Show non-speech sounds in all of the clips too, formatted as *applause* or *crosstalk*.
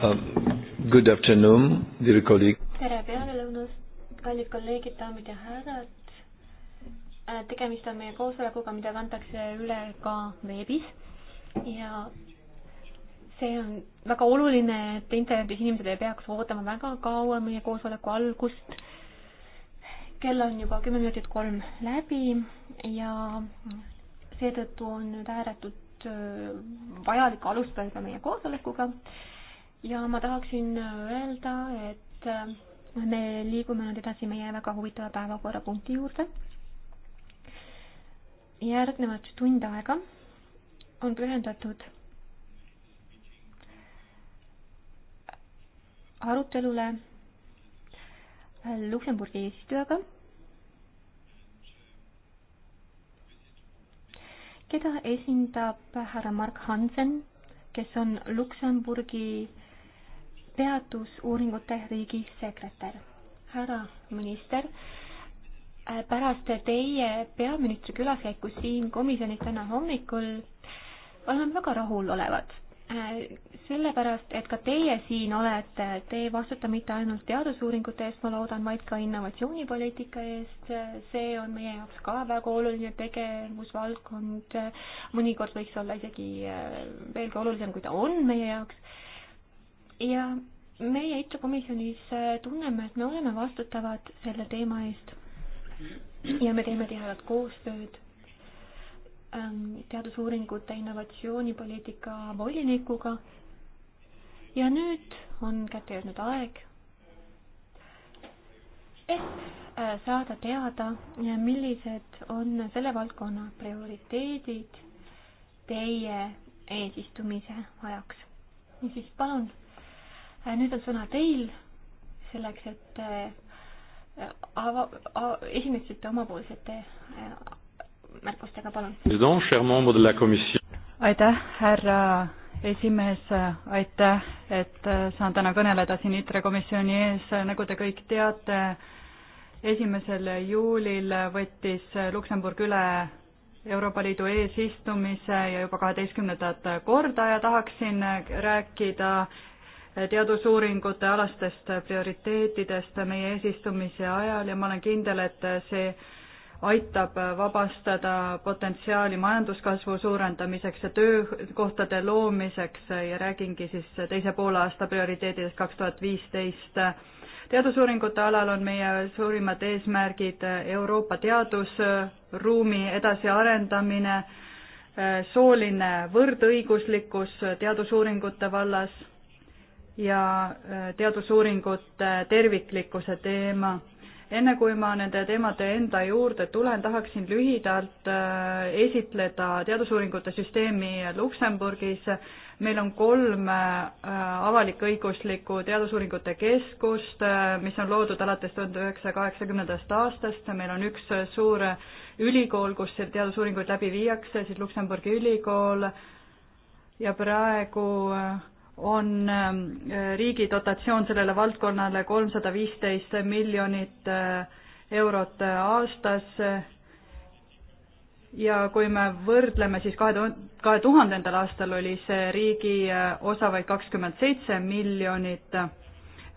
Um, good afternoon, dear colleague. tere pealelõunast, kallid kolleegid, daamid ja härrad. Äh, tegemist on meie koosolekuga, mida kantakse üle ka veebis ja see on väga oluline, et internetis inimesed ei peaks ootama väga kaua meie koosoleku algust. kell on juba kümme minutit kolm läbi ja seetõttu on nüüd ääretult äh, vajalik alustada juba meie koosolekuga ja ma tahaksin öelda, et äh, me liigume nüüd edasi meie väga huvitava päevakorrapunkti juurde. järgnevat tund aega on pühendatud arutelule Luksemburgi eesistujaga, keda esindab härra Mark Hansen, kes on Luksemburgi teadusuuringute riigisekretär. härra minister, äh, pärast teie peaministri külaskäiku siin komisjonis täna hommikul oleme väga rahulolevad. Äh, sellepärast, et ka teie siin olete, te ei vastuta mitte ainult teadusuuringute eest, ma loodan, vaid ka innovatsioonipoliitika eest. Äh, see on meie jaoks ka väga oluline tegevusvaldkond. mõnikord võiks olla isegi veelgi olulisem, kui ta on meie jaoks ja meie ITRO komisjonis äh, tunneme, et me oleme vastutavad selle teema eest ja me teeme tihedat koostööd ähm, teadusuuringute innovatsioonipoliitika volinikuga. ja nüüd on kätte jõudnud aeg, et äh, saada teada, äh, millised on selle valdkonna prioriteedid teie eesistumise ajaks. niisiis, palun Äh, nüüd on sõna teil selleks, et äh, ava-, esinesite omapoolsete äh, märkustega, palun. aitäh, härra esimees, aitäh, et saan täna kõneleda siin ITRE komisjoni ees, nagu te kõik teate, esimesel juulil võttis Luksemburg üle Euroopa Liidu eesistumise ja juba kaheteistkümnendat korda ja tahaksin rääkida teadusuuringute alastest prioriteetidest meie eesistumise ajal ja ma olen kindel, et see aitab vabastada potentsiaali majanduskasvu suurendamiseks ja töökohtade loomiseks ja räägingi siis teise poolaasta prioriteedidest kaks tuhat viisteist. teadusuuringute alal on meie suurimad eesmärgid Euroopa teadusruumi edasiarendamine, sooline võrdõiguslikkus teadusuuringute vallas ja äh, teadusuuringute terviklikkuse teema. enne kui ma nende teemade enda juurde tulen, tahaksin lühidalt äh, esitleda teadusuuringute süsteemi Luksemburgis. meil on kolm äh, avalik-õiguslikku teadusuuringute keskust, mis on loodud alates tuhande üheksasaja kaheksakümnendast aastast, meil on üks suur ülikool, kus teadusuuringuid läbi viiakse, siis Luksemburgi ülikool ja praegu äh, on ähm, riigi dotatsioon sellele valdkonnale kolmsada viisteist miljonit äh, eurot äh, aastas. ja kui me võrdleme, siis kahe tuhande, kahe tuhandendal aastal oli see riigi äh, osa vaid kakskümmend seitse miljonit.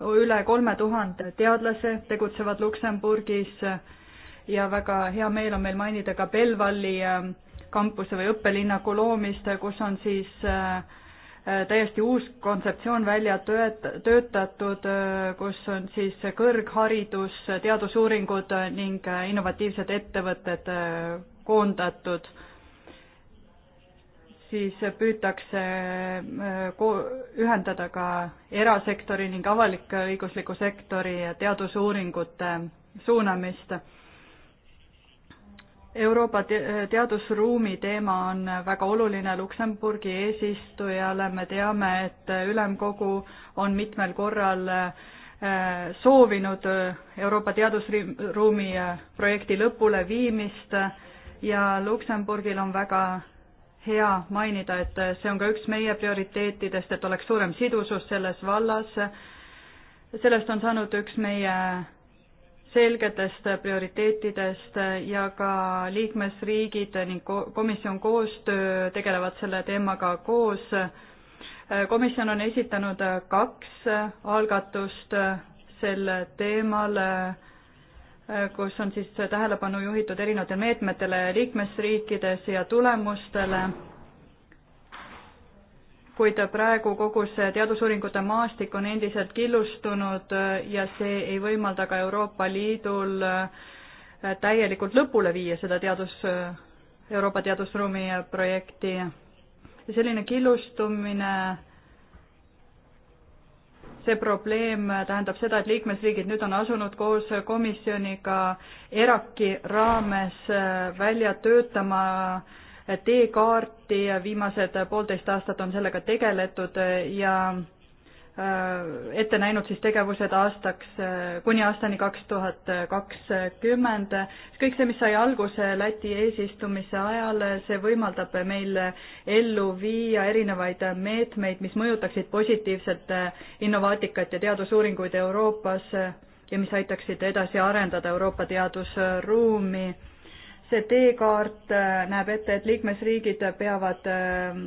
üle kolme tuhande teadlase tegutsevad Luksemburgis ja väga hea meel on meil mainida ka Belvalli kampuse või õppelinnaku loomist, kus on siis äh, Äh, täiesti uus kontseptsioon välja tööt-, töötatud, äh, kus on siis kõrgharidus, teadusuuringud äh, ning innovatiivsed ettevõtted koondatud, siis püütakse ko-, ühendada ka erasektori ning avalik-õigusliku sektori teadusuuringute suunamist Euroopa teadusruumi teema on väga oluline Luksemburgi eesistujale, me teame, et ülemkogu on mitmel korral äh, soovinud Euroopa teadusruumi äh, projekti lõpule viimist ja Luksemburgil on väga hea mainida, et see on ka üks meie prioriteetidest, et oleks suurem sidusus selles vallas. sellest on saanud üks meie selgetest prioriteetidest ja ka liikmesriigid ning komisjon koostöö tegelevad selle teemaga koos. komisjon on esitanud kaks algatust sel teemal, kus on siis tähelepanu juhitud erinevatele meetmetele liikmesriikides ja tulemustele kuid praegu kogu see teadusuuringute maastik on endiselt killustunud äh, ja see ei võimalda ka Euroopa Liidul äh, täielikult lõpule viia seda teadus, äh, Euroopa teadusruumi projekti. ja selline killustumine, see probleem tähendab seda, et liikmesriigid nüüd on asunud koos komisjoniga ERAK-i raames välja töötama äh, teekaarti, viimased poolteist aastat on sellega tegeletud ja äh, ette näinud siis tegevused aastaks, äh, kuni aastani kaks tuhat kakskümmend. kõik see, mis sai alguse Läti eesistumise ajal, see võimaldab meil ellu viia erinevaid meetmeid, mis mõjutaksid positiivselt innovaatikat ja teadusuuringuid Euroopas ja mis aitaksid edasi arendada Euroopa teadusruumi see teekaart äh, näeb ette, et liikmesriigid peavad ähm,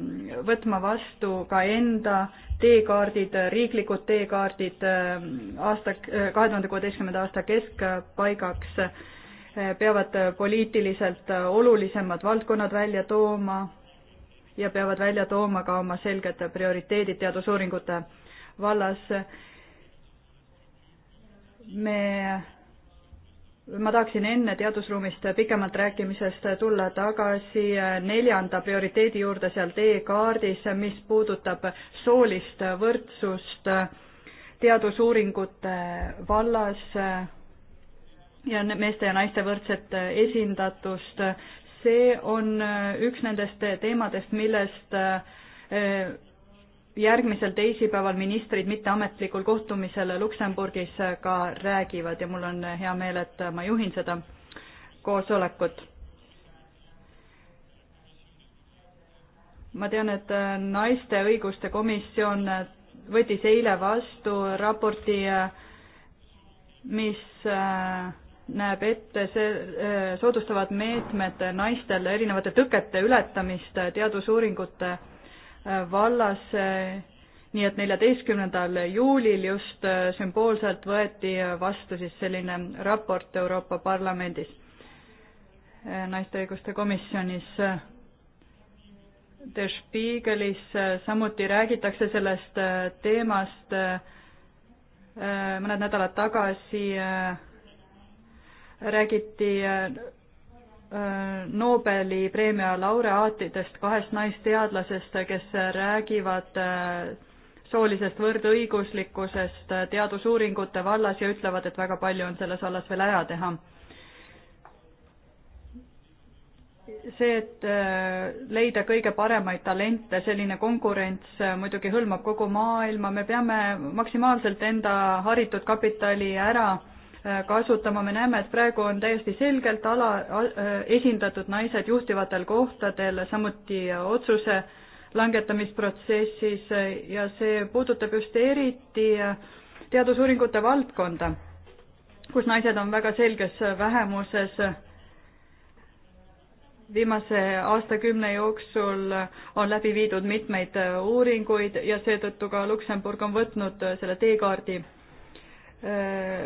võtma vastu ka enda teekaardid, riiklikud teekaardid ähm, aasta, äh, kahe tuhande kuueteistkümnenda aasta keskpaigaks, äh, peavad poliitiliselt olulisemad valdkonnad välja tooma ja peavad välja tooma ka oma selged prioriteedid teadusuuringute vallas. me ma tahaksin enne teadusruumist pikemalt rääkimisest tulla tagasi neljanda prioriteedi juurde seal teekaardis, mis puudutab soolist võrdsust teadusuuringute vallas ja meeste ja naiste võrdset esindatust. see on üks nendest teemadest, millest järgmisel teisipäeval ministrid mitteametlikul kohtumisel Luksemburgis ka räägivad ja mul on hea meel, et ma juhin seda koosolekut. ma tean, et naiste õiguste komisjon võttis eile vastu raporti, mis äh, näeb ette see, äh, soodustavad meetmed naistel erinevate tõkete ületamist teadusuuringute vallas. nii et neljateistkümnendal juulil just äh, sümboolselt võeti vastu siis selline raport Euroopa Parlamendis, äh, naiste õiguste komisjonis äh, Der Spiegelis samuti räägitakse sellest teemast mõned nädalad tagasi räägiti Äh, Nobeli preemia laureaatidest, kahest naisteadlasest, kes räägivad äh, soolisest võrdõiguslikkusest äh, teadusuuringute vallas ja ütlevad, et väga palju on selles vallas veel ära teha. see, et leida kõige paremaid talente, selline konkurents muidugi hõlmab kogu maailma, me peame maksimaalselt enda haritud kapitali ära Äh, kasutama, me näeme, et praegu on täiesti selgelt ala, äh, esindatud naised juhtivatel kohtadel, samuti äh, otsuse langetamisprotsessis ja see puudutab just eriti teadusuuringute valdkonda, kus naised on väga selges vähemuses viimase aastakümne jooksul on läbi viidud mitmeid uuringuid ja seetõttu ka Luksemburg on võtnud selle teekaardi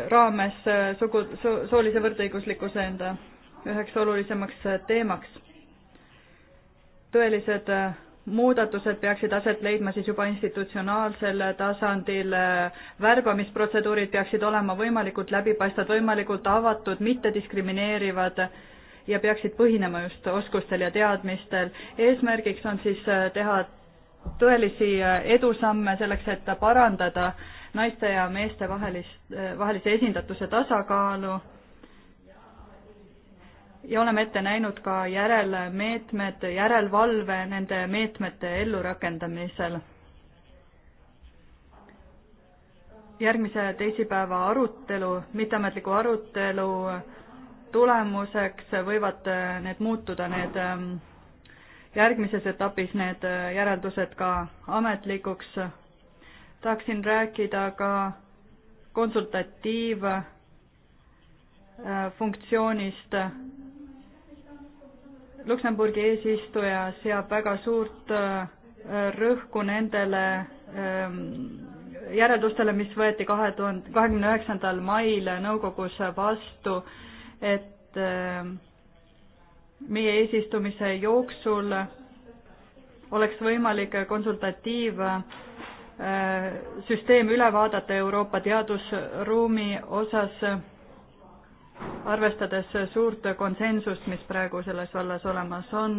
raames äh, sugu, soolise võrdõiguslikkuse enda üheks olulisemaks äh, teemaks. tõelised äh, muudatused peaksid aset leidma siis juba institutsionaalsel tasandil, värbamisprotseduurid peaksid olema võimalikult läbipaistvad, võimalikult avatud, mittediskrimineerivad ja peaksid põhinema just oskustel ja teadmistel. eesmärgiks on siis teha tõelisi edusamme selleks, et parandada äh, naiste ja meeste vahelist, vahelise esindatuse tasakaalu ja oleme ette näinud ka järelmeetmed, järelevalve nende meetmete ellurakendamisel. järgmise teisipäeva arutelu, mitteametliku arutelu tulemuseks võivad need muutuda, need ähm, järgmises etapis need äh, järeldused ka ametlikuks tahaksin rääkida ka konsultatiivfunktsioonist. Äh, Luksemburgi eesistuja seab väga suurt äh, rõhku nendele ähm, järeldustele, mis võeti kahe tuhande, kahekümne üheksandal mail nõukogus vastu, et äh, meie eesistumise jooksul oleks võimalik konsultatiiv Äh, süsteem üle vaadata Euroopa teadusruumi osas, arvestades suurt konsensust, mis praegu selles vallas olemas on.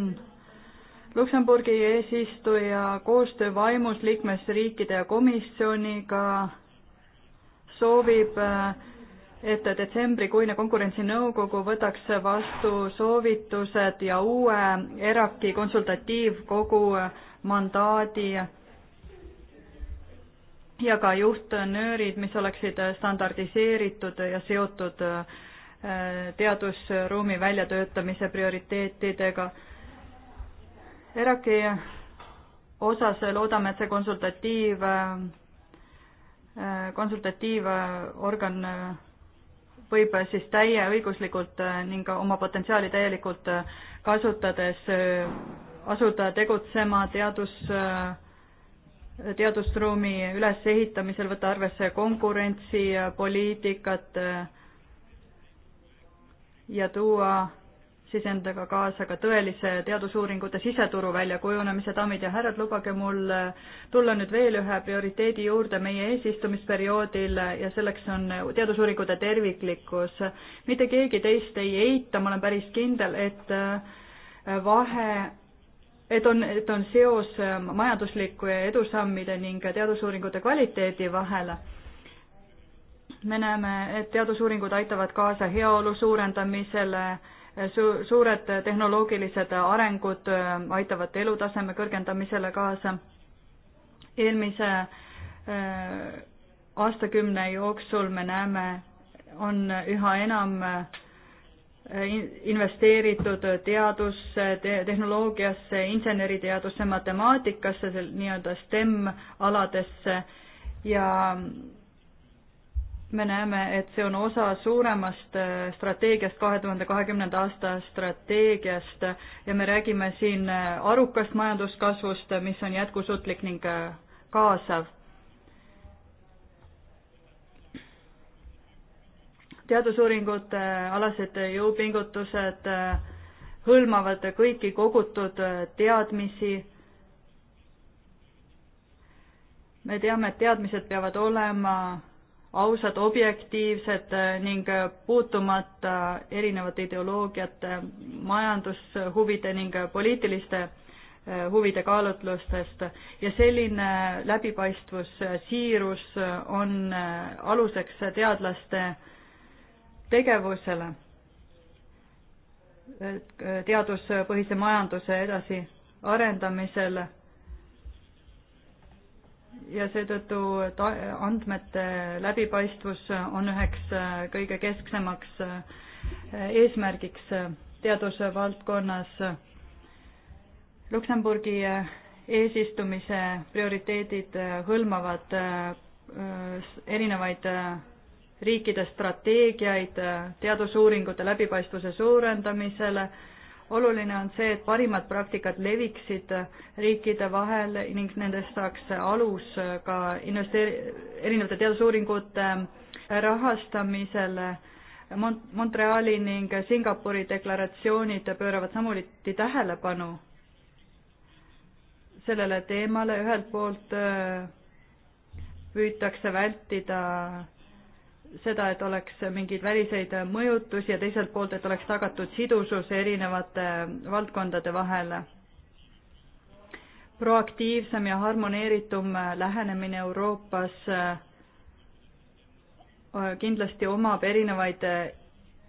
Luksemburgi eesistuja koostöö vaimus liikmesriikide ja komisjoniga soovib, äh, et detsembrikuine konkurentsinõukogu võtaks vastu soovitused ja uue ERAK-i konsultatiivkogu mandaadi ja ka juhtnöörid, mis oleksid äh, standardiseeritud ja seotud äh, teadusruumi väljatöötamise prioriteetidega. ERAK-i osas loodame, et see konsultatiiv, äh, konsultatiivorgan võib siis täieõiguslikult ning oma potentsiaali täielikult kasutades asuda tegutsema teadus- teadusruumi ülesehitamisel võtta arvesse konkurentsipoliitikat ja tuua siis endaga kaasa ka tõelise teadusuuringute siseturu väljakujunemise, daamid ja härrad, lubage mul tulla nüüd veel ühe prioriteedi juurde meie eesistumisperioodil ja selleks on teadusuuringute terviklikkus. mitte keegi teist ei eita, ma olen päris kindel, et vahe et on, et on seos ähm, majanduslike edusammide ning teadusuuringute kvaliteedi vahel. me näeme, et teadusuuringud aitavad kaasa heaolu suurendamisele, äh, su-, suured tehnoloogilised arengud äh, aitavad elutaseme kõrgendamisele kaasa. eelmise äh, aastakümne jooksul me näeme, on üha enam äh, Äh, investeeritud teadusse te, tehnoloogiasse, inseneriteadusse, matemaatikasse, nii-öelda STEM aladesse ja me näeme, et see on osa suuremast äh, strateegiast, kahe tuhande kahekümnenda aasta strateegiast ja me räägime siin äh, arukast majanduskasvust, mis on jätkusuutlik ning kaasav teadusuuringute alased jõupingutused äh, hõlmavad kõiki kogutud äh, teadmisi. me teame, et teadmised peavad olema ausad, objektiivsed äh, ning puutumata erinevate ideoloogiate, majandushuvide ning poliitiliste huvide kaalutlustest ja selline läbipaistvus, siirus on aluseks teadlaste tegevusele, äh, teaduspõhise majanduse edasiarendamisel ja seetõttu ta-, andmete läbipaistvus on üheks äh, kõige kesksemaks äh, eesmärgiks teadusvaldkonnas. Luksemburgi eesistumise prioriteedid hõlmavad erinevaid riikide strateegiaid äh, teadusuuringute läbipaistvuse suurendamisele. oluline on see, et parimad praktikad leviksid äh, riikide vahel ning nendest saaks alus äh, ka investeeri-, erinevate teadusuuringute rahastamisele. Mont-, Montreali ning Singapuri deklaratsioonid pööravad samuti tähelepanu sellele teemale, ühelt poolt püütakse vältida seda, et oleks mingeid väliseid mõjutusi ja teiselt poolt, et oleks tagatud sidusus erinevate valdkondade vahel. proaktiivsem ja harmoneeritum lähenemine Euroopas äh, kindlasti omab erinevaid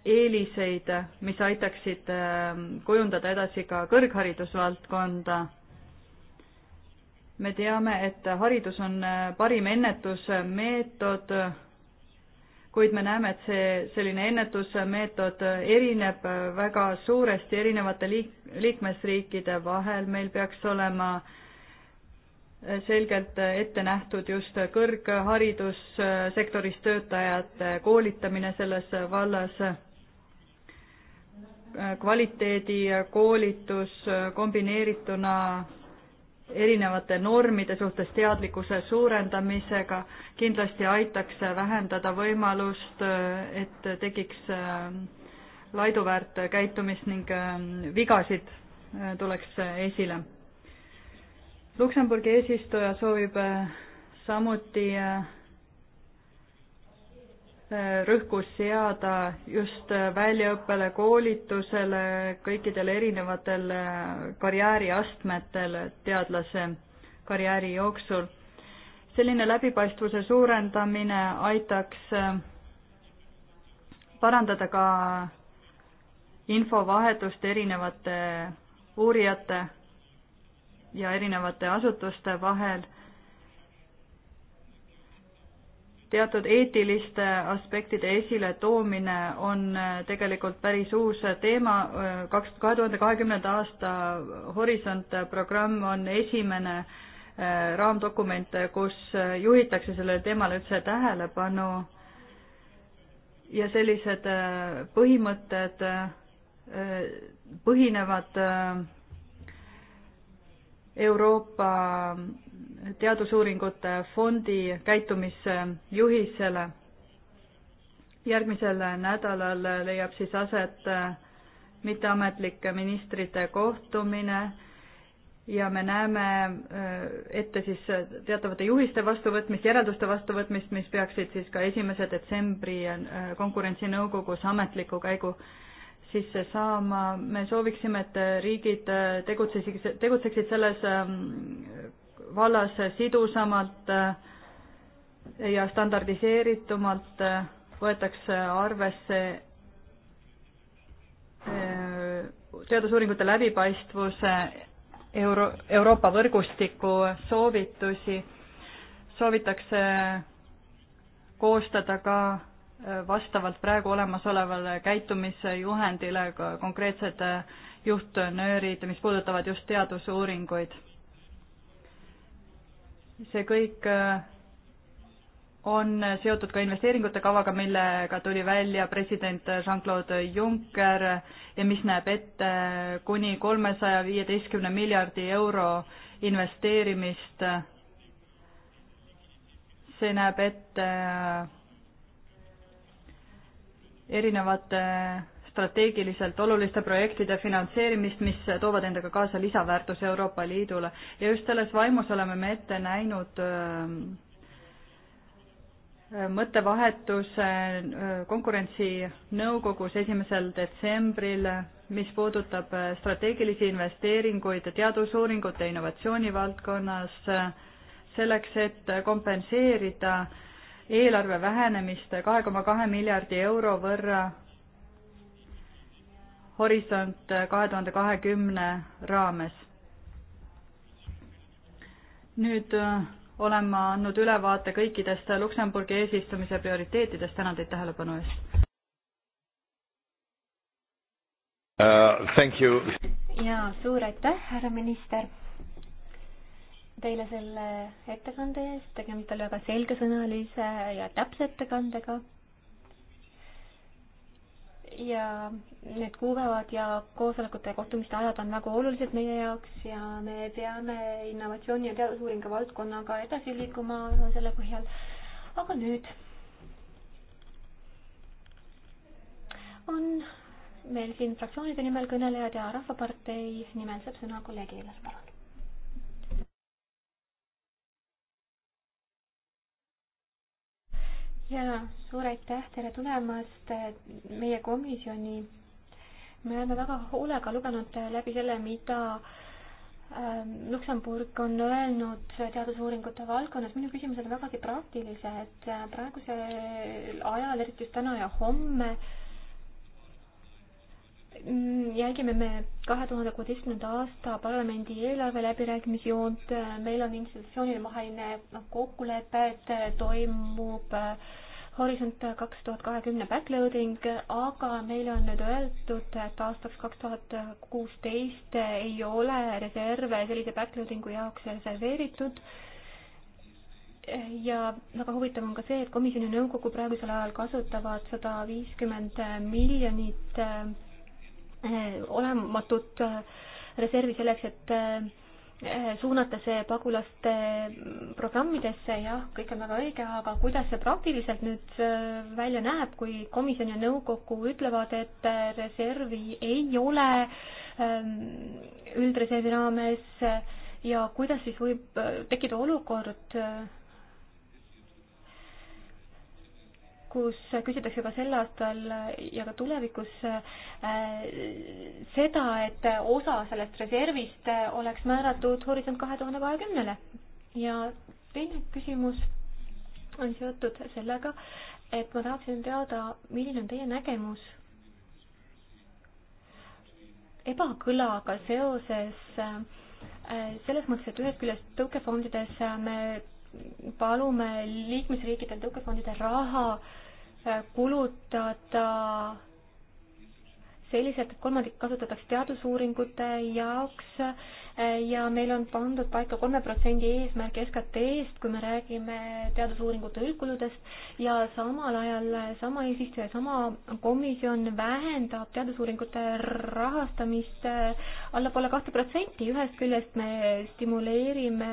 eeliseid, mis aitaksid äh, kujundada edasi ka kõrgharidusvaldkonda. me teame, et haridus on äh, parim ennetusmeetod kuid me näeme, et see selline ennetusmeetod erineb väga suuresti erinevate liik-, liikmesriikide vahel, meil peaks olema selgelt ette nähtud just kõrgharidussektoris töötajate koolitamine selles vallas, kvaliteedikoolitus kombineerituna erinevate normide suhtes teadlikkuse suurendamisega kindlasti aitaks vähendada võimalust, et tekiks äh, laiduväärt käitumist ning äh, vigasid äh, tuleks esile. Luksemburgi eesistuja soovib samuti rõhku seada just väljaõppele, koolitusele, kõikidel erinevatel karjääriastmetel teadlase karjääri jooksul. selline läbipaistvuse suurendamine aitaks äh, parandada ka infovahetust erinevate uurijate ja erinevate asutuste vahel teatud eetiliste aspektide esiletoomine on äh, tegelikult päris uus teema. Äh, kaks, kahe tuhande kahekümnenda aasta Horisont äh, programm on esimene raamdokument, kus juhitakse sellele teemale üldse tähelepanu ja sellised põhimõtted põhinevad Euroopa teadusuuringute fondi käitumisjuhisele. järgmisel nädalal leiab siis aset äh, mitteametlik ministrite kohtumine ja me näeme äh, ette siis äh, teatavate juhiste vastuvõtmist, järelduste vastuvõtmist, mis peaksid siis ka esimese detsembri konkurentsinõukogus ametliku käigu sisse saama. me sooviksime, et riigid tegutsesid, tegutseksid selles ähm, vallas sidusamalt äh, ja standardiseeritumalt äh, võetakse arvesse äh, teadusuuringute läbipaistvuse Euro-, Euroopa võrgustiku soovitusi, soovitakse koostada ka vastavalt praegu olemasolevale käitumisjuhendile ka konkreetsed juhtnöörid, mis puudutavad just teadusuuringuid see kõik äh, on seotud ka investeeringute kavaga, millega tuli välja president Jean-Claude Juncker ja mis näeb ette kuni kolmesaja viieteistkümne miljardi euro investeerimist. see näeb ette äh, erinevate strateegiliselt oluliste projektide finantseerimist, mis toovad endaga kaasa lisaväärtuse Euroopa Liidule. ja just selles vaimus oleme me ette näinud äh, mõttevahetuse äh, konkurentsinõukogus esimesel detsembril, mis puudutab äh, strateegilisi investeeringuid teadusuuringute innovatsiooni valdkonnas, selleks et kompenseerida eelarve vähenemist kahe koma kahe miljardi euro võrra Horisont kahe tuhande kahekümne raames. nüüd äh, olen ma andnud ülevaate kõikidest Luksemburgi eesistumise prioriteetidest, tänan teid tähelepanu eest uh,. Thank you. ja suur aitäh, härra minister, teile selle ettekande eest, tegemist oli väga selgesõnalise ja täpse ettekandega ja need kuupäevad ja koosolekute ja kohtumiste ajad on väga olulised meie jaoks ja me peame innovatsiooni ja teadusuuringu valdkonnaga edasi liikuma selle põhjal. aga nüüd on meil siin fraktsioonide nimel kõnelejad ja Rahvapartei nimel saab sõna kolleeg Eelar, palun. ja suur aitäh teile tulemast eh, meie komisjoni. me oleme väga hoolega lugenud eh, läbi selle, mida ähm, Luksemburg on öelnud teadusuuringute valdkonnas, minu küsimused on vägagi praktilised. Eh, praegusel ajal, eriti just täna ja homme äh, jälgime me kahe tuhande kuueteistkümnenda aasta parlamendi eelarve läbirääkimisjoont, meil on institutsioonide vaheline noh, kokkulepe, et toimub äh, Horisont kaks tuhat kahekümne backloading, aga meile on nüüd öeldud, et aastaks kaks tuhat kuusteist ei ole reserve sellise backloadingu jaoks reserveeritud ja väga huvitav on ka see, et komisjoni nõukogu praegusel ajal kasutavad sada viiskümmend miljonit äh, Äh, olematut äh, reservi selleks, et äh, suunata see pagulaste mm, programmidesse, jah, kõik on väga õige, aga kuidas see praktiliselt nüüd välja näeb, kui komisjon ja nõukogu ütlevad, et reservi ei ole ähm, üldreservi raames ja kuidas siis võib tekkida olukord, kus küsitakse ka sel aastal ja ka tulevikus äh, seda, et osa sellest reservist oleks määratud Horisont kahe tuhande kahekümnele. ja teine küsimus on seotud sellega, et ma tahaksin teada, milline on teie nägemus ebakõlaga seoses äh, selles mõttes, et ühest küljest tõukefondides me palume liikmesriikidel tõukefondide raha äh, kulutada sellised, et kolmandik kasutatakse teadusuuringute jaoks eh, ja meil on pandud paika kolme protsendi eesmärk SKT-st, kui me räägime teadusuuringute üldkuludest ja samal ajal sama eesistuja, sama komisjon vähendab teadusuuringute rahastamist eh, allapoole kahte protsenti, ühest küljest me stimuleerime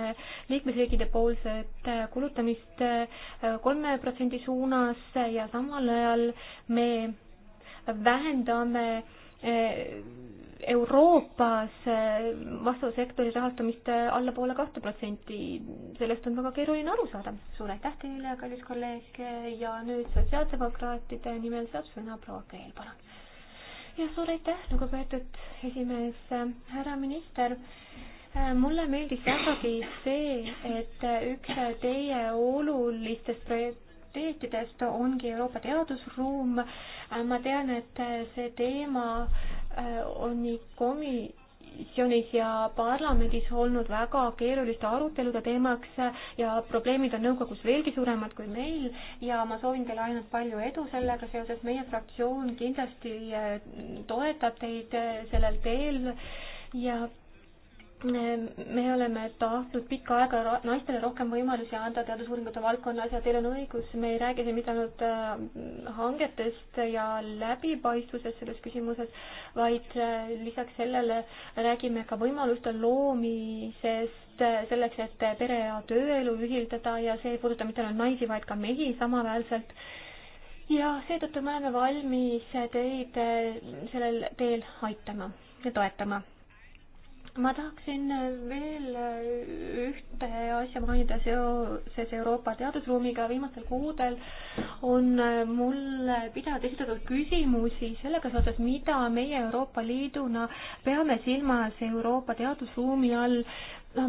liikmesriikide poolset eh, kulutamist kolme protsendi suunas ja samal ajal me vähendame eh, Euroopas eh, vastava sektori rahastamist eh, allapoole kahte protsenti, sellest on väga keeruline aru saada. suur aitäh teile, kallis kolleeg ja nüüd sotsiaaldemokraatide nimel saab sõna proua Kreel, palun. ja suur aitäh, lugupeetud esimees, härra minister mulle meeldis vägagi see, et üks teie olulistest projekt-, prioriteetidest ongi Euroopa teadusruum. ma tean, et see teema äh, on nii komi-, komisjonis ja parlamendis olnud väga keeruliste arutelude teemaks ja probleemid on nõukogus veelgi suuremad kui meil ja ma soovin teile ainult palju edu sellega seoses. meie fraktsioon kindlasti äh, toetab teid äh, sellel teel ja me oleme tahtnud pikka aega naistele rohkem võimalusi anda teadusuuringute valdkonnas ja teil on õigus, me ei räägi siin mitte ainult äh, hangetest ja läbipaistvusest selles küsimuses, vaid äh, lisaks sellele räägime ka võimaluste loomisest äh, selleks, et pere ja tööelu ühildada ja see ei puuduta mitte ainult naisi, vaid ka mehi samaväärselt ja seetõttu me oleme valmis teid sellel teel aitama ja toetama ma tahaksin veel ühte asja mainida seoses Euroopa teadusruumiga. viimastel kuudel on mulle pidevalt esitatud küsimusi sellega seoses, mida meie Euroopa Liiduna peame silmas Euroopa teadusruumi all.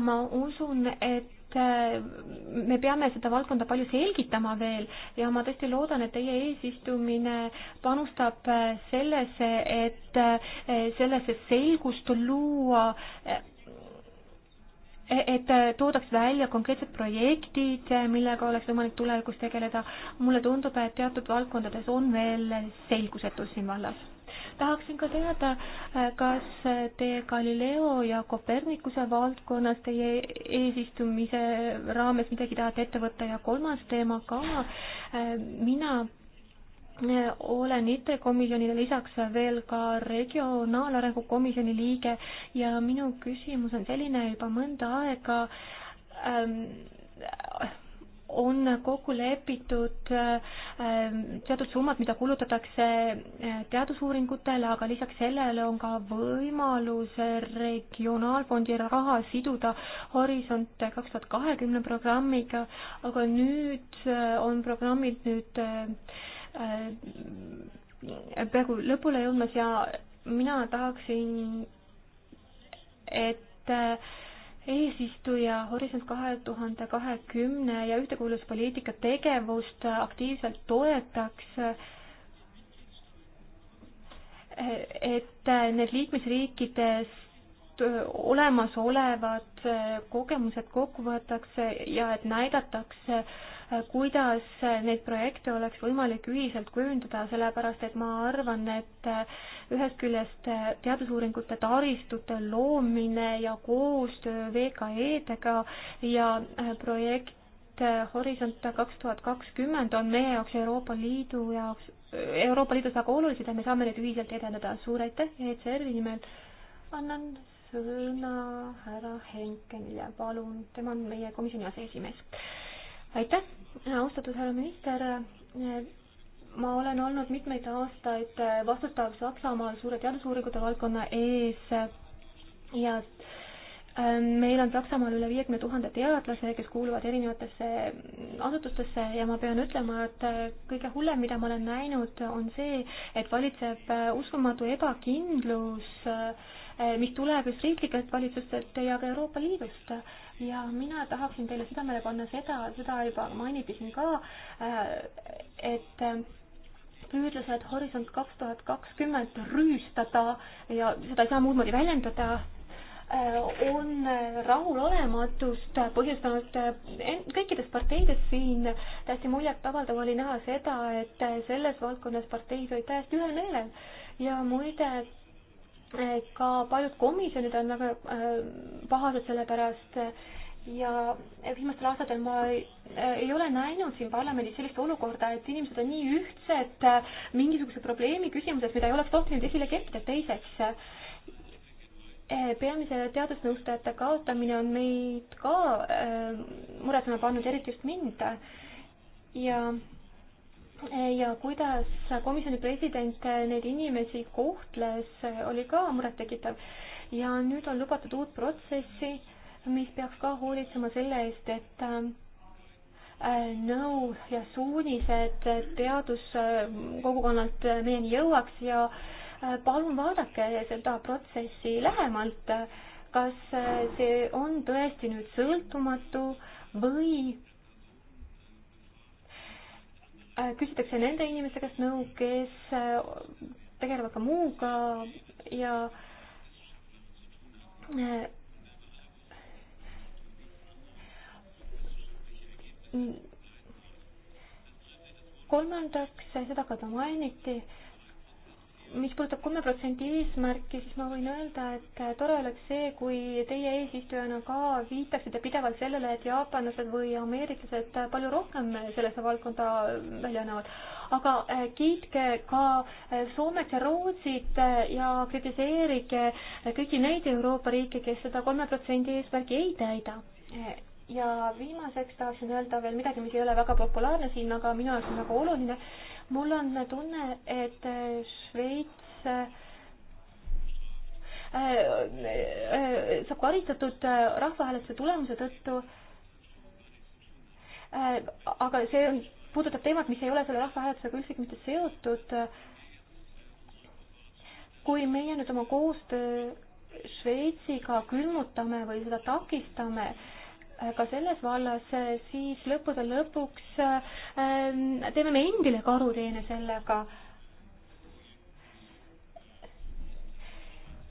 ma usun, et Äh, me peame seda valdkonda palju selgitama veel ja ma tõesti loodan, et teie eesistumine panustab äh, sellesse, et äh, sellesse selgust luua et toodaks välja konkreetsed projektid, millega oleks võimalik tulevikus tegeleda. mulle tundub, et teatud valdkondades on veel selgusetus siin vallas tahaksin ka teada, äh, kas äh, te Galileo ja Kopernikuse valdkonnas teie eesistumise raames midagi tahate ette võtta ja kolmas teema ka, äh, mina olen IT-komisjonile lisaks veel ka regionaalarengu komisjoni liige ja minu küsimus on selline juba mõnda aega ähm, on kokku lepitud ähm, teatud summad, mida kulutatakse äh, teadusuuringutele, aga lisaks sellele on ka võimalus regionaalfondi raha siduda Horisont kaks tuhat kahekümne programmiga, aga nüüd äh, on programmid nüüd äh, peaaegu lõpule jõudmas ja mina tahaksin, et äh, eesistuja Horisont kahe tuhande kahekümne ja ühtekuuluvuspoliitika tegevust aktiivselt toetaks, et need liikmesriikides olemasolevad kogemused kokku võetakse ja et näidatakse äh, kuidas neid projekte oleks võimalik ühiselt kujundada, sellepärast et ma arvan, et eh, ühest küljest eh, teadusuuringute taristute loomine ja koostöö VKE-dega ja eh, projekt Horisont kaks tuhat kakskümmend on meie jaoks Euroopa Liidu jaoks, Euroopa Liidus väga olulised ja me saame neid ühiselt edendada. suur aitäh ja e ECR-i nimel annan sõna härra Henkenile, palun, tema on meie komisjoni aseesimees aitäh, austatud härra minister. ma olen olnud mitmeid aastaid vastutav Saksamaal suure teadusuuringute valdkonna ees ja ähm, meil on Saksamaal üle viiekümne tuhande teadlase, kes kuuluvad erinevatesse asutustesse ja ma pean ütlema, et äh, kõige hullem, mida ma olen näinud, on see, et valitseb äh, uskumatu ebakindlus, äh, mis tuleb just riiklikelt valitsustelt ja ka Euroopa Liidust ja mina tahaksin teile südamele panna seda, seda juba mainiti siin ka, äh, et äh, püüdlused Horisont kaks tuhat kakskümmend rüüstada ja seda ei saa muud moodi väljendada, äh, on rahulolematust põhjustanud kõikides parteides siin. täiesti muljetavaldav oli näha seda, et selles valdkonnas parteid olid täiesti ühel meelel ja muide ka paljud komisjonid on väga äh, pahased selle pärast ja viimastel aastatel ma äh, ei ole näinud siin parlamendis sellist olukorda, et inimesed on nii ühtsed äh, mingisuguse probleemi küsimuses, mida ei oleks tohtinud esile kerkida. teiseks, peamise teadusnõustajate kaotamine on meid ka muretsema pannud, eriti just mind ja ja kuidas komisjoni president neid inimesi kohtles, oli ka murettekitav. ja nüüd on lubatud uut protsessi, mis peaks ka hoolitsema selle eest, et äh, nõu ja suunised teaduskogukonnalt meieni jõuaks ja äh, palun vaadake seda protsessi lähemalt, kas äh, see on tõesti nüüd sõltumatu või Äh, küsitakse nende inimeste käest nõu, kes äh, tegelevad ka muuga ja äh, kolmandaks, seda ka mainiti mis puudutab kolme protsendi eesmärki, siis ma võin öelda, et tore oleks see, kui teie eesistujana ka viitaksite pidevalt sellele, et jaapanlased või ameeriklased palju rohkem sellesse valdkonda välja annavad. aga äh, kiitke ka äh, Soomet ja Rootsit äh, ja kritiseerige kõiki neid Euroopa riike, kes seda kolme protsendi eesmärki ei täida ja viimaseks tahaksin öelda veel midagi, mis ei ole väga populaarne siin, aga minu jaoks on väga oluline mul on tunne, et äh, Šveits äh, äh, saab karistatud rahvahääletuse tulemuse tõttu. aga see on, puudutab teemat, mis ei ole selle rahvahääletusega üldsegi mitte seotud. kui meie nüüd oma koostöö Šveitsiga külmutame või seda takistame, ka selles vallas, siis lõppude lõpuks ähm, teeme me endile karuteene sellega.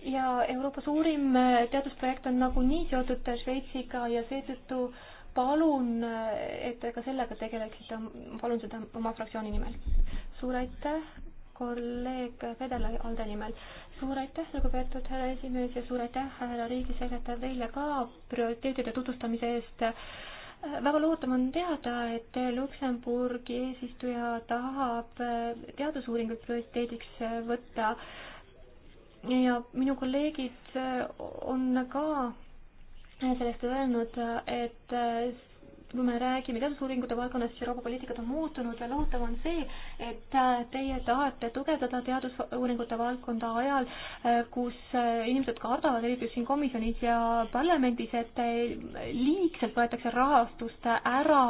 ja Euroopa suurim äh, teadusprojekt on nagunii seotud Šveitsiga ja seetõttu palun, äh, et te ka sellega tegeleksite, palun seda oma fraktsiooni nimel. suur aitäh, kolleeg Federle Alde nimel suur aitäh, lugupeetud härra esimees ja suur aitäh, härra riigisekretär, teile ka prioriteetide tutvustamise eest väga lootav on teada, et Luksemburgi eesistuja tahab teadusuuringuid prioriteediks võtta. ja minu kolleegid on ka sellest öelnud, et kui me räägime teadusuuringute valdkonnast, siis Euroopa poliitikad on muutunud ja lohutav on see, et äh, teie tahate tugevdada teadusuuringute valdkonda ajal, äh, kus äh, inimesed kardavad, eriti just siin komisjonis ja parlamendis, et liigselt võetakse rahastust ära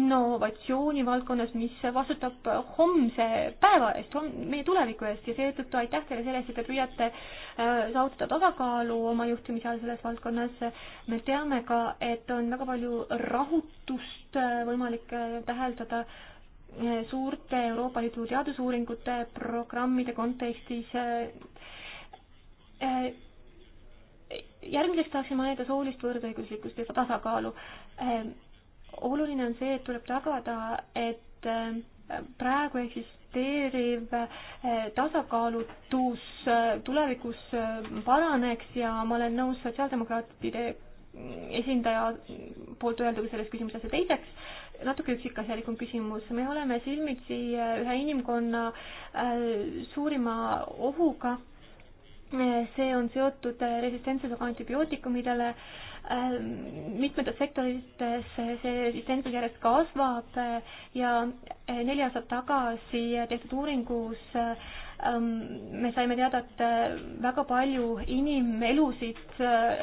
innovatsiooni valdkonnas, mis vastutab homse päeva eest, meie tuleviku eest ja seetõttu aitäh teile selle eest, et te püüate saavutada tasakaalu oma juhtimise all selles valdkonnas. me teame ka, et on väga palju rahut-, muutust äh, võimalik äh, täheldada äh, suurte Euroopa Liidu teadusuuringute programmide kontekstis. järgmiseks tahaksin mainida soolist võrdõiguslikkust ja tasakaalu. oluline on see, et tuleb tagada, et praegu eksisteeriv tasakaalutus tulevikus paraneks ja ma olen nõus sotsiaaldemokraatide esindaja poolt öelduga selles küsimuses ja teiseks, natuke üksikasjalikum küsimus, me oleme silmitsi äh, ühe inimkonna äh, suurima ohuga, äh, see on seotud resistentsusega antibiootikumidele, mitmetes sektorites see resistentsus järjest kasvab ja neli aastat tagasi tehtud uuringus äh, Ehm, me saime teada, et eh, väga palju inimelusid, eh,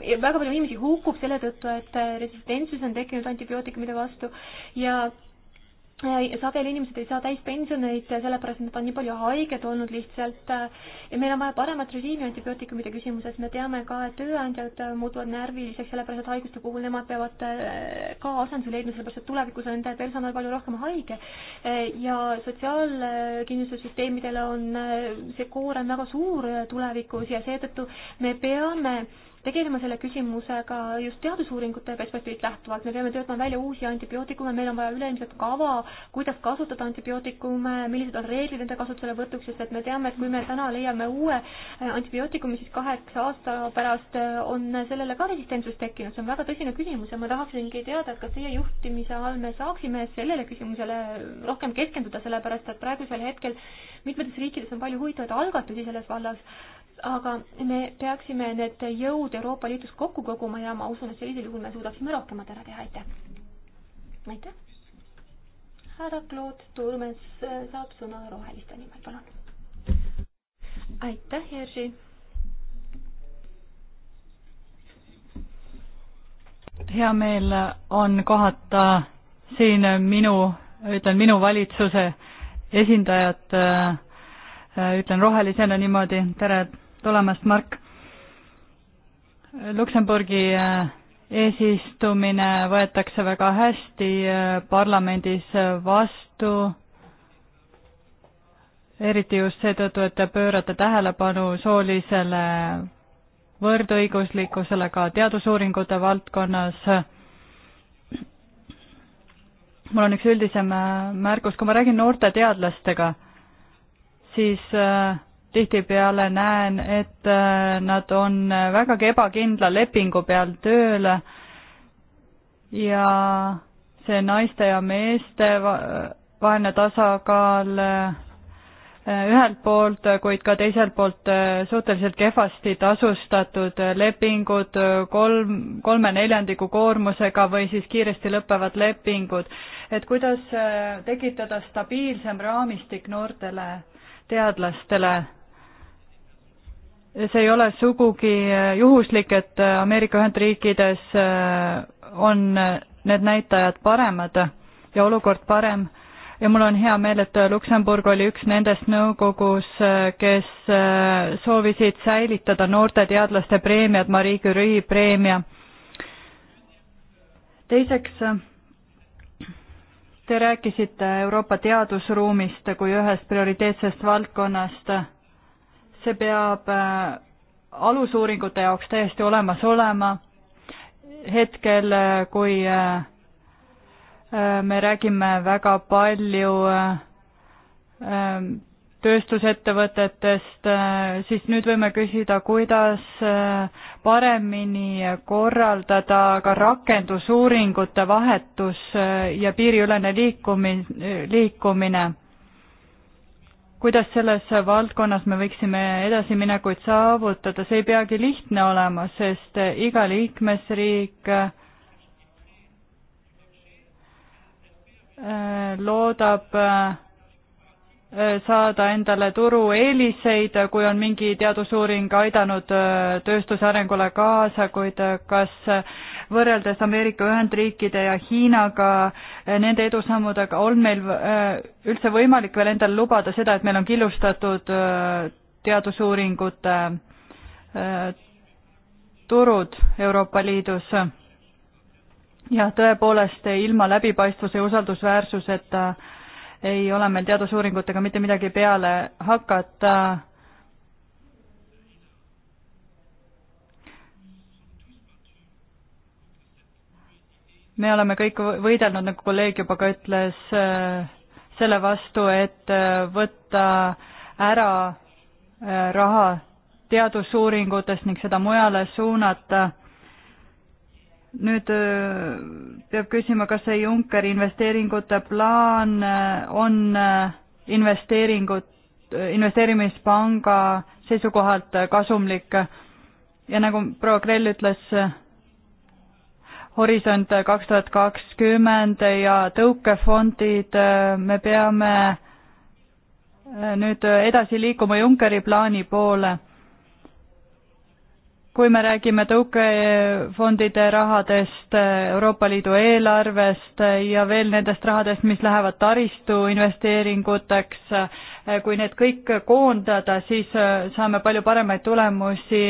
väga palju inimesi hukkub selle tõttu, et eh, resistentsus on tekkinud antibiootikumide vastu ja sageli inimesed ei saa täispensioneid, sellepärast nad on nii palju haiged olnud lihtsalt ja meil on vaja paremat režiimi antibiootikumide küsimuses, me teame ka, et tööandjad muutuvad närviliseks, sellepärast et haiguste puhul nemad peavad eh, ka asenduse leidma, sellepärast et tulevikus on nende personal palju rohkem haige eh, ja sotsiaalkindlustussüsteemidele on eh, see koorem väga suur tulevikus ja seetõttu me peame tegelema selle küsimusega just teadusuuringute perspektiivist lähtuvalt, me peame töötama välja uusi antibiootikume, meil on vaja üleilmset kava, kuidas kasutada antibiootikume, millised on reeglid nende kasutuselevõtuks, sest et me teame, et kui me täna leiame uue äh, antibiootikumi, siis kaheksa aasta pärast äh, on sellele ka resistentsus tekkinud, see on väga tõsine küsimus ja ma tahaksingi teada, et kas teie juhtimise all me saaksime sellele küsimusele rohkem keskenduda, sellepärast et praegusel hetkel mitmetes riikides on palju huvitavaid algatusi selles vallas aga me peaksime need jõud Euroopa Liidus kokku koguma ja ma usun, et sellisel juhul me suudaksime rohkemat ära teha, aitäh. aitäh. härra Claude Turmes äh, saab sõna roheliste nimel, palun. aitäh, Jerzy. hea meel on kohata siin minu, ütlen minu valitsuse esindajat äh, äh ütlen rohelisena niimoodi, tere tulemast, Mark. Luksemburgi äh, eesistumine võetakse väga hästi äh, parlamendis äh, vastu, eriti just seetõttu, et te pöörate tähelepanu soolisele võrdõiguslikkusele ka teadusuuringute valdkonnas. mul on üks üldisem märkus, kui ma räägin noorte teadlastega, siis äh, tihtipeale näen, et äh, nad on vägagi ebakindla lepingu peal tööl ja see naiste ja meeste vaene tasakaal äh, ühelt poolt, kuid ka teiselt poolt äh, suhteliselt kehvasti tasustatud lepingud kolm, kolme neljandiku koormusega või siis kiiresti lõppevad lepingud. et kuidas tekitada stabiilsem raamistik noortele teadlastele see ei ole sugugi äh, juhuslik, et äh, Ameerika Ühendriikides äh, on need näitajad paremad ja olukord parem ja mul on hea meel, et Luksemburg oli üks nendest nõukogus, kes soovisid säilitada noorte teadlaste preemiad, Marie Curie preemia. teiseks, te rääkisite Euroopa teadusruumist kui ühest prioriteetsest valdkonnast see peab äh, alusuuringute jaoks täiesti olemas olema. hetkel, äh, kui äh, me räägime väga palju tööstusettevõtetest, siis nüüd võime küsida, kuidas paremini korraldada ka rakendusuuringute vahetus ja piiriülene liikumi-, liikumine kuidas selles valdkonnas me võiksime edasiminekuid saavutada, see ei peagi lihtne olema, sest iga liikmesriik äh, loodab äh, saada endale turueeliseid, kui on mingi teadusuuring aidanud äh, tööstuse arengule kaasa, kuid kas võrreldes Ameerika Ühendriikide ja Hiinaga, eh, nende edusammudega, on meil eh, üldse võimalik veel endale lubada seda, et meil on killustatud eh, teadusuuringute turud Euroopa Liidus? jah, tõepoolest, ilma läbipaistvuse ja usaldusväärsuseta ei ole meil teadusuuringutega mitte midagi peale hakata me oleme kõik võidelnud, nagu kolleeg juba ka ütles, äh, selle vastu, et äh, võtta ära äh, raha teadusuuringutest ning seda mujale suunata. nüüd peab küsima, kas see Junckeri investeeringute plaan on investeeringut, investeerimispanga seisukohalt kasumlik ja nagu proua Krell ütles, Horisont kaks tuhat kakskümmend ja tõukefondid, me peame äh, nüüd edasi liikuma Junckeri plaani poole. kui me räägime tõukefondide rahadest, Euroopa Liidu eelarvest ja veel nendest rahadest, mis lähevad taristu investeeringuteks, äh, kui need kõik koondada, siis äh, saame palju paremaid tulemusi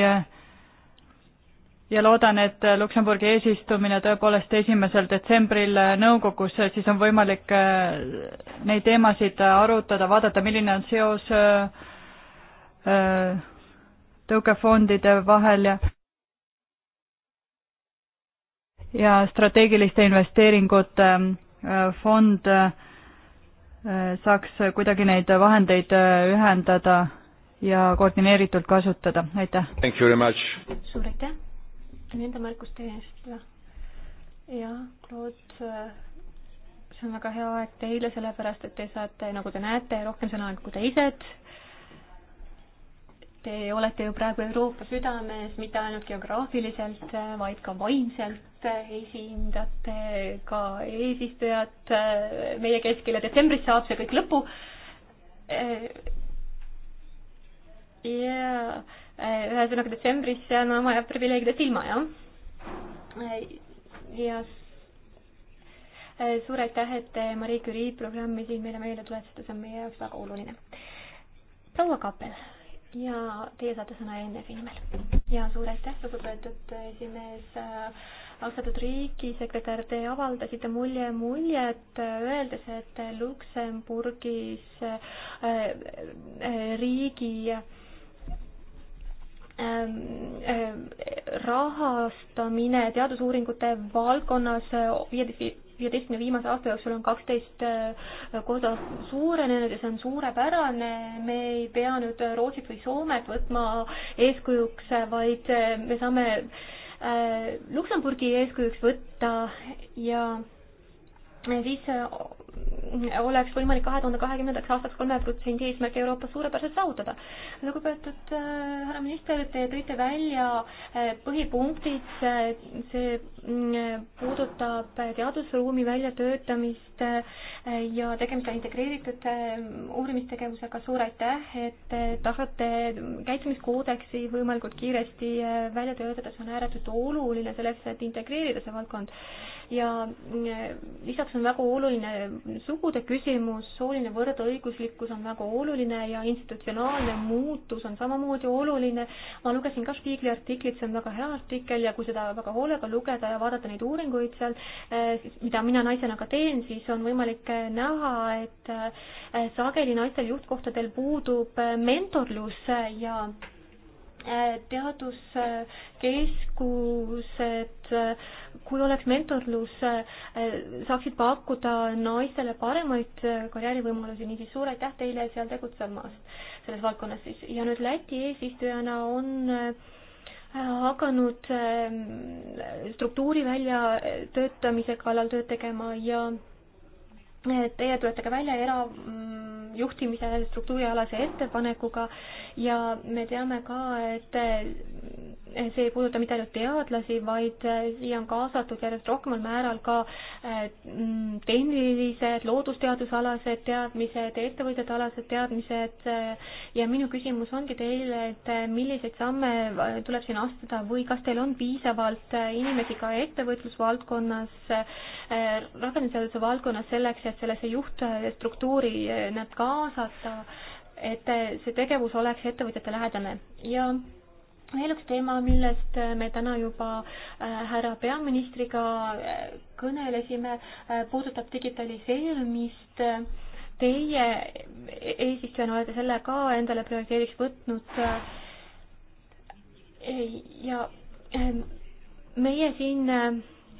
ja loodan, et Luksemburgi eesistumine tõepoolest esimesel detsembril nõukogus, siis on võimalik äh, neid teemasid arutada, vaadata, milline on seos äh, äh, tõukefondide vahel ja ja strateegiliste investeeringute fond saaks kuidagi neid vahendeid ühendada ja koordineeritult kasutada, aitäh! suur aitäh! nende märkuste eest. ja Claude, see on väga hea aeg teile, sellepärast et te saate, nagu te näete, rohkem sõna kui teised. Te olete ju praegu Euroopa südames, mitte ainult geograafiliselt, vaid ka vaimselt esindate ka eesistujat meie keskele. detsembris saab see kõik lõpu. jaa ühesõnaga detsembris jääme oma privileegidest ilma, jah. ja suur aitäh, et Marie Curie programmi siin meile meelde tuletasite, see on meie jaoks väga oluline. proua Kappel ja teie saate sõna ENF-i nimel. ja suur aitäh, lugupeetud esimees äh, austatud riigisekretär, te avaldasite mulje muljet, öeldes, et Luksemburgis äh, äh, riigi Ähm, äh, rahastamine teadusuuringute valdkonnas äh, viieteistkümne viimase aasta jooksul on kaksteist äh, korda suurenenud ja see on suurepärane. me ei pea nüüd Rootsit või Soomet võtma eeskujuks, vaid me saame Luksemburgi eeskujuks võtta ja siis oleks võimalik kahe tuhande kahekümnendaks aastaks kolme protsendi eesmärk Euroopas suurepäraselt saavutada. lugupeetud äh, härra minister, te tõite välja äh, põhipunktid, äh, see mm, puudutab teadusruumi väljatöötamist ja tegemist on integreeritud uurimistegevusega, suur aitäh, et tahate käitumiskoodeksi võimalikult kiiresti välja töötada, see on ääretult oluline selleks, et integreerida see valdkond. ja mm, lisaks on väga oluline sugude küsimus, sooline võrdõiguslikkus on väga oluline ja institutsionaalne muutus on samamoodi oluline. ma lugesin ka Spiegli artiklit, see on väga hea artikkel ja kui seda väga hoolega lugeda ja vaadata neid uuringuid seal, eh, mida mina naisena ka teen, siis on võimalik eh, näha, et eh, sageli naistel juhtkohtadel puudub mentorlus ja teaduskeskused, kui oleks mentorlus, saaksid pakkuda naistele paremaid karjäärivõimalusi, niisiis suur aitäh teile seal tegutsemast selles valdkonnas siis ja nüüd Läti eesistujana on äh, hakanud ähm, struktuuri väljatöötamise kallal tööd tegema ja Teie töötage välja erajuhtimise struktuurialase ettepanekuga ja me teame ka, et see ei puuduta mitte ainult teadlasi, vaid äh, siia on kaasatud järjest rohkemal määral ka äh, mm, tehnilised, loodusteadusalased teadmised, ettevõtjate alased teadmised äh, ja minu küsimus ongi teile, et milliseid samme tuleb siin astuda või kas teil on piisavalt inimesi ka ettevõtlusvaldkonnas, rakendusseaduse valdkonnas selleks, et sellesse juhtstruktuuri nad kaasata, et see tegevus oleks ettevõtjate lähedane ja veel üks teema, millest me täna juba äh, härra peaministriga äh, kõnelesime, äh, puudutab digitaliseerimist. Teie eesistujana olete selle ka endale prioriteediks võtnud. ja ähm, meie siin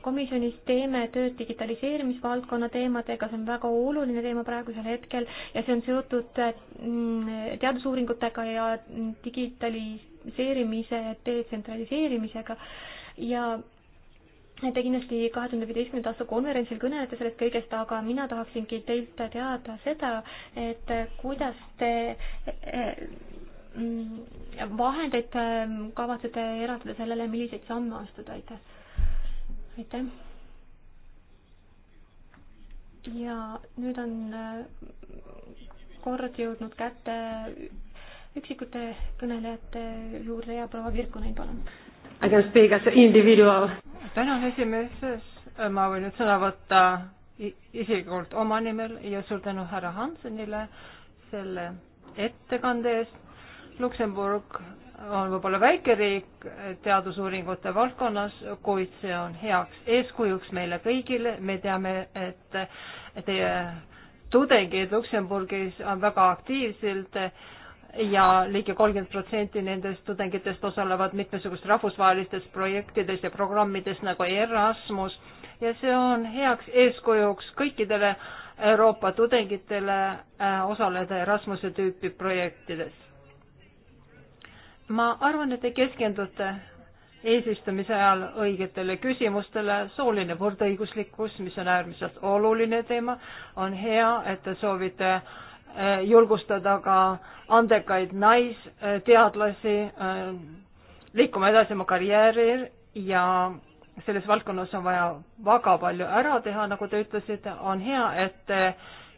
komisjonis teeme tööd digitaliseerimisvaldkonna teemadega, see on väga oluline teema praegusel hetkel ja see on seotud mm, teadusuuringutega ja digitalis-, automatiseerimise, detsentraliseerimisega ja Te kindlasti kahe tuhande viieteistkümnenda aasta konverentsil kõnelete sellest kõigest, aga mina tahaksingi teilt teada seda, et kuidas te mm, vahendeid mm, kavatsete eraldada sellele, milliseid samme astuda, aitäh. aitäh. ja nüüd on mm, kord jõudnud kätte üksikute kõnelejate juurde ja proua Virkunen, palun. I can speak as an individual. tänan esimeses, ma võin nüüd sõna võtta isiklikult oma nimel ja suur tänu härra Hansenile selle ettekande eest. Luksemburg on võib-olla väike riik teadusuuringute valdkonnas, kuid see on heaks eeskujuks meile kõigile, me teame, et teie tudengid Luksemburgis on väga aktiivselt äh, ja ligi kolmkümmend protsenti nendest tudengitest osalevad mitmesugustes rahvusvahelistes projektides ja programmides nagu Erasmus ja see on heaks eeskujuks kõikidele Euroopa tudengitele äh, osaleda Erasmuse tüüpi projektides. ma arvan, et te keskendute eesistumise ajal õigetele küsimustele, sooline võrdõiguslikkus, mis on äärmiselt oluline teema, on hea, et te soovite äh, Äh, julgustada ka andekaid naisteadlasi äh, liikuma edasi oma karjääri ja selles valdkonnas on vaja väga palju ära teha, nagu te ütlesite, on hea, et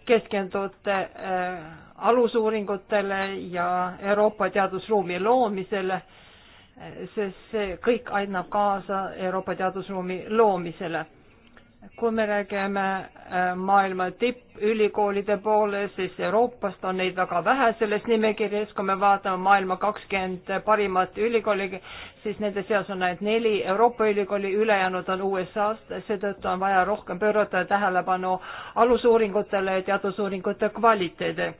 keskendute äh, alusuuringutele ja Euroopa teadusruumi loomisele, sest see kõik aitab kaasa Euroopa teadusruumi loomisele kui me räägime äh, maailma tippülikoolide poole, siis Euroopast on neid väga vähe selles nimekirjas, kui me vaatame maailma kakskümmend parimat ülikooli, siis nende seas on ainult neli Euroopa ülikooli, ülejäänud on USA-st, seetõttu on vaja rohkem pöörata tähelepanu alusuuringutele ja teadusuuringute kvaliteedile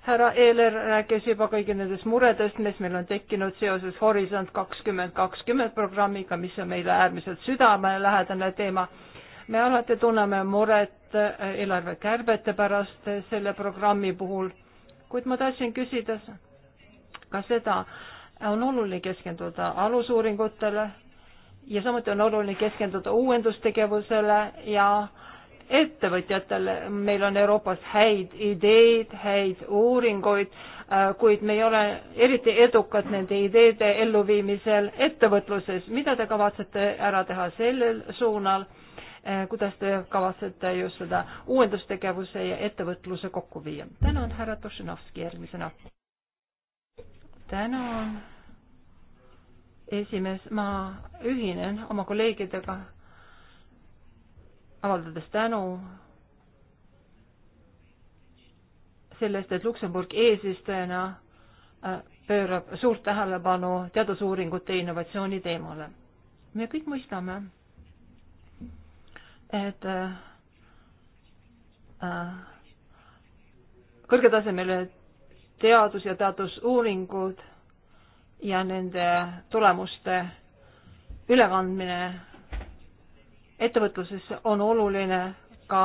härra Eeler rääkis juba kõigi nendest muredest, mis meil on tekkinud seoses Horisont kakskümmend kakskümmend programmiga, mis on meile äärmiselt südamelähedane teema me alati tunneme muret eh, eelarvekärbete pärast selle programmi puhul, kuid ma tahtsin küsida ka seda, on oluline keskenduda alusuuringutele ja samuti on oluline keskenduda uuendustegevusele ja ettevõtjatele. meil on Euroopas häid ideid, häid uuringuid, eh, kuid me ei ole eriti edukad nende ideede elluviimisel ettevõtluses. mida te kavatsete ära teha sellel suunal? Eh, kuidas te kavatsete just seda uuendustegevuse ja ettevõtluse kokku viia. tänan, härra Tošinovski, järgmisena. tänan, esimees, ma ühinen oma kolleegidega, avaldades tänu sellest, et Luksemburg eesistujana eh, pöörab suurt tähelepanu teadusuuringute innovatsiooni teemale. me kõik mõistame et äh, äh, kõrgetasemele teadus ja teadusuuringud ja nende tulemuste ülekandmine ettevõtlusesse on oluline ka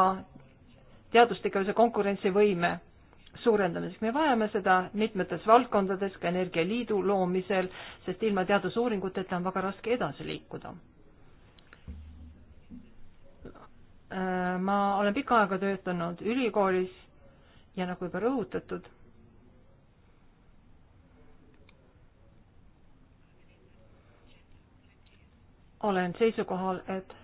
teadustegevuse konkurentsivõime suurendamiseks. me vajame seda mitmetes valdkondades, ka Energialiidu loomisel, sest ilma teadusuuringuteta on väga raske edasi liikuda Äh, ma olen pikka aega töötanud ülikoolis ja nagu juba rõhutatud, olen seisukohal, et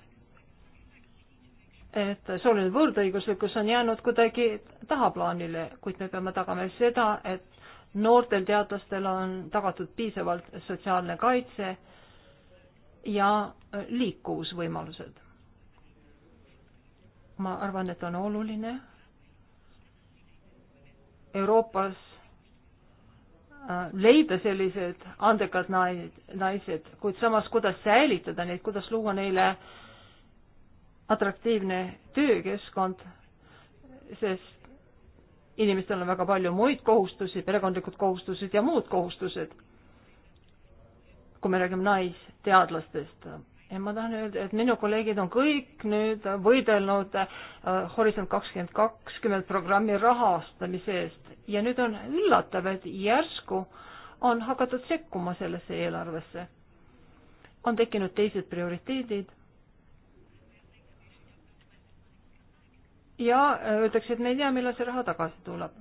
et sooline võrdõiguslikkus on jäänud kuidagi tahaplaanile, kuid me peame tagama seda, et noortel teadlastel on tagatud piisavalt sotsiaalne kaitse ja liikuvusvõimalused ma arvan, et on oluline Euroopas äh, leida sellised andekad naised, kuid samas, kuidas säilitada neid, kuidas luua neile atraktiivne töökeskkond, sest inimestel on väga palju muid kohustusi, perekondlikud kohustused ja muud kohustused. kui me räägime naisteadlastest, ja ma tahan öelda, et minu kolleegid on kõik nüüd võidelnud äh, Horisont kakskümmend kakskümmend programmi rahastamise eest ja nüüd on üllatav, et järsku on hakatud sekkuma sellesse eelarvesse. on tekkinud teised prioriteedid. ja öeldakse, äh, et me ei tea, millal see raha tagasi tuleb.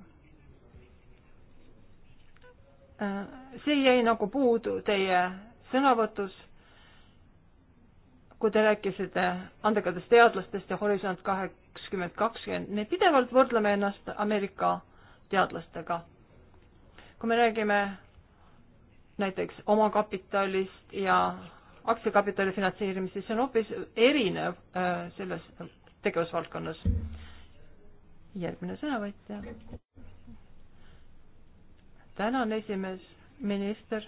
Äh, see jäi nagu puudu teie sõnavõtus kui te rääkisite andekatest teadlastest ja Horisont kaheksakümmend kakskümmend, me pidevalt võrdleme ennast Ameerika teadlastega. kui me räägime näiteks omakapitalist ja aktsiakapitali finantseerimisest, see on hoopis erinev äh, selles tegevusvaldkonnas. järgmine sõnavõtja. tänan, esimees, minister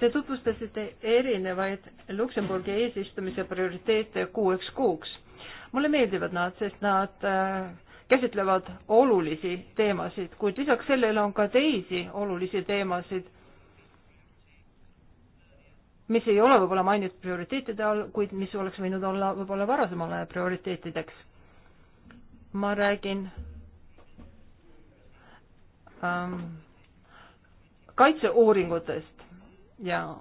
Te tutvustasite erinevaid Luksemburgi eesistumise prioriteete kuueks kuuks. mulle meeldivad nad, sest nad äh, käsitlevad olulisi teemasid, kuid lisaks sellele on ka teisi olulisi teemasid, mis ei ole võib-olla mainitud prioriteetide all, kuid mis oleks võinud olla võib-olla varasemal ajal prioriteetideks. ma räägin ähm, kaitseuuringutest ja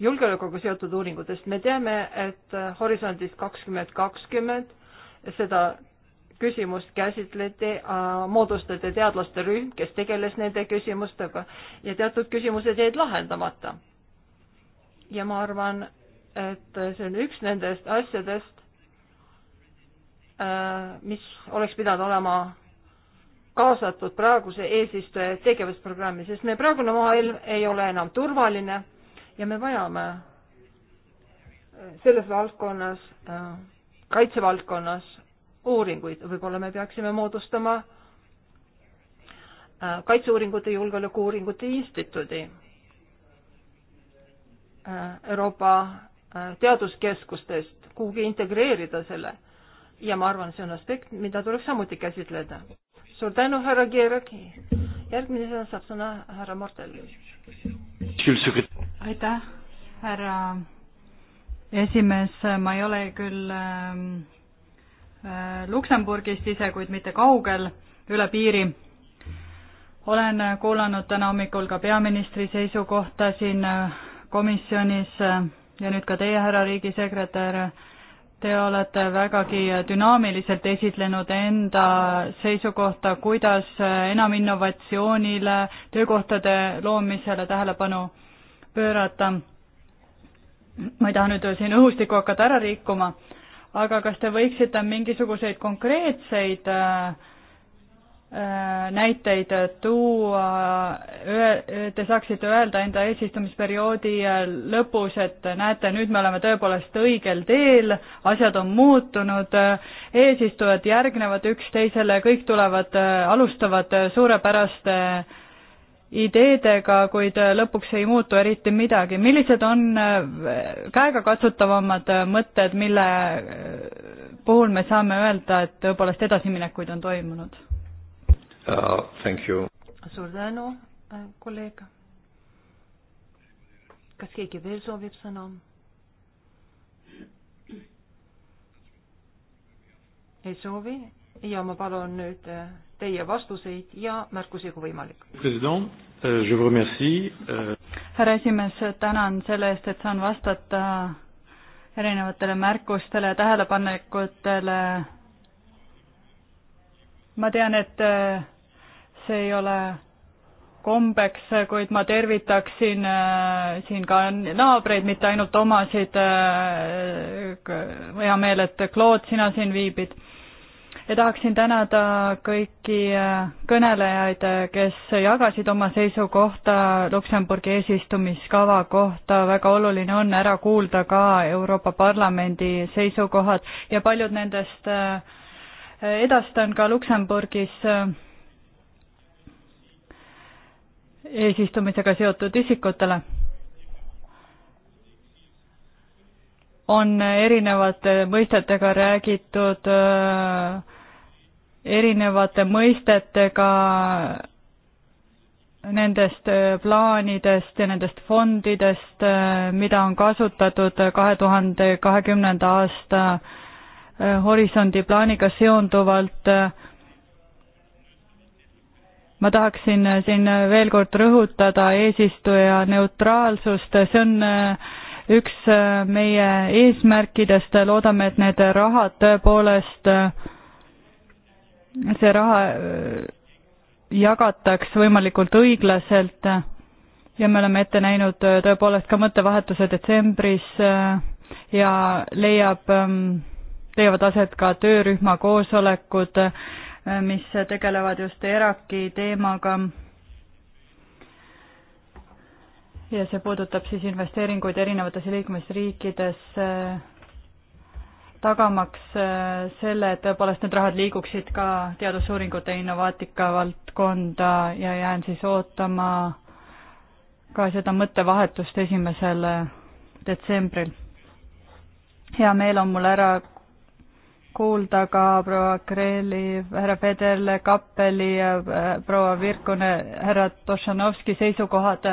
julgeolekuga seotud uuringutest. me teame, et Horisondis kakskümmend kakskümmend seda küsimust käsitleti, äh, moodustati teadlaste rühm, kes tegeles nende küsimustega ja teatud küsimused jäid lahendamata. ja ma arvan, et see on üks nendest asjadest, äh, mis oleks pidanud olema kaasatud praeguse eesistuja tegevusprogrammi, sest meie praegune maailm ei ole enam turvaline ja me vajame äh, selles valdkonnas, äh, kaitsevaldkonnas uuringuid, võib-olla me peaksime moodustama äh, kaitseuuringute ja julgeolekuuuringute instituudi. Euroopa teaduskeskustest kuhugi integreerida selle ja ma arvan, see on aspekt, mida tuleks samuti käsitleda. suur tänu, härra Keerek. järgmisena saab sõna härra Martel. aitäh, härra esimees, ma ei ole küll ähm, äh, Luksemburgist ise, kuid mitte kaugel, üle piiri. olen kuulanud täna hommikul ka peaministri seisukohta siin äh, komisjonis äh, ja nüüd ka teie, härra riigisekretär äh,, Te olete vägagi dünaamiliselt esitlenud enda seisukohta, kuidas enam innovatsioonile, töökohtade loomisele tähelepanu pöörata. ma ei taha nüüd siin õhustikku hakata ära rikkuma, aga kas te võiksite mingisuguseid konkreetseid äh, Äh, näiteid tuua, te saaksite öelda enda eesistumisperioodi äh, lõpus, et näete, nüüd me oleme tõepoolest õigel teel, asjad on muutunud, äh, eesistujad järgnevad üksteisele, kõik tulevad, alustavad suurepäraste ideedega, kuid lõpuks ei muutu eriti midagi. millised on käegakatsutavamad mõtted, mille puhul me saame öelda, et tõepoolest edasiminekuid on toimunud? uh,. Thank you. suur tänu, äh, kolleeg. kas keegi veel soovib sõna? ei soovi ja ma palun nüüd äh, teie vastuseid ja märkusi, kui võimalik. Äh, härra esimees, tänan selle eest, et saan vastata erinevatele märkustele ja tähelepanekutele. ma tean, et see ei ole kombeks, kuid ma tervitaksin äh, siin ka naabreid, mitte ainult omasid. Äh, hea meel, et Claude, sina siin viibid. ja tahaksin tänada kõiki äh, kõnelejaid, kes jagasid oma seisukohta Luksemburgi eesistumiskava kohta. väga oluline on ära kuulda ka Euroopa Parlamendi seisukohad ja paljud nendest edastan ka Luksemburgis eesistumisega seotud isikutele. on erinevate mõistetega räägitud, äh, erinevate mõistetega nendest äh, plaanidest ja nendest fondidest, äh, mida on kasutatud kahe tuhande kahekümnenda aasta horisondi plaaniga seonduvalt äh, ma tahaksin äh, siin äh, veel kord rõhutada eesistuja neutraalsust, see on äh, üks meie eesmärkidest, loodame, et need rahad tõepoolest, see raha jagataks võimalikult õiglaselt ja me oleme ette näinud tõepoolest ka mõttevahetuse detsembris ja leiab, ähm, leiavad aset ka töörühma koosolekud mis tegelevad just ERAK-i teemaga. ja see puudutab siis investeeringuid erinevates liikmesriikides, tagamaks äh, selle, et tõepoolest need rahad liiguksid ka teadusuuringute innovaatika valdkonda ja jään siis ootama ka seda mõttevahetust esimesel detsembril hea meel on mul ära kuulda ka proua Kreeli, härra Federle, Kappeli, äh, proua Virkune, härra Tošanovski seisukohad,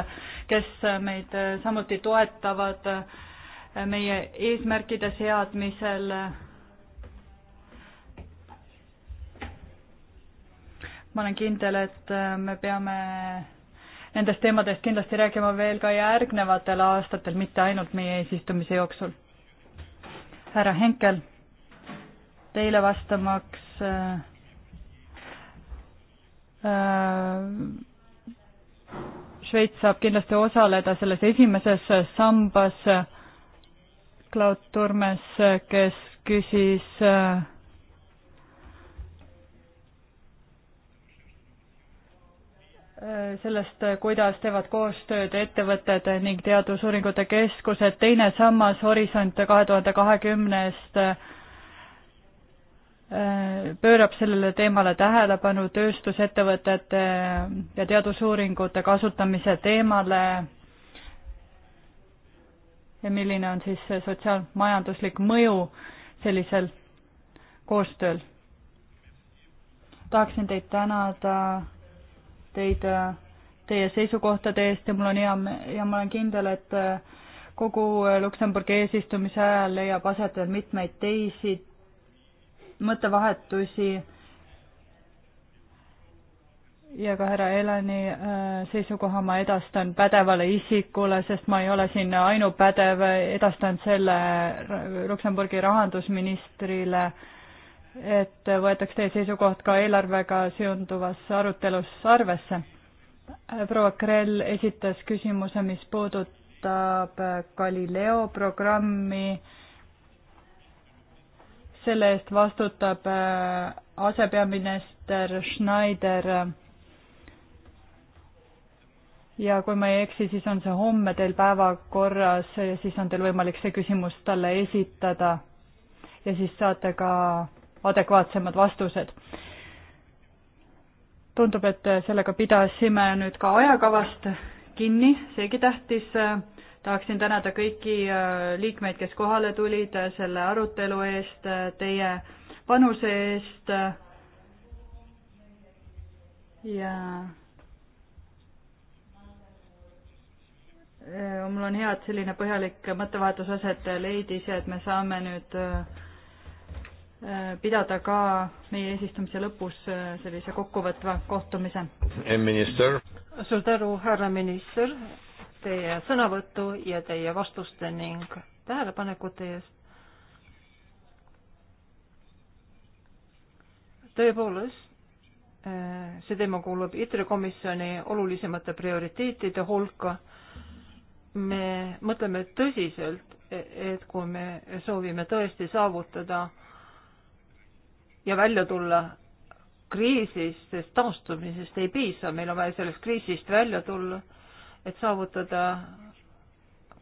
kes meid äh, samuti toetavad äh, meie eesmärkide seadmisel. ma olen kindel, et me peame nendest teemadest kindlasti räägima veel ka järgnevatel aastatel, mitte ainult meie eesistumise jooksul. härra Henkel teile vastamaks äh, äh, Šveits saab kindlasti osaleda selles esimeses sambas. Klaud Turmes, kes küsis äh, sellest, kuidas teevad koostööd ettevõtted ning teadusuuringute keskused, teine sammas Horisont kahe tuhande kahekümnest pöörab sellele teemale tähelepanu tööstusettevõtete ja teadusuuringute kasutamise teemale ja milline on siis sotsiaalmajanduslik mõju sellisel koostööl. tahaksin teid tänada, teid, teie seisukohtade eest ja mul on hea ja ma olen kindel, et kogu Luksemburgi eesistumise ajal leiab aset veel mitmeid teisi mõttevahetusi ja ka härra Elani äh, seisukoha ma edastan pädevale isikule, sest ma ei ole siin ainupädev, edastan selle Luksemburgi rahandusministrile, et võetaks teie seisukoht ka eelarvega seonduvas arutelus arvesse. Äh, proua Krell esitas küsimuse, mis puudutab äh, Galileo programmi äh, selle eest vastutab äh, asepeaminister Schneider. ja kui ma ei eksi, siis on see homme teil päevakorras ja siis on teil võimalik see küsimus talle esitada ja siis saate ka adekvaatsemad vastused. tundub, et sellega pidasime nüüd ka ajakavast kinni, seegi tähtis äh, tahaksin tänada kõiki äh, liikmeid, kes kohale tulid, äh, selle arutelu eest, äh, teie panuse eest ja mul on hea, et selline põhjalik mõttevahetus aset leidis ja et me saame nüüd pidada ka meie eesistumise lõpus sellise kokkuvõtva kohtumise. suur tänu, härra minister teie sõnavõttu ja teie vastuste ning tähelepanekute eest. tõepoolest, eh, see teema kuulub ITRE komisjoni olulisemate prioriteetide hulka. me mõtleme tõsiselt, et kui me soovime tõesti saavutada ja välja tulla kriisist, sest taastumisest ei piisa, meil on vaja sellest kriisist välja tulla et saavutada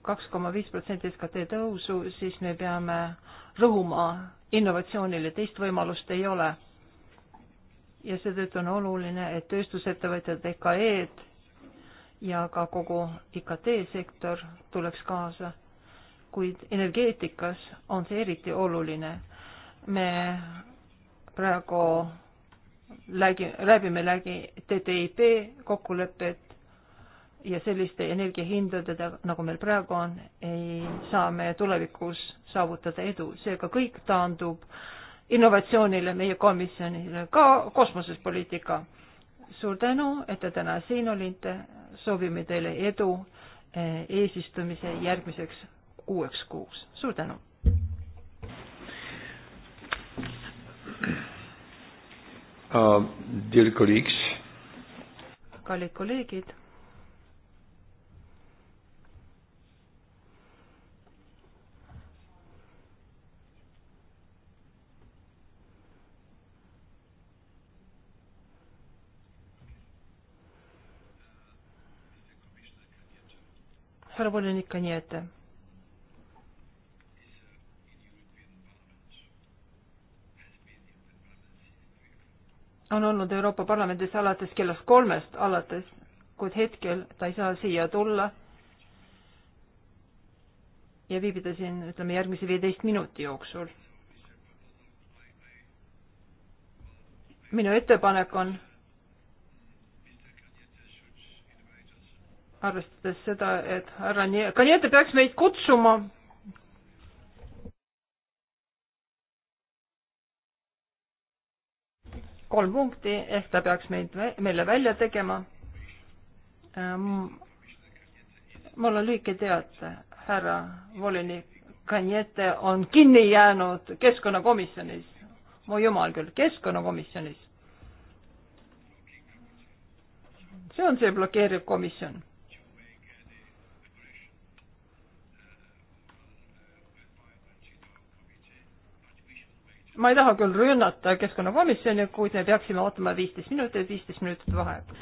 kaks koma viis protsenti SKT tõusu, siis me peame rõhuma innovatsioonile, teist võimalust ei ole. ja seetõttu on oluline, et tööstusettevõtjad, EKE-d ja ka kogu IKT-sektor tuleks kaasa, kuid energeetikas on see eriti oluline. me praegu lägi, läbime läbi TTIP kokkulepet ja selliste energiahindadega, nagu meil praegu on, ei saa me tulevikus saavutada edu, seega kõik taandub innovatsioonile meie komisjonile, ka kosmoses poliitika. suur tänu, et te täna siin olite, soovime teile edu eh, eesistumise järgmiseks kuueks kuuks, suur tänu! Uh, dear colleagues, kallid kolleegid härra volinik Kanjete. on olnud Euroopa Parlamendis alates kellast kolmest alates, kuid hetkel ta ei saa siia tulla ja viibida siin, ütleme, järgmise viieteist minuti jooksul. minu ettepanek on arvestades seda, et härra Nii-, Kaniete peaks meid kutsuma kolm punkti, ehk ta peaks meid, meile välja tegema ähm,. mul on lühike teade, härra volinik Kanjete on kinni jäänud keskkonnakomisjonis, mu jumal küll, keskkonnakomisjonis. see on see blokeeriv komisjon ma ei taha küll rünnata keskkonnakomisjoni, kuid me peaksime ootama viisteist minutit, viisteist minutit vaheaega.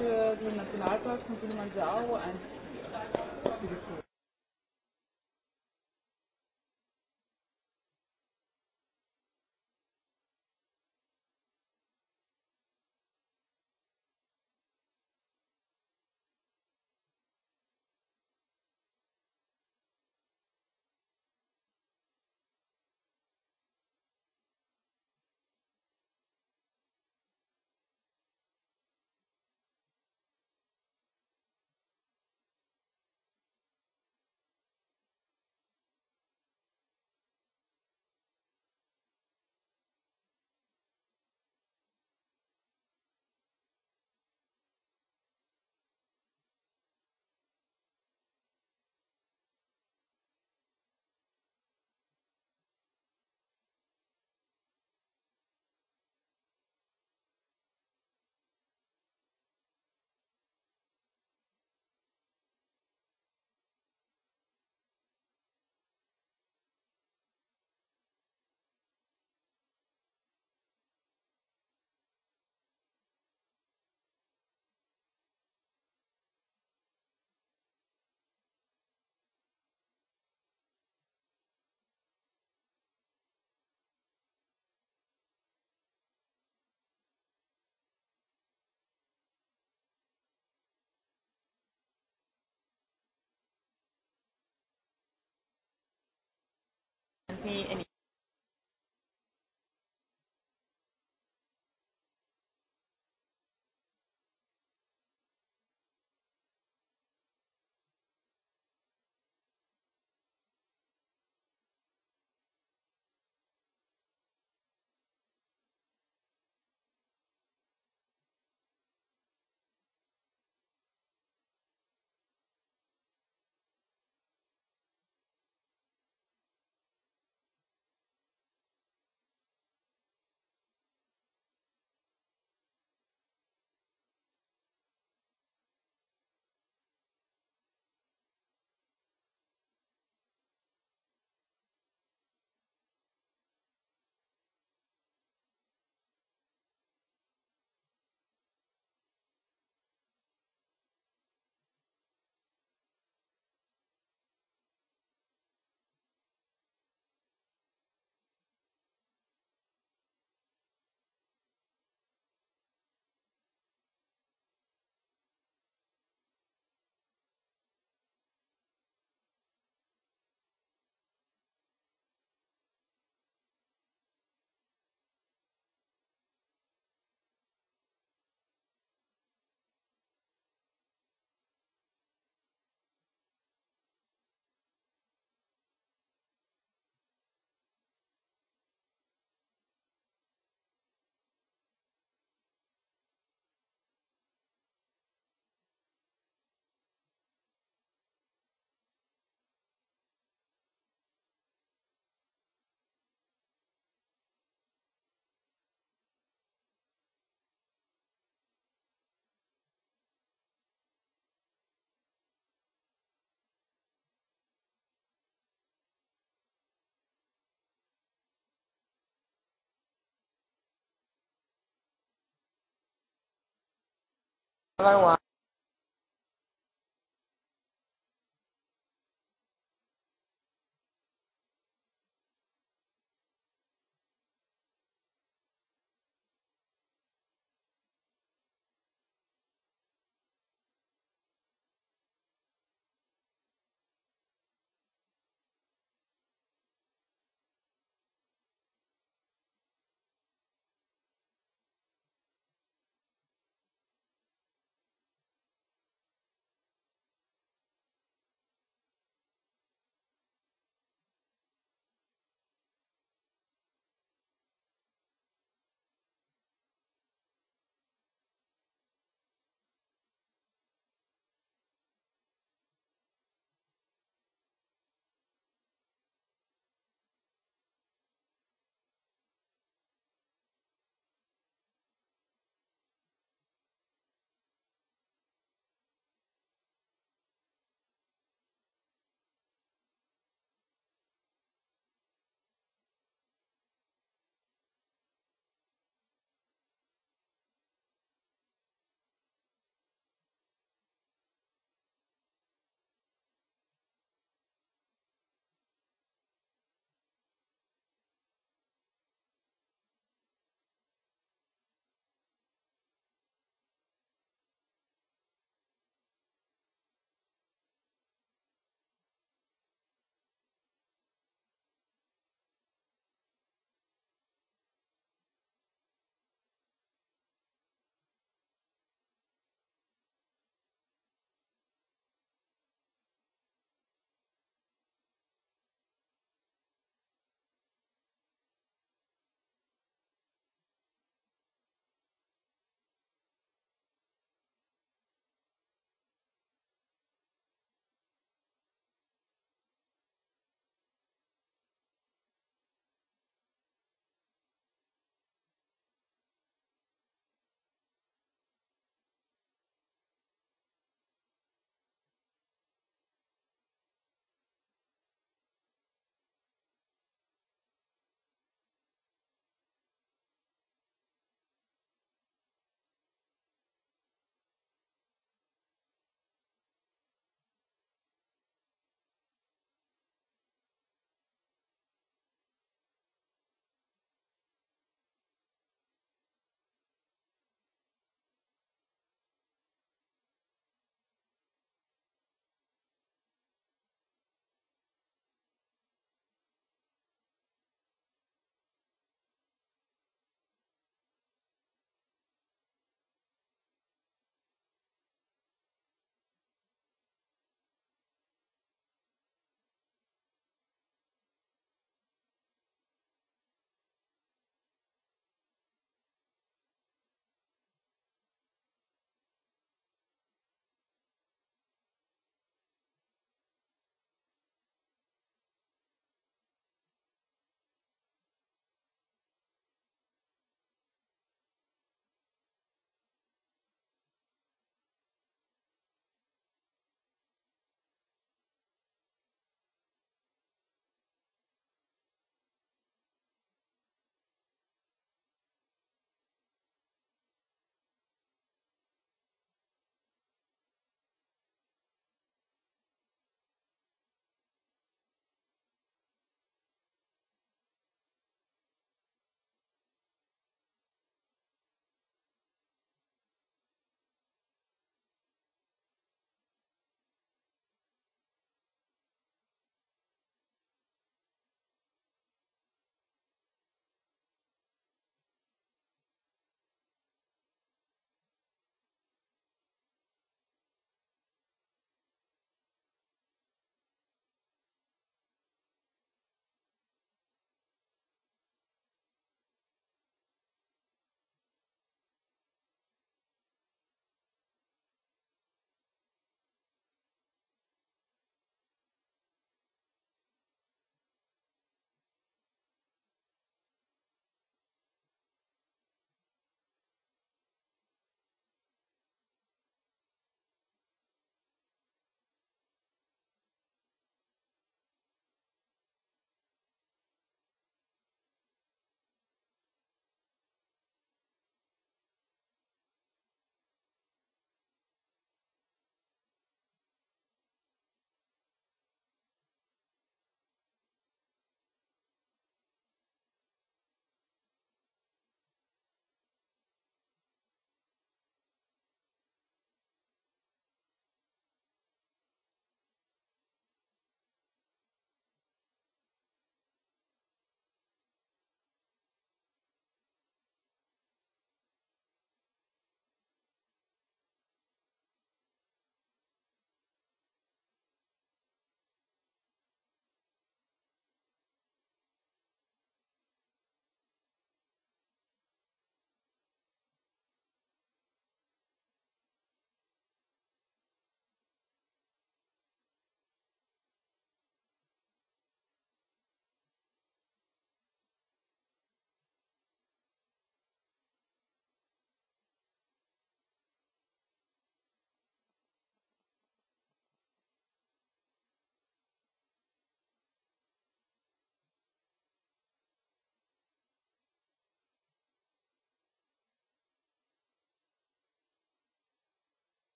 für den Nationalpark von Kilimanjaro ein. Hello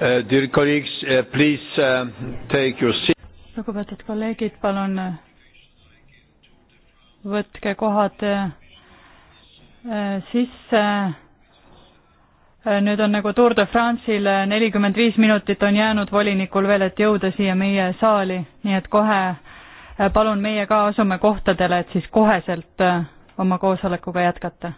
Uh, dear colleagues, uh, please uh, take your seat. lugupeetud kolleegid, palun võtke kohad sisse. nüüd on nagu Tour de France'il nelikümmend viis minutit on jäänud volinikul veel, et jõuda siia meie saali, nii et kohe palun meie ka asume kohtadele, et siis koheselt oma koosolekuga jätkata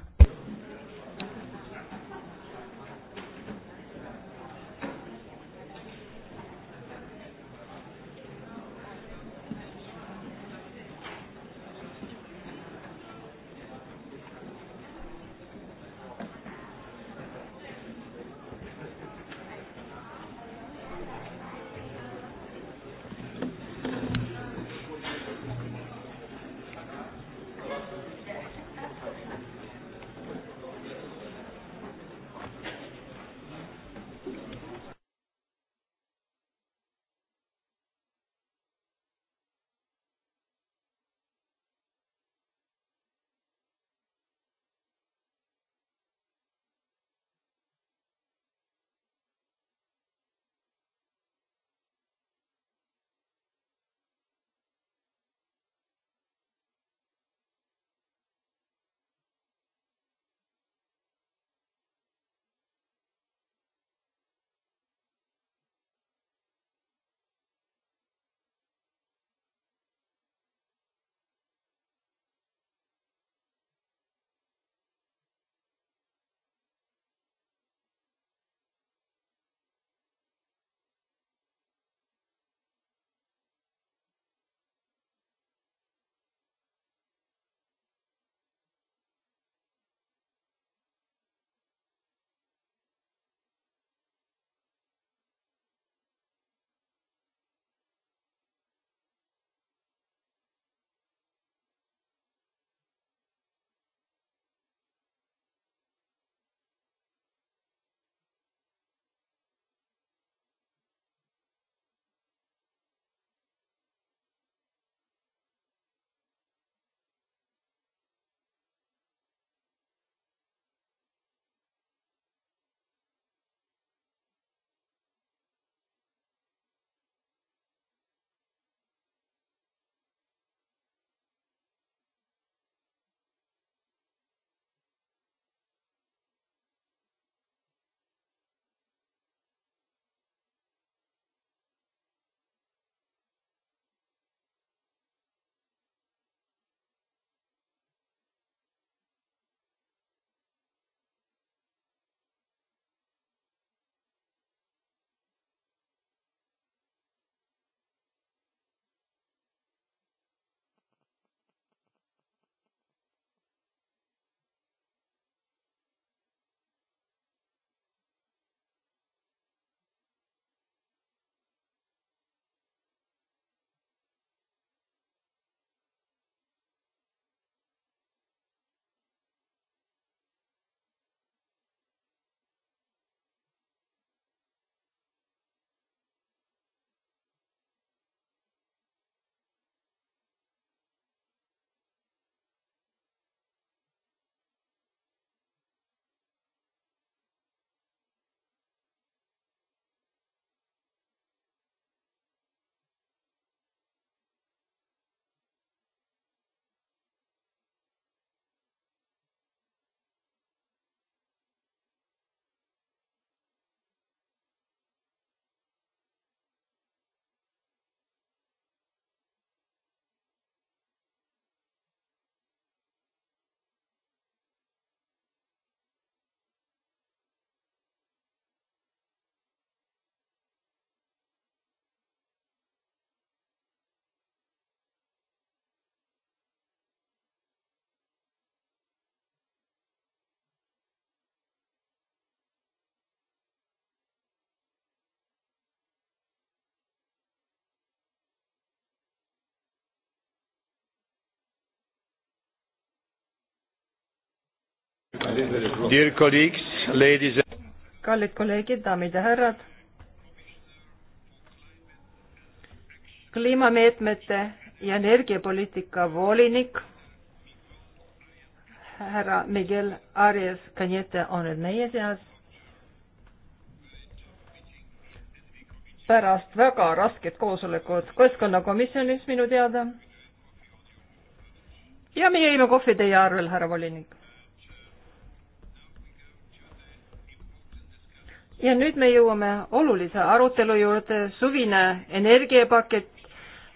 Dear colleagues, ladies and kallid kolleegid, daamid ja härrad. kliimameetmete ja energiapoliitika volinik härra Miguel Arias Cañete on nüüd meie seas. pärast väga rasket koosolekut keskkonnakomisjonis minu teada. ja me jõime kohvi teie arvel, härra volinik. ja nüüd me jõuame olulise arutelu juurde, suvine energiapakett,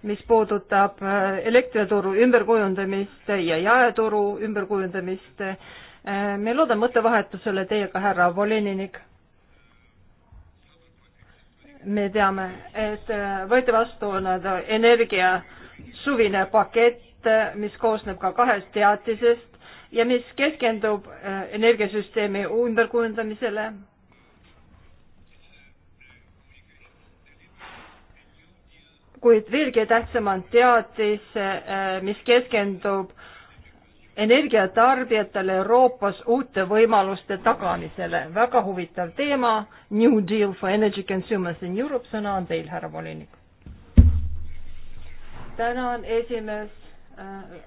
mis puudutab äh, elektrituru ümberkujundamist ja jaeturu ümberkujundamist. Äh, me loodame mõttevahetusele teiega, härra volinik. me teame, et äh, võeti vastu energia suvine pakett, mis koosneb ka kahest teatisest ja mis keskendub energiasüsteemi ümberkujundamisele kuid veelgi tähtsam on teatis, eh, mis keskendub energiatarbijatele Euroopas uute võimaluste tagamisele. väga huvitav teema, New Deal for Energy Consumers in Europe, sõna on teil, härra volinik. tänan, esimees eh,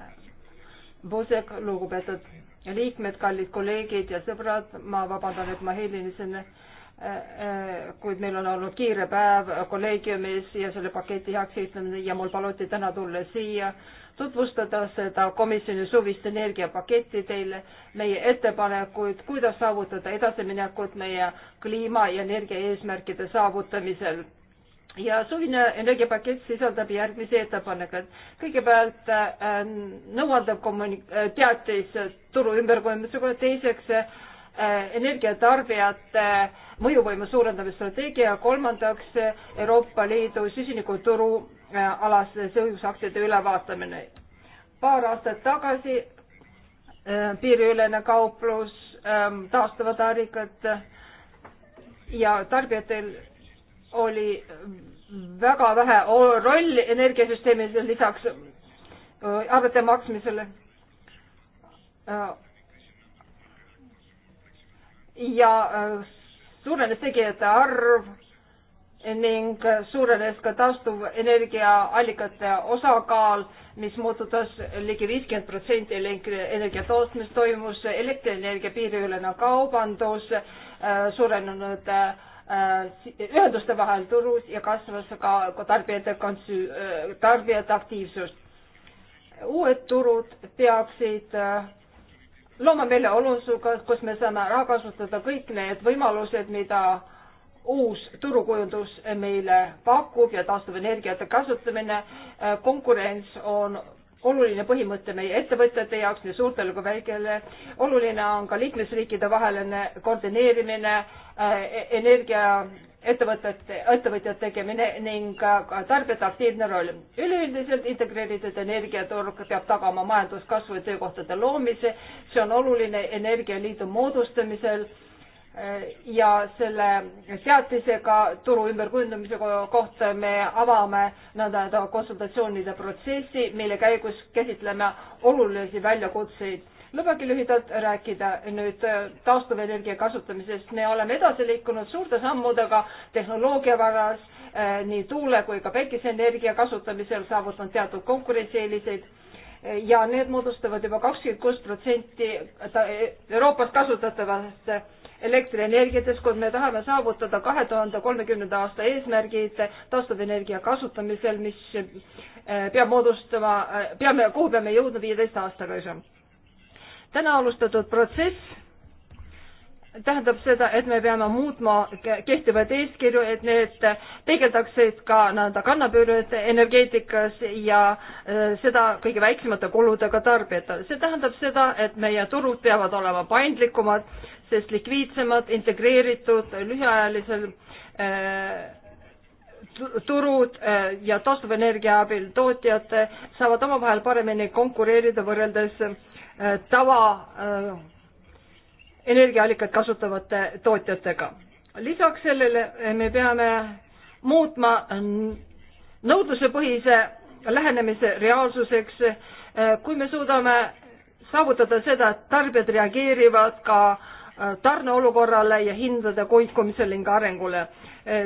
Bosek, lugupeetud liikmed, kallid kolleegid ja sõbrad, ma vabandan, et ma helinesin Äh, äh, kuid meil on olnud kiire päev kolleegiumis ja selle paketi heakskiitmine ja mul paluti täna tulla siia tutvustada seda komisjoni suvist energiapaketti teile, meie ettepanekuid, kuidas saavutada edasiminekut meie kliima ja energiaeesmärkide saavutamisel ja suvine energiapakett sisaldab järgmisi ettepanekuid. kõigepealt äh, nõuandev kommuni-, äh, teatis turu ümberkujundamisega, teiseks äh, Äh, energiatarbijate mõjuvõimu suurendamise strateegia ja kolmandaks Euroopa Liidu süsinikuturu äh, alaste õigusaktide ülevaatamine. paar aastat tagasi äh, piiriülene kauplus, ähm, taastuvad allikad ja tarbijatel oli väga vähe roll energiasüsteemidel lisaks arvete maksmisele ja äh, suurenes tegijate arv ning suurenes ka taastuvenergiaallikate osakaal, mis muututas ligi viiskümmend protsenti elektrienergia tootmist, toimus elektrienergia piiriülene kaubandus, äh, suurenenud äh, ühenduste vahel turus ja kasvas ka tarbijate konsu-, tarbijate aktiivsus. uued turud peaksid looma meile olukorra, kus me saame ära kasutada kõik need võimalused, mida uus turukujundus meile pakub ja taastuvenergiate kasutamine. konkurents on oluline põhimõte meie ettevõtjate jaoks, nii suurtele kui väikele. oluline on ka liikmesriikide vaheline koordineerimine, eh, e-, energia ettevõtete, ettevõtjate tegemine ning ka tarbijate aktiivne roll. üleüldiselt integreeritud energiaturg peab tagama majanduskasvu ja töökohtade loomise, see on oluline Energialiidu moodustamisel eh, ja selle teatisega turu ümberkujundamise kohta me avame nõnda-öelda konsultatsioonide protsessi, mille käigus käsitleme olulisi väljakutseid lubage lühidalt rääkida nüüd äh, taastuvenergia kasutamisest. me oleme edasi liikunud suurte sammudega tehnoloogia varas, äh, nii tuule kui ka päikeseenergia kasutamisel saavutanud teatud konkurentsieeliseid ja need moodustavad juba kakskümmend kuus protsenti Euroopas kasutatavast elektrienergiatest, kui me tahame saavutada kahe tuhande kolmekümnenda aasta eesmärgid taastuvenergia kasutamisel, mis äh, peab moodustama, peame, kuhu peame jõudma viieteist aasta jooksul täna alustatud protsess tähendab seda, et me peame muutma kehtivaid eeskirju, et need peegeldaksid ka nii-öelda kannapööret energeetikas ja äh, seda kõige väiksemate kuludega tarbijatele. see tähendab seda, et meie turud peavad olema paindlikumad, sest likviidsemad, integreeritud, lühiajalisel äh, turud äh, ja taastuvenergia abil tootjad saavad omavahel paremini konkureerida võrreldes äh, Äh, tava äh, energiaallikaid kasutavate tootjatega. lisaks sellele äh, me peame muutma nõudlusepõhise lähenemise reaalsuseks, kui me suudame saavutada seda, et tarbijad reageerivad ka tarneolukorrale ja hindade kuikumisele ning arengule.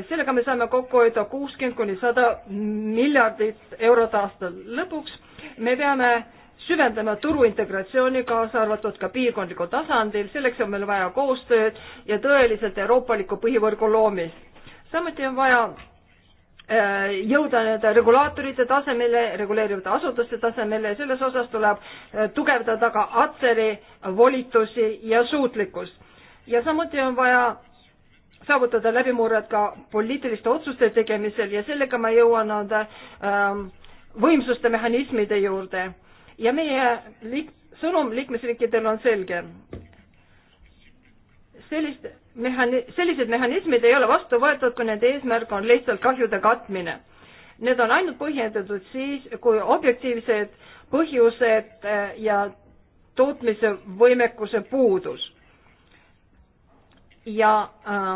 sellega me saame kokku hoida kuuskümmend kuni sada miljardit eurot aastal. lõpuks me peame süvendama turuintegratsiooni, kaasa arvatud ka piirkondlikul tasandil, selleks on meil vaja koostööd ja tõeliselt euroopaliku põhivõrgu loomist. samuti on vaja äh, jõuda nii-öelda regulaatorite tasemele, reguleerivate asutuste tasemele ja selles osas tuleb äh, tugevdada ka Atseri volitusi ja suutlikkust. ja samuti on vaja saavutada läbimurret ka poliitiliste otsuste tegemisel ja sellega ma jõuan nende ähm, võimsuste mehhanismide juurde ja meie liik-, sõnum liikmesriikidel on selge. sellist mehhani-, sellised mehhanismid ei ole vastu võetud, kui nende eesmärk on lihtsalt kahjude katmine. Need on ainult põhjendatud siis, kui objektiivsed põhjused eh, ja tootmise võimekuse puudus. ja äh,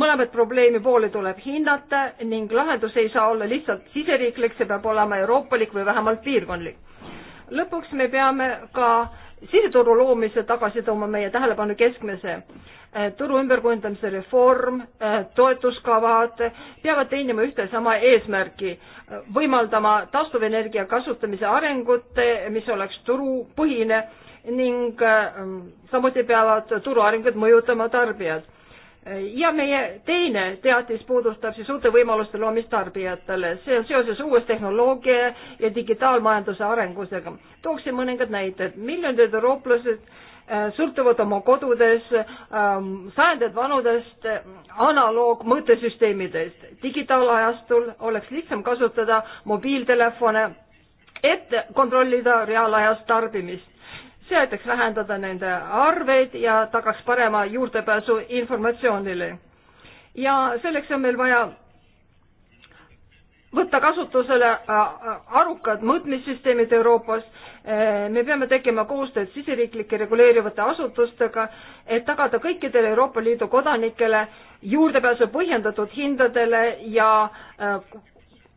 mõlemat probleemi poole tuleb hinnata ning lahendus ei saa olla lihtsalt siseriiklik, see peab olema euroopalik või vähemalt piirkondlik lõpuks me peame ka siseturu loomise tagasi tooma meie tähelepanu keskmesse. Äh, turu ümberkujundamise reform, äh, toetuskavad äh, peavad teenima ühte sama eesmärki, võimaldama taastuvenergia kasutamise arengut, mis oleks turupõhine ning samuti peavad turu arengut mõjutama tarbijad ja meie teine teatis puudutab siis uute võimaluste loomist tarbijatele, see on seoses uue tehnoloogia ja digitaalmajanduse arengusega. tooksin mõningad näited, miljonid eurooplased äh, sõltuvad oma kodudes ähm, sajandid vanudest äh, analoogmõõtesüsteemidest. digitaalajastul oleks lihtsam kasutada mobiiltelefone, et kontrollida reaalajas tarbimist see aitaks vähendada nende arveid ja tagaks parema juurdepääsu informatsioonile. ja selleks on meil vaja võtta kasutusele äh, äh, arukad mõõtmissüsteemid Euroopas, äh, me peame tegema koostööd siseriiklike reguleerivate asutustega, et tagada kõikidele Euroopa Liidu kodanikele juurdepääsu põhjendatud hindadele ja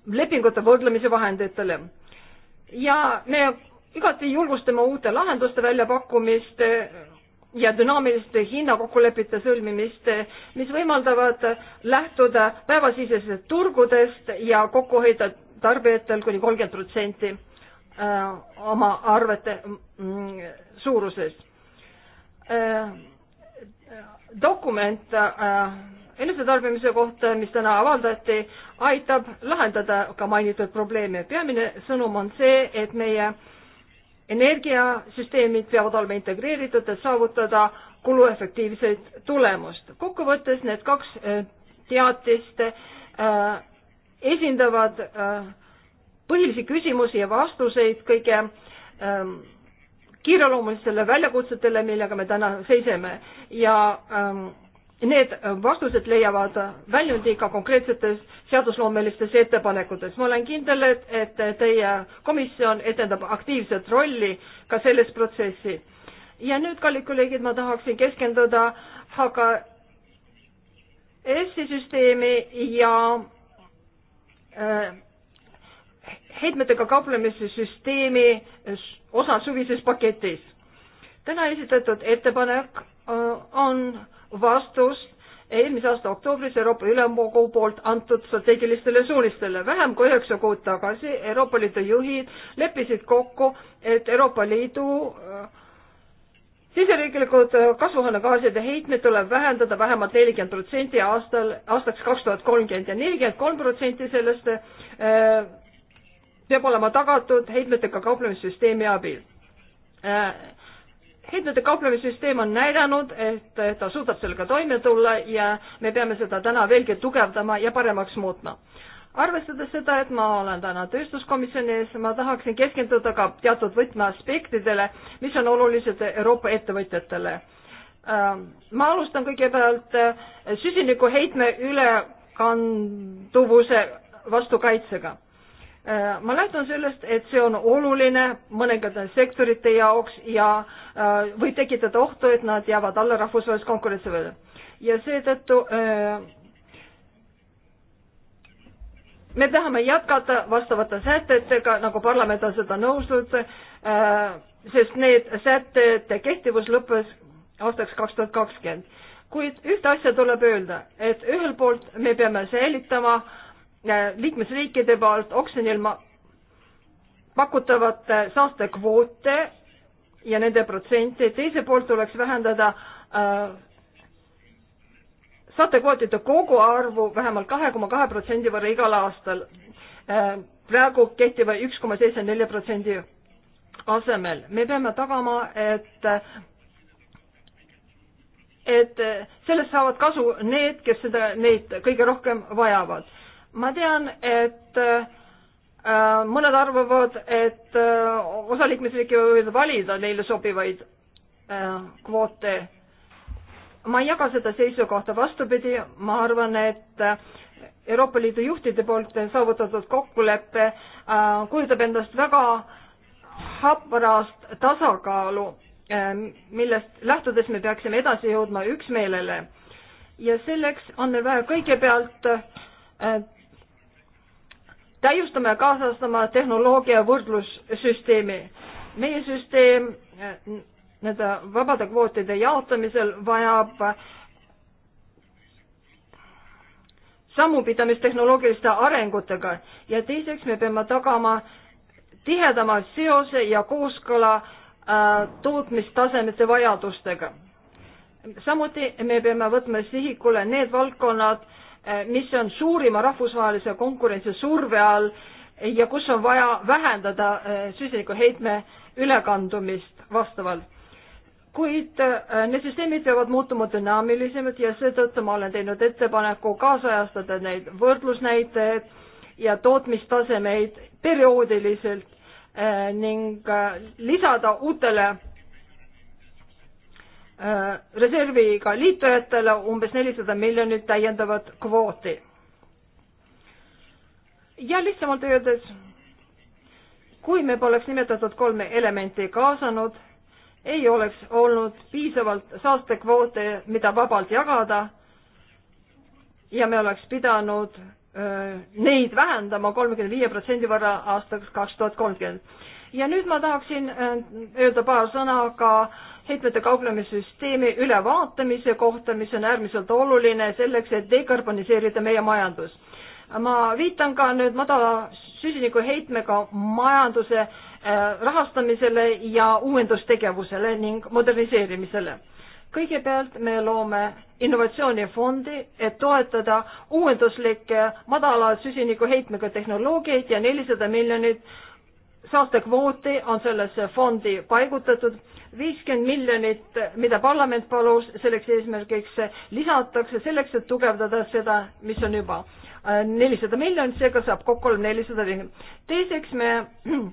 lepingute võrdlemise vahenditele. ja me igati julgustame uute lahenduste väljapakkumist ja dünaamiliste hinnakokkulepete sõlmimist, mis võimaldavad lähtuda päevasisesest turgudest ja kokku hoida tarbijatel kuni kolmkümmend protsenti äh, oma arvete mm, mm, suuruses. Äh, dokument äh, enesetarbimise kohta, mis täna avaldati, aitab lahendada ka mainitud probleeme. peamine sõnum on see, et meie äh, energiasüsteemid peavad olema integreeritud, et saavutada kuluefektiivset tulemust. kokkuvõttes need kaks äh, teatist äh, esindavad äh, põhilisi küsimusi ja vastuseid kõige ähm, kiireloomulistele väljakutsetele, millega me täna seiseme ja ähm, Need äh, vastused leiavad väljundi ka konkreetsetes seadusloomelistes ettepanekutes. ma olen kindel, et, et teie komisjon etendab aktiivset rolli ka selles protsessi. ja nüüd, kallid kolleegid, ma tahaksin keskenduda HKS-i süsteemi ja äh, heitmetega kauplemise süsteemi osa suvises paketis. täna esitatud ettepanek äh, on äh, vastus eelmise aasta oktoobris Euroopa Ülemkogu poolt antud strateegilistele suunistele. vähem kui üheksa kuud tagasi Euroopa Liidu juhid leppisid kokku, et Euroopa Liidu äh, siseriiklikud äh, kasvuhoonegaaside heitmed tuleb vähendada vähemalt nelikümmend protsenti aastal, aastaks kaks tuhat kolmkümmend ja nelikümmend kolm protsenti sellest äh, peab olema tagatud heitmetega kauplemissüsteemi abil hindade kauplemissüsteem on näidanud, et ta suudab sellega toime tulla ja me peame seda täna veelgi tugevdama ja paremaks muutma. arvestades seda, et ma olen täna tööstuskomisjoni ees, ma tahaksin keskenduda ka teatud võtmeaspektidele, mis on olulised Euroopa ettevõtjatele. Ähm, ma alustan kõigepealt äh, süsinikuheitme ülekanduvuse vastukaitsega Äh, ma lähtun sellest, et see on oluline mõningate sektorite jaoks ja äh, võib tekitada ohtu, et nad jäävad alla rahvusvahelise konkurentsivõime. ja seetõttu äh, me tahame jätkata vastavate sätetega, nagu parlament on seda nõustunud, sest need sätete kehtivus lõppes aastaks kaks tuhat kakskümmend. kuid ühte asja tuleb öelda, et ühelt poolt me peame säilitama äh, Äh, liikmesriikide poolt oksjonil pakutavate saastekvoote ja nende protsente, teiselt poolt tuleks vähendada äh, saatekvootide koguarvu vähemalt kahe koma kahe protsendi võrra igal aastal. Äh, praegu kehtiva üks koma seitse nelja protsendi asemel. me peame tagama, et et sellest saavad kasu need, kes seda, neid kõige rohkem vajavad ma tean, et äh, mõned arvavad, et äh, osa liikmesriike võivad valida neile sobivaid äh, kvoote. ma ei jaga seda seisukohta, vastupidi, ma arvan, et Euroopa Liidu juhtide poolt saavutatud kokkulepe kujutab endast väga haprast tasakaalu, millest lähtudes me peaksime edasi jõudma üksmeelele. ja selleks on meil vaja kõigepealt täiustame ja kaasastame tehnoloogia võrdlussüsteemi. meie süsteem nende vabade kvootide jaotamisel vajab sammupidamist tehnoloogiliste arengutega ja teiseks me peame tagama tihedama seose ja kooskõla äh, tootmistasemete vajadustega. samuti me peame võtma sihikule need valdkonnad, Eh, mis on suurima rahvusvahelise konkurentsi surve all ja kus on vaja vähendada eh, süsinikuheitme ülekandumist vastavalt. kuid eh, need süsteemid peavad muutuma dünaamilisemad ja seetõttu ma olen teinud ettepaneku kaasajastada neid võrdlusnäitajaid ja tootmistasemeid perioodiliselt ning lisada uutele Äh, reserviga liitujatele umbes nelisada miljonit täiendavat kvooti. ja lihtsamalt öeldes, kui me poleks nimetatud kolme elementi kaasanud, ei oleks olnud piisavalt saastekvoote, mida vabalt jagada ja me oleks pidanud öö, äh, neid vähendama kolmekümne viie protsendi võrra aastaks kaks tuhat kolmkümmend ja nüüd ma tahaksin äh, öelda paar sõna ka heitmete kauplemissüsteemi ülevaatamise kohta, mis on äärmiselt oluline selleks, et dekarboniseerida meie majandus. ma viitan ka nüüd madala süsinikuheitmega majanduse äh, rahastamisele ja uuendustegevusele ning moderniseerimisele. kõigepealt me loome innovatsioonifondi, et toetada uuenduslikke madala süsinikuheitmega tehnoloogiaid ja nelisada miljonit saastekvooti on sellesse fondi paigutatud, viiskümmend miljonit, mida parlament palus selleks eesmärgiks, lisatakse selleks, et tugevdada seda, mis on juba äh, nelisada miljonit, seega saab kokku kolm nelisada miljonit. teiseks me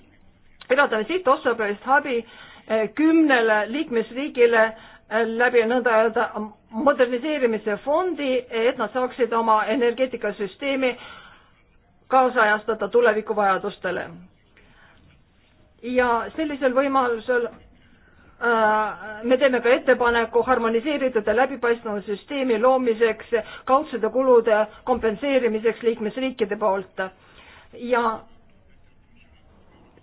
*clears throat* eraldame sihtotstarbelist abi äh, kümnele liikmesriigile äh, läbi nõnda öelda moderniseerimise fondi, et nad saaksid oma energeetikasüsteemi kaasajastada tulevikuvajadustele ja sellisel võimalusel äh, me teeme ka ettepaneku harmoniseeritud ja läbipaistvama süsteemi loomiseks kaudsete kulude kompenseerimiseks liikmesriikide poolt ja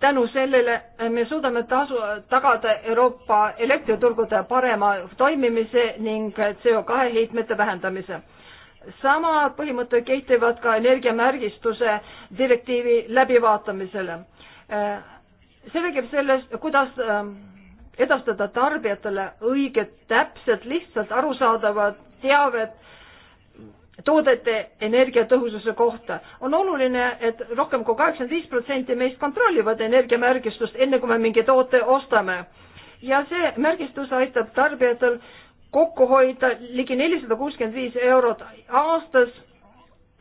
tänu sellele me suudame tasu, tagada Euroopa elektriturgude parema toimimise ning CO2 heitmete vähendamise. samad põhimõtted kehtivad ka energiamärgistuse direktiivi läbivaatamisele äh, see räägib sellest, kuidas ähm, edastada tarbijatele õiget, täpset, lihtsalt arusaadavat teavet toodete energiatõhususe kohta. on oluline, et rohkem kui kaheksakümmend viis protsenti meist kontrollivad energiamärgistust, enne kui me mingi toote ostame. ja see märgistus aitab tarbijatel kokku hoida ligi nelisada kuuskümmend viis eurot aastas,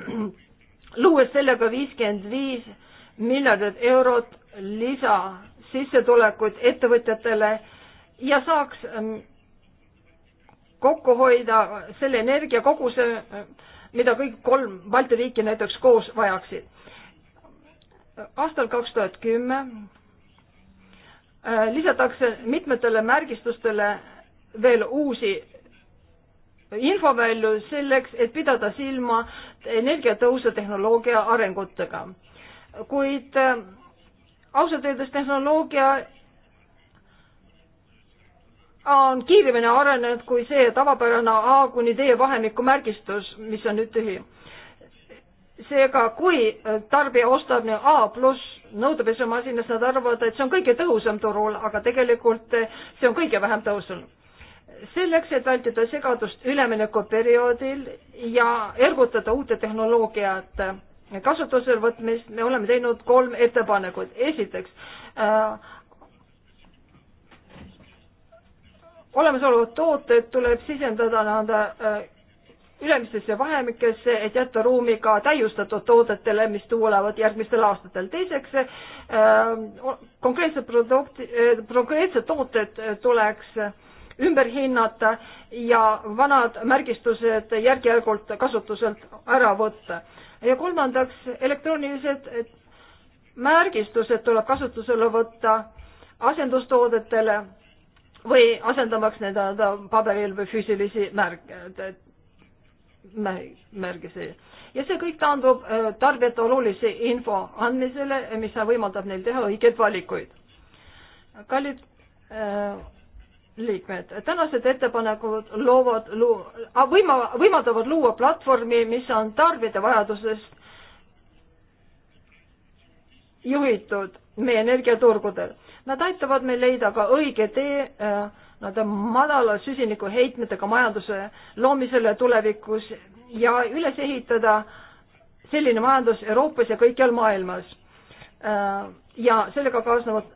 *clears throat* luues sellega viiskümmend viis miljardit eurot lisasissetulekut ettevõtjatele ja saaks ähm, kokku hoida selle energiakoguse, äh, mida kõik kolm Balti riiki näiteks koos vajaksid. aastal kaks tuhat kümme äh, lisatakse mitmetele märgistustele veel uusi infovälju selleks, et pidada silma energiatõusu tehnoloogia arengutega. kuid äh, ausalt öeldes tehnoloogia on kiiremini arenenud kui see tavapärane A kuni D vahemiku märgistus, mis on nüüd tühi. seega, kui tarbija ostab nüüd A pluss nõudepesumasinas, nad arvavad, et see on kõige tõhusam turul, aga tegelikult see on kõige vähem tõhusam selleks, et vältida segadust üleminekuperioodil ja ergutada uute tehnoloogiate kasutusele võtmist, me oleme teinud kolm ettepanekut. esiteks äh,, olemasolevad tooted tuleb sisendada nii-öelda äh, ülemistesse vahemikesse, et jätta ruumi ka täiustatud toodetele, mis tulevad järgmistel aastatel. teiseks äh,, konkreetsed produkti äh,, konkreetsed tooted äh, tuleks ümber hinnata ja vanad märgistused järk-järgult kasutuselt ära võtta ja kolmandaks, elektroonilised märgistused tuleb kasutusele võtta asendustoodetele või asendamaks nii-öelda paberil või füüsilisi märke, äh, märgisi. ja see kõik taandub äh, tarbijate olulise info andmisele, mis võimaldab neil teha õigeid valikuid. kallid äh, liikmed. tänased ettepanekud loovad lu-, võima-, võimaldavad luua platvormi, mis on tarbijate vajadusest juhitud meie energiaturgudel. Nad aitavad meil leida ka õige tee äh, nii-öelda madala süsinikuheitmetega majanduse loomisele tulevikus ja üles ehitada selline majandus Euroopas ja kõikjal maailmas. Äh, ja sellega kaasnevad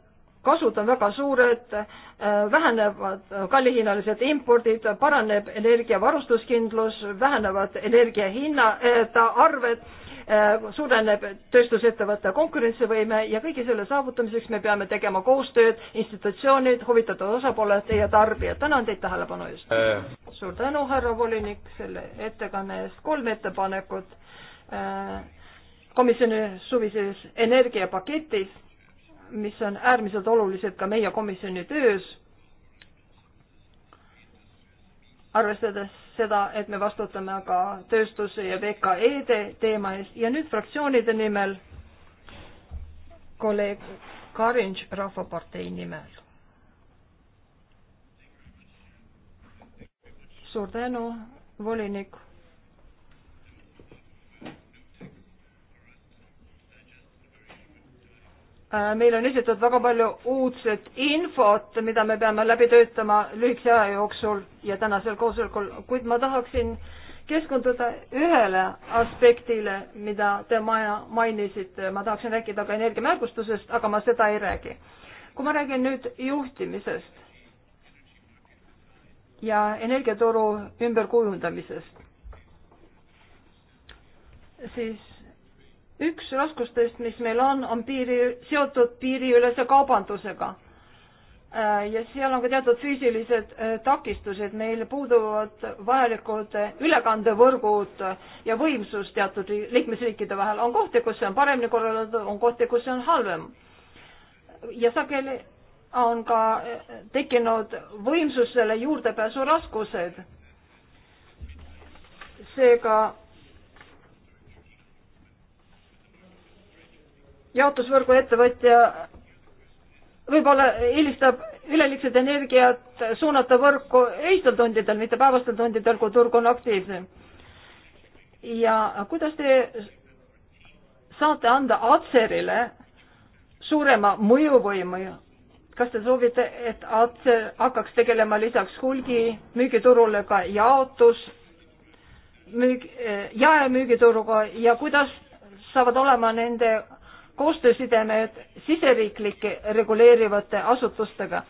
kasud on väga suured, äh, vähenevad kallihinnalised impordid, paraneb energiavarustuskindlus, vähenevad energia hinna äh, arved äh,, suureneb tööstusettevõtte konkurentsivõime ja kõige selle saavutamiseks me peame tegema koostööd, institutsioonid, huvitatud osapooled ja tarbijad. tänan teid tähelepanu eest äh.. suur tänu, härra volinik, selle ettekanne eest. kolm ettepanekut äh, komisjoni suvises energiapaketis mis on äärmiselt olulised ka meie komisjoni töös, arvestades seda, et me vastutame ka tööstuse ja VKE-de teema eest ja nüüd fraktsioonide nimel kolleeg Karinš Rahvapartei nimel. suur tänu, volinik Äh, meil on esitatud väga palju uudset infot, mida me peame läbi töötama lühikese aja jooksul ja tänasel koosolekul, kuid ma tahaksin keskenduda ühele aspektile, mida te maja mainisite, ma tahaksin rääkida ka energiamärgustusest, aga ma seda ei räägi. kui ma räägin nüüd juhtimisest ja energiaturu ümberkujundamisest, siis üks raskustest, mis meil on, on piiri, seotud piiriülese kaubandusega. Äh, ja seal on ka teatud füüsilised äh, takistused, meil puuduvad vajalikud äh, ülekandevõrgud ja võimsus teatud liikmesriikide vahel. on kohti, kus see on paremini korraldatud, on kohti, kus see on halvem. ja sageli on ka tekkinud võimsusele juurdepääsu raskused. seega jaotusvõrgu ettevõtja võib-olla eelistab üleliigset energiat suunata võrku öistel tundidel, mitte päevastel tundidel, kui turg on aktiivne. ja kuidas te saate anda Atserile suurema mõjuvõimu ja kas te soovite, et Atser hakkaks tegelema lisaks hulgi müügiturule ka jaotus, müük, jaemüügituruga ja kuidas saavad olema nende koostöösidemed siseriiklike reguleerivate asutustega.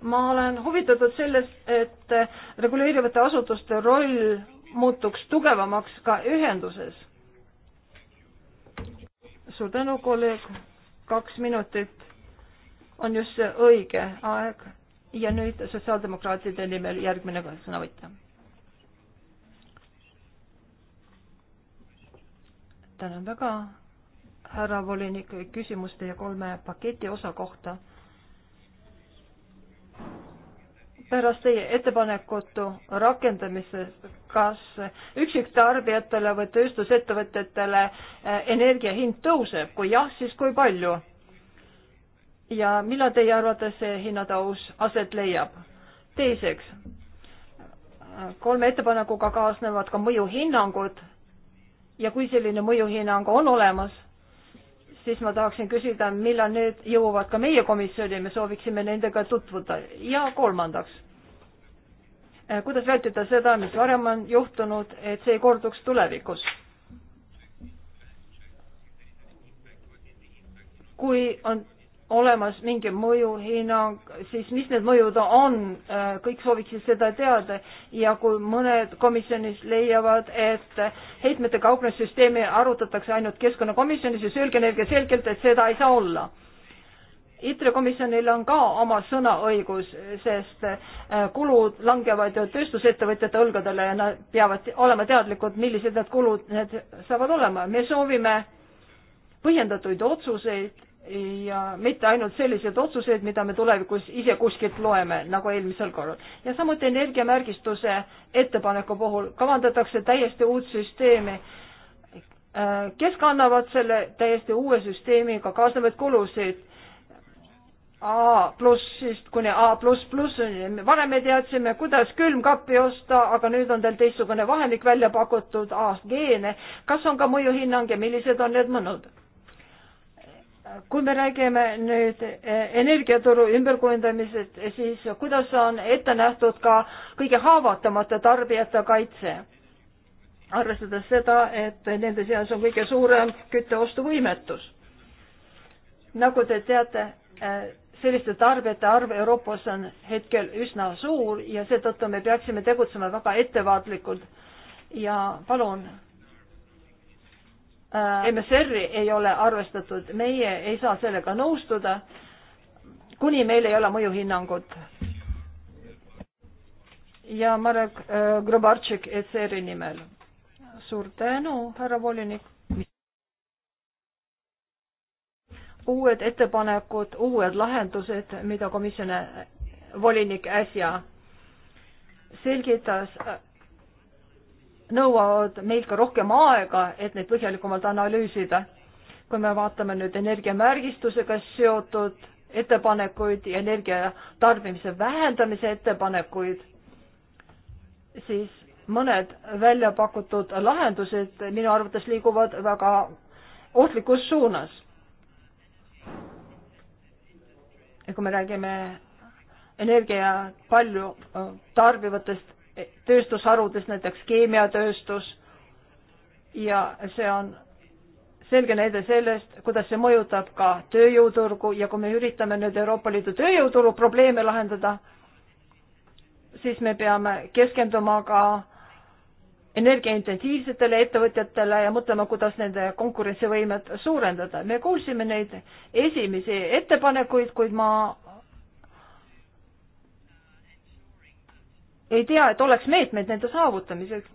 ma olen huvitatud sellest, et reguleerivate asutuste roll muutuks tugevamaks ka ühenduses. suur tänu, kolleeg, kaks minutit on just see õige aeg ja nüüd sotsiaaldemokraatide nimel järgmine sõnavõtja. tänan väga härra volinik, küsimus teie kolme paketi osa kohta. pärast teie ettepanekut rakendamisest, kas üksiktarbijatele või tööstusettevõtetele eh, energia hind tõuseb, kui jah, siis kui palju? ja millal teie arvates see hinnatõus aset leiab? teiseks, kolme ettepanekuga kaasnevad ka mõjuhinnangud ja kui selline mõjuhinnang on olemas siis ma tahaksin küsida, millal need jõuavad ka meie komisjoni, me sooviksime nendega tutvuda. ja kolmandaks, äh, kuidas vältida seda, mis varem on juhtunud, et see ei korduks tulevikus? kui on olemas mingi mõjuhinnang, siis mis need mõjud on, äh, kõik sooviksid seda teada ja kui mõned komisjonis leiavad, et heitmete kauplemissüsteemi arutatakse ainult keskkonnakomisjonis, siis öelge neile selgelt, et seda ei saa olla. ITRE komisjonil on ka oma sõnaõigus, sest äh, kulud langevad ju tööstusettevõtjate õlgadele ja nad peavad olema teadlikud, millised need kulud need saavad olema. me soovime põhjendatud otsuseid ja mitte ainult sellised otsused, mida me tulevikus ise kuskilt loeme, nagu eelmisel korral. ja samuti energiamärgistuse ettepaneku puhul kavandatakse täiesti uut süsteemi, kes kannavad selle täiesti uue süsteemiga kaasnevaid kulusid A plussist kuni A pluss plussini, varem me teadsime, kuidas külmkappi osta, aga nüüd on tal teistsugune vahemik välja pakutud A-st G-ni. kas on ka mõjuhinnang ja millised on need mõnud? kui me räägime nüüd eh, energiaturu ümberkujundamisest, eh, siis kuidas on ette nähtud ka kõige haavatavamate tarbijate kaitse? arvestades seda, et nende seas on kõige suurem kütteostuvõimetus. nagu te teate, eh, selliste tarbijate arv Euroopas on hetkel üsna suur ja seetõttu me peaksime tegutsema väga ettevaatlikult ja palun Äh, MSR-i ei ole arvestatud, meie ei saa sellega nõustuda, kuni meil ei ole mõjuhinnangut. ja Marek äh, Grobartšik ECR-i nimel. suur tänu, härra volinik. uued ettepanekud, uued lahendused, mida komisjoni volinik äsja selgitas nõuavad meilt ka rohkem aega, et neid põhjalikumalt analüüsida. kui me vaatame nüüd energiamärgistusega seotud ettepanekuid ja energia tarbimise vähendamise ettepanekuid, siis mõned välja pakutud lahendused minu arvates liiguvad väga ohtlikus suunas. ja kui me räägime energia palju äh, tarbivatest tööstusharudes, näiteks keemiatööstus ja see on selge näide sellest, kuidas see mõjutab ka tööjõuturgu ja kui me üritame nüüd Euroopa Liidu tööjõuturu probleeme lahendada, siis me peame keskenduma ka energiaintensiivsetele ettevõtjatele ja mõtlema, kuidas nende konkurentsivõimet suurendada. me kuulsime neid esimesi ettepanekuid, kuid ma ei tea, et oleks meetmed nende saavutamiseks.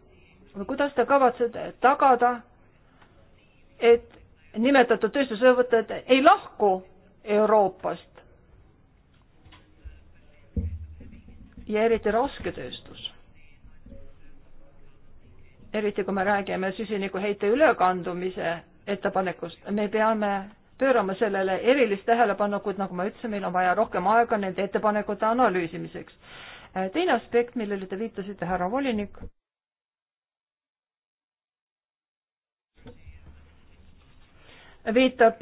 kuidas te kavatsete tagada, et nimetatud tööstusettevõtted ei lahku Euroopast? ja eriti rasketööstus. eriti kui me räägime süsinikuheite ülekandumise ettepanekust, me peame pöörama sellele erilist tähelepanu, kuid nagu ma ütlesin, meil on vaja rohkem aega nende ettepanekute analüüsimiseks teine aspekt, millele te viitasite, härra volinik. viitab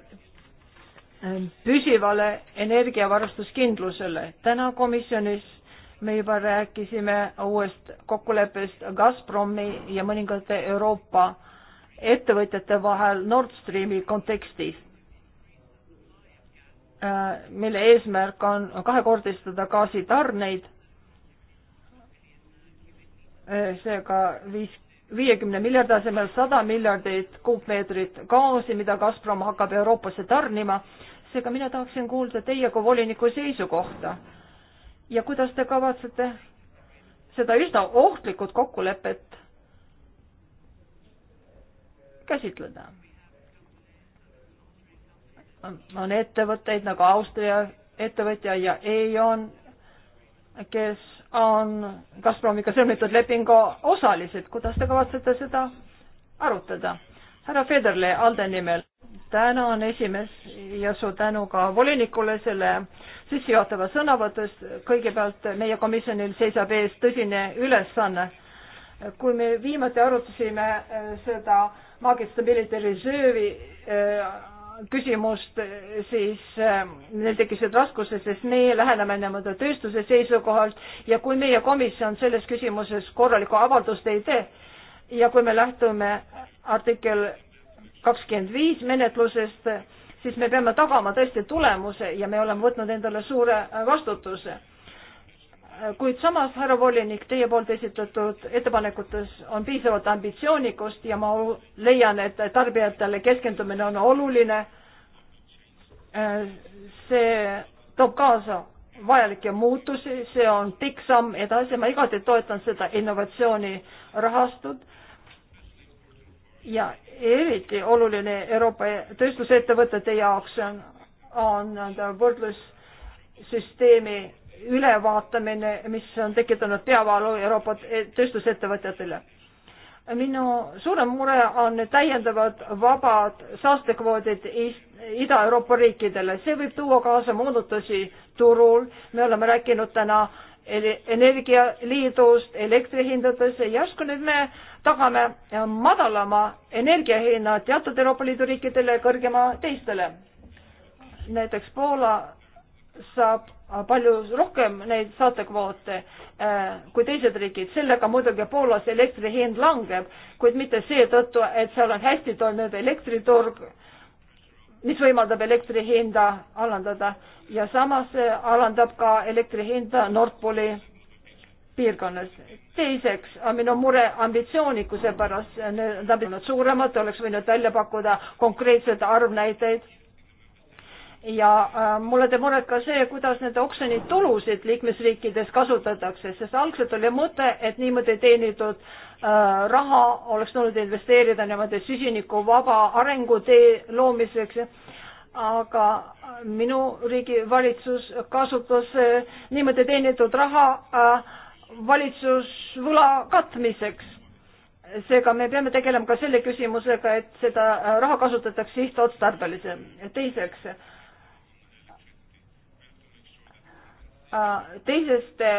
ähm, püsivale energiavarustuskindlusele. täna komisjonis me juba rääkisime uuest kokkuleppest Gazpromi ja mõningate Euroopa ettevõtjate vahel Nord Streami kontekstis, äh, mille eesmärk on kahekordistada gaasitarneid Eh, seega viis, viiekümne miljardi asemel sada miljardit kuupmeetrit gaasi, mida Gazprom hakkab Euroopasse tarnima. seega mina tahaksin kuulda teie kui voliniku seisukohta ja kuidas te kavatsete seda üsna ohtlikut kokkulepet käsitleda. on ettevõtteid nagu Austria ettevõtja ja E.ON, kes on Gazpromiga sõlmitud lepingu osalised, kuidas te kavatsete seda arutada? härra Federle Alde nimel, tänan esimees ja suur tänu ka volinikule selle sissejuhatava sõnavõtust. kõigepealt meie komisjonil seisab ees tõsine ülesanne. kui me viimati arutasime äh, seda Market Stability Reserve'i äh, küsimust, siis äh, neil tekkisid raskused, sest meie läheneme nii-öelda tööstuse seisukohalt ja kui meie komisjon selles küsimuses korralikku avaldust ei tee ja kui me lähtume artikkel kakskümmend viis menetlusest, siis me peame tagama tõesti tulemuse ja me oleme võtnud endale suure vastutuse kuid samas, härra volinik, teie poolt esitatud ettepanekutes on piisavalt ambitsioonikust ja ma leian, et tarbijatele keskendumine on oluline. see toob kaasa vajalikke muutusi, see on pikk samm edasi, ma igati toetan seda innovatsiooni rahastut ja eriti oluline Euroopa tööstusettevõtete jaoks on, on võrdlussüsteemi ülevaatamine, mis on tekitanud peavalu Euroopa tööstusettevõtjatele. minu suurem mure on täiendavad vabad saastekvoodid Ida-Euroopa riikidele, see võib tuua kaasa muudatusi turul, me oleme rääkinud täna energialiidust, elektrihindadesse, järsku nüüd me tagame madalama energiahinna teatud Euroopa Liidu riikidele ja kõrgema teistele. näiteks Poola saab äh, palju rohkem neid saatekvoote äh, kui teised riigid. sellega muidugi Poolas elektri hind langeb, kuid mitte seetõttu, et seal on hästi toimiv elektriturg, mis võimaldab elektri hinda alandada ja samas äh, alandab ka elektri hinda Nord Pooli piirkonnas. teiseks on minu mure ambitsioonikuse pärast, need on suuremad, oleks võinud välja pakkuda konkreetseid arvnäiteid ja äh, mulle teeb muret ka see, kuidas nende oksjonid tulusid liikmesriikides kasutatakse, sest algselt oli mõte, et niimoodi teenitud äh, raha oleks tulnud investeerida niimoodi süsinikuvaba arengutee loomiseks, aga minu riigi valitsus kasutas äh, niimoodi teenitud raha valitsusvõla katmiseks seega me peame tegelema ka selle küsimusega, et seda raha kasutatakse sihtotstarbeliselt. teiseks, Äh, teiseste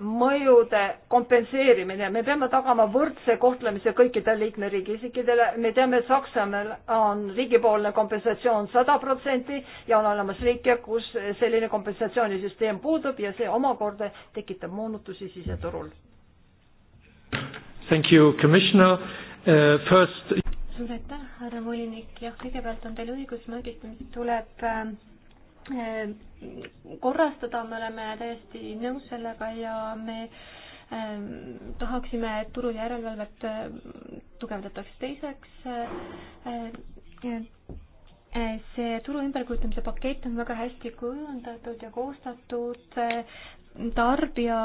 mõjude kompenseerimine, me peame tagama võrdse kohtlemise kõikidele liikmeriigi isikidele, me teame, Saksamaal on riigipoolne kompensatsioon sada protsenti ja on olemas riike, kus selline kompensatsioonisüsteem puudub ja see omakorda tekitab moonutusi siseturul. Thank you, commissioner uh,, first suur aitäh, härra volinik, jah, kõigepealt on teil õigus, mõõdistamist tuleb uh, Ehm, korrastada, me oleme täiesti nõus sellega ja me ehm, tahaksime, et turu järelevalvet ehm, tugevdatakse teiseks. see turu ümberkujutamise pakett on väga hästi kujundatud ja koostatud, tarbija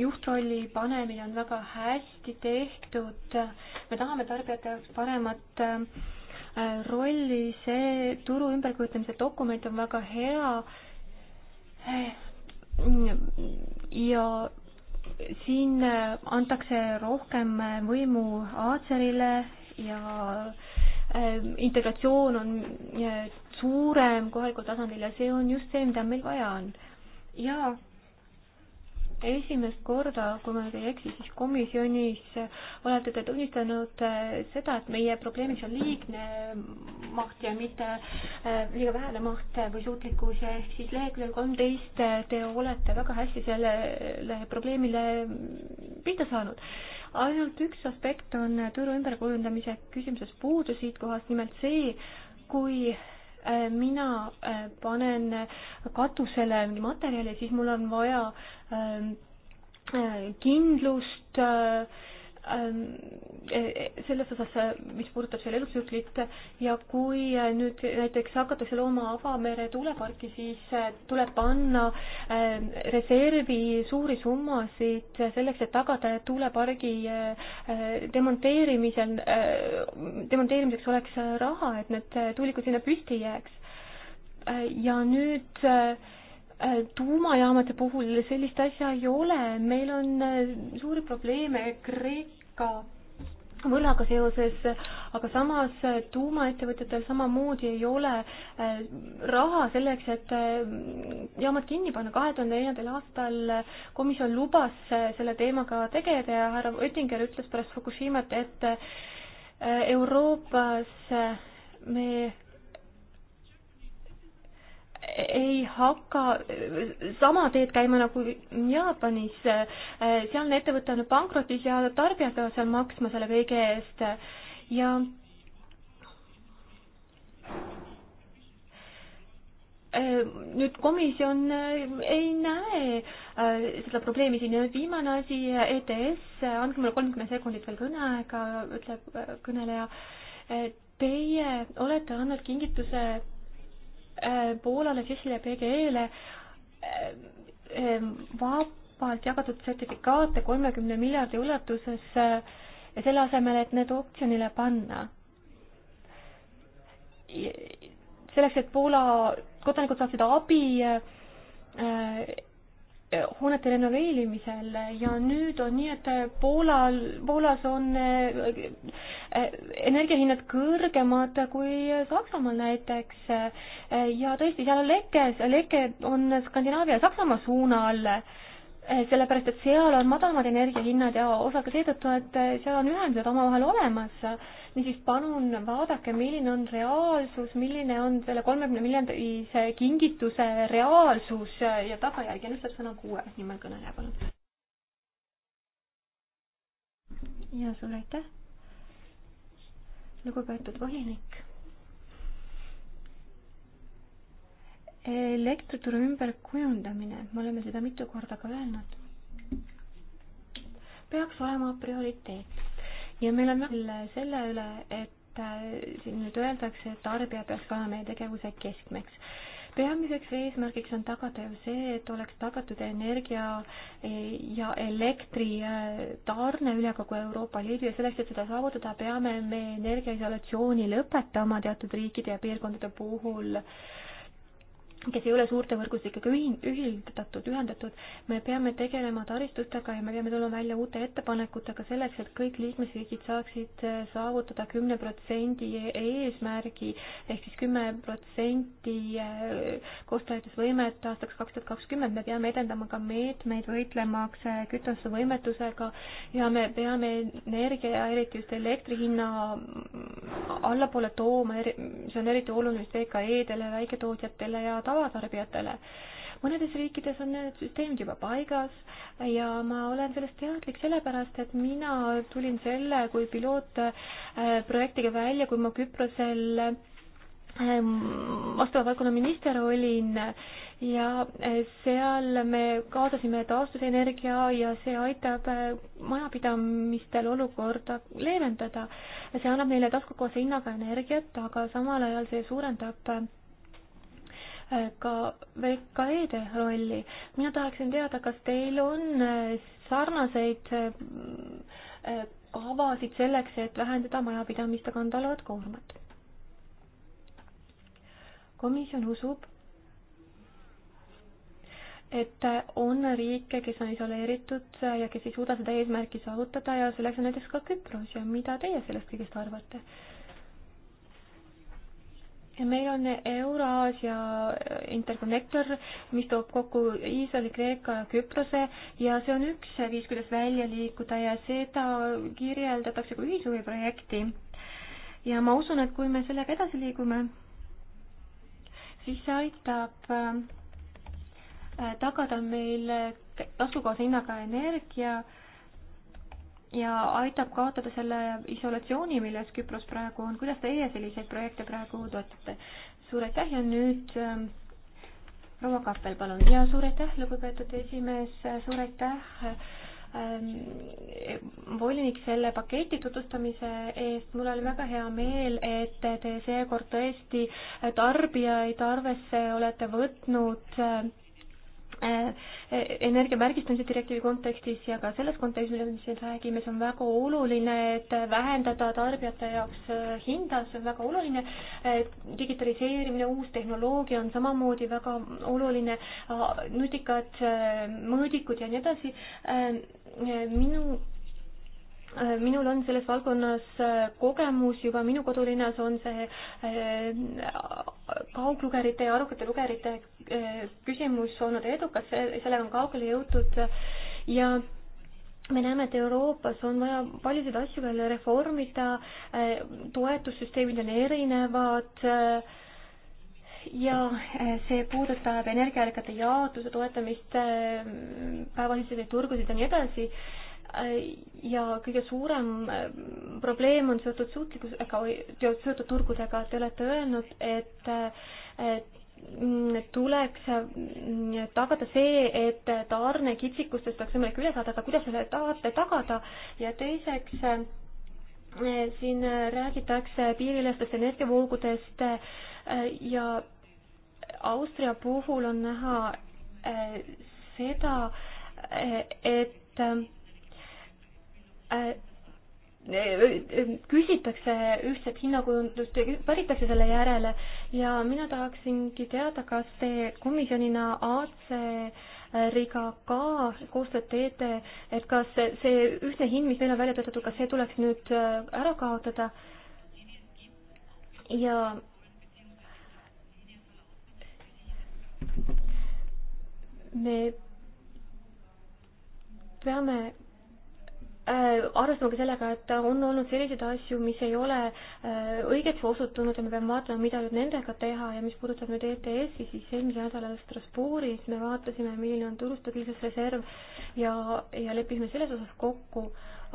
juhtrolli panemine on väga hästi tehtud, me tahame tarbijate jaoks paremat äh, rolli, see turu ümberkujutamise dokument on väga hea. ja siin antakse rohkem võimu Aatserile ja ähm, integratsioon on äh, suurem kohalikul tasandil ja see on just see, mida meil vaja on. ja esimest korda, kui ma nüüd ei eksi, siis komisjonis olete te tunnistanud äh, seda, et meie probleemiks on liigne maht ja mitte äh, liiga vähene maht või suutlikkus ja ehk siis leheküljel kolmteist äh, te olete väga hästi sellele probleemile pihta saanud ainult üks aspekt on turu ümberkujundamise küsimuses puudu siitkohast, nimelt see, kui Äh, mina äh, panen äh, katusele mingi materjali, siis mul on vaja ähm, kindlust äh, Ähm, e, e, selles osas, äh, mis puudutab selle elutsüklit äh, ja kui äh, nüüd näiteks hakatakse looma avamere tuuleparki, siis tuleb panna ähm, reservi suuri summasid selleks, et tagada, et tuulepargi demonteerimisel, demonteerimiseks oleks raha, et need tuulikud sinna püsti jääks. ja nüüd äh, tuumajaamade puhul sellist asja ei ole, meil on äh, suuri probleeme Kreeka võlaga seoses, aga samas äh, tuumaettevõtjatel samamoodi ei ole äh, raha selleks, et jaamad kinni panna. kahe tuhande neljandal aastal komisjon lubas selle teemaga tegeleda ja härra Oettinger ütles pärast Fukushimat, et Euroopas me ei hakka sama teed käima nagu Jaapanis. sealne ettevõte on pankrotis ja tarbijad peavad seal maksma selle kõige eest ja nüüd komisjon ei näe äh, seda probleemi siin ja nüüd viimane asi, ETS, andke mulle kolmkümmend sekundit veel kõneaega, ütleb äh, kõneleja. Äh, teie olete andnud kingituse Äh, Poolale, Tšehhile ja PGE-le äh, äh, vabalt jagatud sertifikaate kolmekümne miljardi ulatuses selle asemel, et need oksjonile panna. selleks, et Poola kodanikud saaksid abi hoonete renoveerimisel ja nüüd on nii, et Poolal, Poolas on äh, energiahinnad kõrgemad kui Saksamaal näiteks ja tõesti, seal on lekes, leke on Skandinaavia ja Saksamaa suunal, äh, sellepärast et seal on madalamad energiahinnad ja osalt ka seetõttu, et seal on ühendused omavahel olemas niisiis palun vaadake, milline on reaalsus, milline on selle kolmekümne miljardise kingituse reaalsus ja tagajärg ja nüüd saab sõna kuue nimel kõneleja, palun. ja suur aitäh, lugupeetud volinik elektrituru ümberkujundamine, me oleme seda mitu korda ka öelnud, peaks olema prioriteet ja meil on veel selle üle, et äh, siin nüüd öeldakse, et tarbija peaks olema meie tegevuse keskmeks peamiseks eesmärgiks on tagada ju see, et oleks tagatud energia e, ja elektri äh, tarne üle kogu Euroopa Liidu ja selleks, et seda saavutada, peame me energiaisolatsiooni lõpetama teatud riikide ja piirkondade puhul äh, kes ei ole suurte võrgustikega ühin-, ühildatud, ühendatud, me peame tegelema taristutega ja me peame tulema välja uute ettepanekutega selleks, et kõik liikmesriigid saaksid äh, saavutada kümne protsendi eesmärgi ehk siis kümme protsenti äh, koostööõitusvõimet aastaks kaks tuhat kakskümmend. me peame edendama ka meetmeid võitlemaks äh, kütusevõimetusega ja me peame energia ja eriti just elektri hinna mm, allapoole tooma, see on eriti oluline just VKE-dele, väiketootjatele ja tarbijatele tavatarbijatele. mõnedes riikides on need süsteemid juba paigas ja ma olen sellest teadlik sellepärast, et mina tulin selle kui pilootprojektiga äh, välja, kui ma Küprosel ähm, vastava valdkonna minister olin ja äh, seal me kaasasime taastusenergia ja see aitab äh, majapidamistel olukorda leevendada. see annab neile taskukohase hinnaga energiat, aga samal ajal see suurendab ka VKE-de rolli. mina tahaksin teada, kas teil on äh, sarnaseid äh, äh, kavasid selleks, et vähendada majapidamiste kanda olevat koormat? komisjon usub, et on riike, kes on isoleeritud ja kes ei suuda seda eesmärki saavutada ja selleks on näiteks ka Küpros ja mida teie sellest kõigest arvate? meil on Euraasia interkonnektor, mis toob kokku Iisraeli, Kreeka ja Küprose ja see on üks viis, kuidas välja liikuda ja seda kirjeldatakse kui ühishuviprojekti. ja ma usun, et kui me sellega edasi liigume, siis see aitab äh, tagada meil taskukohase hinnaga energia äh, ja aitab kaotada selle isolatsiooni, milles Küpros praegu on. kuidas teie selliseid projekte praegu toetate? suur aitäh ja nüüd ähm, proua Kappel, palun. ja suur aitäh, lugupeetud esimees, suur aitäh ähm, volinik selle paketi tutvustamise eest. mul oli väga hea meel, et te seekord tõesti tarbijaid arvesse olete võtnud äh, Äh, äh, energia märgistamise direktiivi kontekstis ja ka selles kontekstis, millest me siin räägime, see on väga oluline, et vähendada tarbijate jaoks äh, hinda, see on väga oluline. digitaliseerimine, uus tehnoloogia on samamoodi väga oluline, nutikad mõõdikud ja nii edasi. minu Äh, minul on selles valdkonnas äh, kogemus, juba minu kodulinnas on see äh, kauglugerite ja arukate lugerite küsimus olnud edukas, sellega on kaugele jõutud ja me näeme, et Euroopas on vaja paljusid asju veel reformida, toetussüsteemid on erinevad ja see puudutab energiaallikate jaotuse toetamist, päevasiseseid turgusid ja nii edasi ja kõige suurem äh, probleem on seotud suutlikkusega või seotud turgudega, te olete öelnud, et, et tuleks äh, tagada see, et tarne kitsikustest oleks võimalik üle saada, aga kuidas selle tahate tagada ja teiseks äh, siin räägitakse piiriülestest energiavoogudest ja Austria puhul on näha seda, et Äh, äh, küsitakse ühtset hinnakujundust, päritakse selle järele ja mina tahaksingi teada, kas te komisjonina ACER-iga ka koostööd teete, et kas see ühtne hind, mis meil on välja töötatud, kas see tuleks nüüd äh, ära kaotada ja me peame Äh, arvestama ka sellega, et on olnud selliseid asju, mis ei ole äh, õigeks osutunud ja me peame vaatama, mida nüüd nendega teha ja mis puudutab nüüd ETS-i, siis eelmisel nädalal Strasbourgis me vaatasime, milline on turustabiilsusreserv ja, ja leppisime selles osas kokku,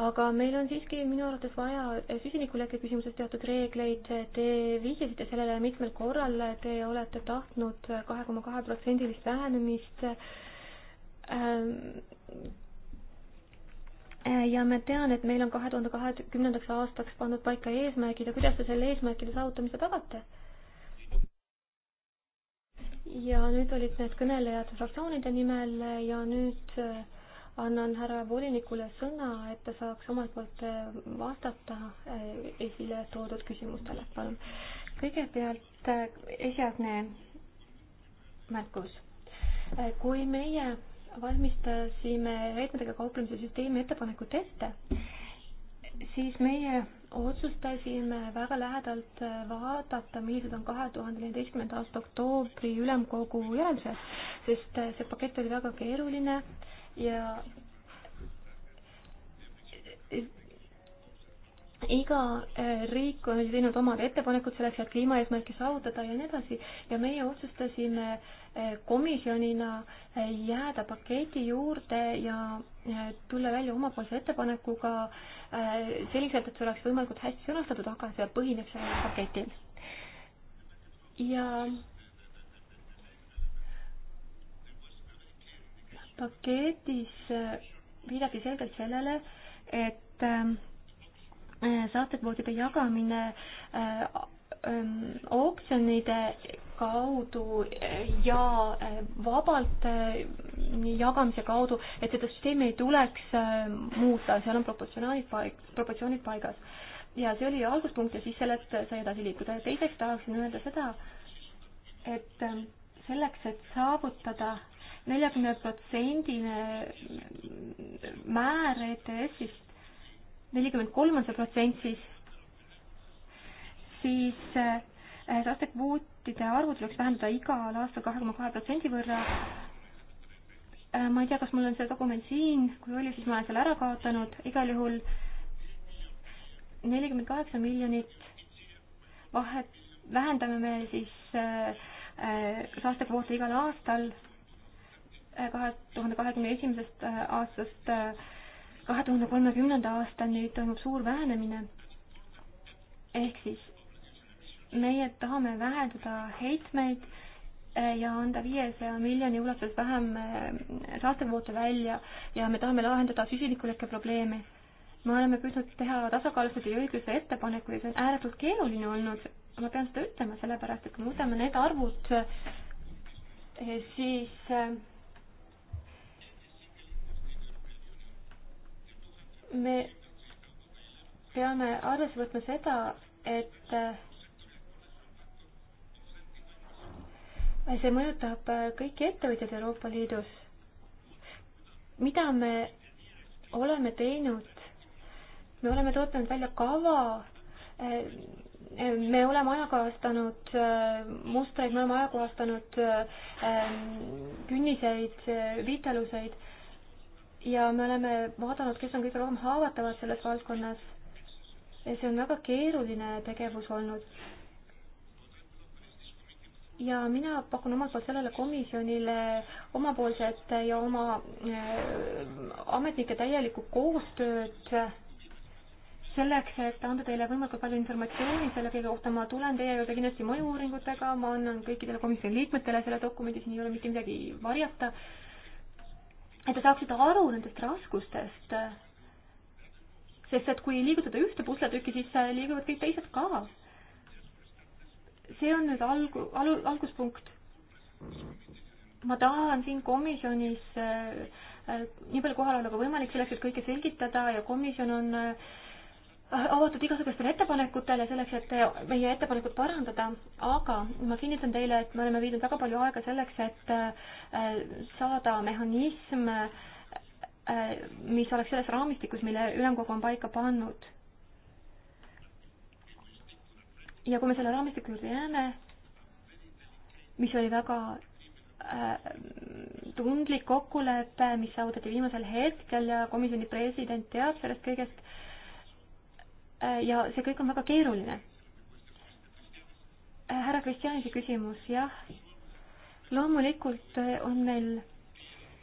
aga meil on siiski minu arvates vaja süsinikulekke küsimuses teatud reegleid, te vihjasite sellele mitmel korral, te olete tahtnud kahe koma kahe protsendilist vähenemist ähm, ja ma tean, et meil on kahe tuhande kahekümnendaks aastaks pandud paika eesmärgid ja kuidas te selle eesmärkide saavutamise tagate? ja nüüd olid need kõnelejad fraktsioonide nimel ja nüüd äh, annan härra volinikule sõna, et ta saaks omalt poolt äh, vastata äh, esile toodud küsimustele, palun. kõigepealt esialgne märkus. kui meie valmistasime heitmetega kauplemise süsteemi ettepanekut ette, siis meie otsustasime väga lähedalt vaadata, millised on kahe tuhande neljateistkümnenda aasta oktoobri ülemkogu järeldused, sest see pakett oli väga keeruline ja iga eh, riik oli teinud omad ettepanekud selleks, et kliimaeesmärke saavutada ja nii edasi ja meie otsustasime äh, komisjonina eh, jääda paketi juurde ja eh, tulla välja omapoolse ettepanekuga eh, selliselt, et see oleks võimalikult hästi sõnastatud, aga see põhineb sellel paketil. ja paketis viidati selgelt sellele, et saatekvootide jagamine oksjonide kaudu ja äh, vabalt äh, jagamise kaudu, et seda süsteemi ei tuleks äh, muuta, seal on proportsionaalid paik-, proportsioonid paigas. ja see oli alguspunkt ja siis sellest sai edasi liikuda ja teiseks tahaksin öelda seda, et selleks, et saavutada neljakümne protsendine määr ETS-ist, nelikümmend kolm on see protsent siis, siis saastekvootide eh, arvu tuleks vähendada igal aastal kahe koma kahe protsendi võrra. Eh, ma ei tea, kas mul on see dokument siin, kui oli, siis ma olen selle ära kaotanud, igal juhul nelikümmend kaheksa miljonit vahet, vähendame me siis saastekvoote eh, igal aastal kahe tuhande kahekümne esimesest aastast kahe tuhande kolmekümnenda aastani toimub suur vähenemine. ehk siis meie tahame vähendada heitmeid eh, ja anda viiesaja miljoni ulatuses vähem eh, saastevoote välja ja me tahame lahendada süsinikulekke probleemi. me oleme püüdnud teha tasakaalustatud ja õigluse ettepanekuid, see on ääretult keeruline olnud, ma pean seda ütlema, sellepärast et kui me võtame need arvud, eh, siis me peame arvesse võtma seda, et see mõjutab äh, kõiki ettevõtjaid Euroopa Liidus. mida me oleme teinud? me oleme tootnud välja kava, äh, äh, me oleme ajakohastanud mustreid, me oleme ajakohastanud künniseid, viitaluseid ja me oleme vaadanud, kes on kõige rohkem haavatavad selles valdkonnas. ja see on väga keeruline tegevus olnud ja mina pakun omalt poolt sellele komisjonile omapoolset ja oma äh, ametnike täielikku koostööd selleks, et anda teile võimalikult palju informatsiooni selle kõige kohta, ma tulen teie juurde kindlasti mõju-uuringutega, ma annan kõikidele komisjoni liikmetele selle dokumendi, siin ei ole mitte midagi varjata, et te saaksite aru nendest raskustest, sest et kui liigutada ühte pusletükki, siis liiguvad kõik teised ka see on nüüd algu-, alu-, alguspunkt. ma tahan siin komisjonis äh, äh, nii palju kohal olla kui võimalik, selleks et kõike selgitada ja komisjon on äh, avatud igasugustele ettepanekutele selleks, et meie ettepanekut parandada, aga ma kinnitan teile, et me oleme viinud väga palju aega selleks, et saada mehhanism, mis oleks selles raamistikus, mille ülemkogu on paika pannud ja kui me selle raamistiku juurde jääme, mis oli väga äh, tundlik kokkulepe, mis saavutati viimasel hetkel ja komisjoni president teab sellest kõigest äh,. ja see kõik on väga keeruline äh,. härra Kristjanisi küsimus, jah. loomulikult on meil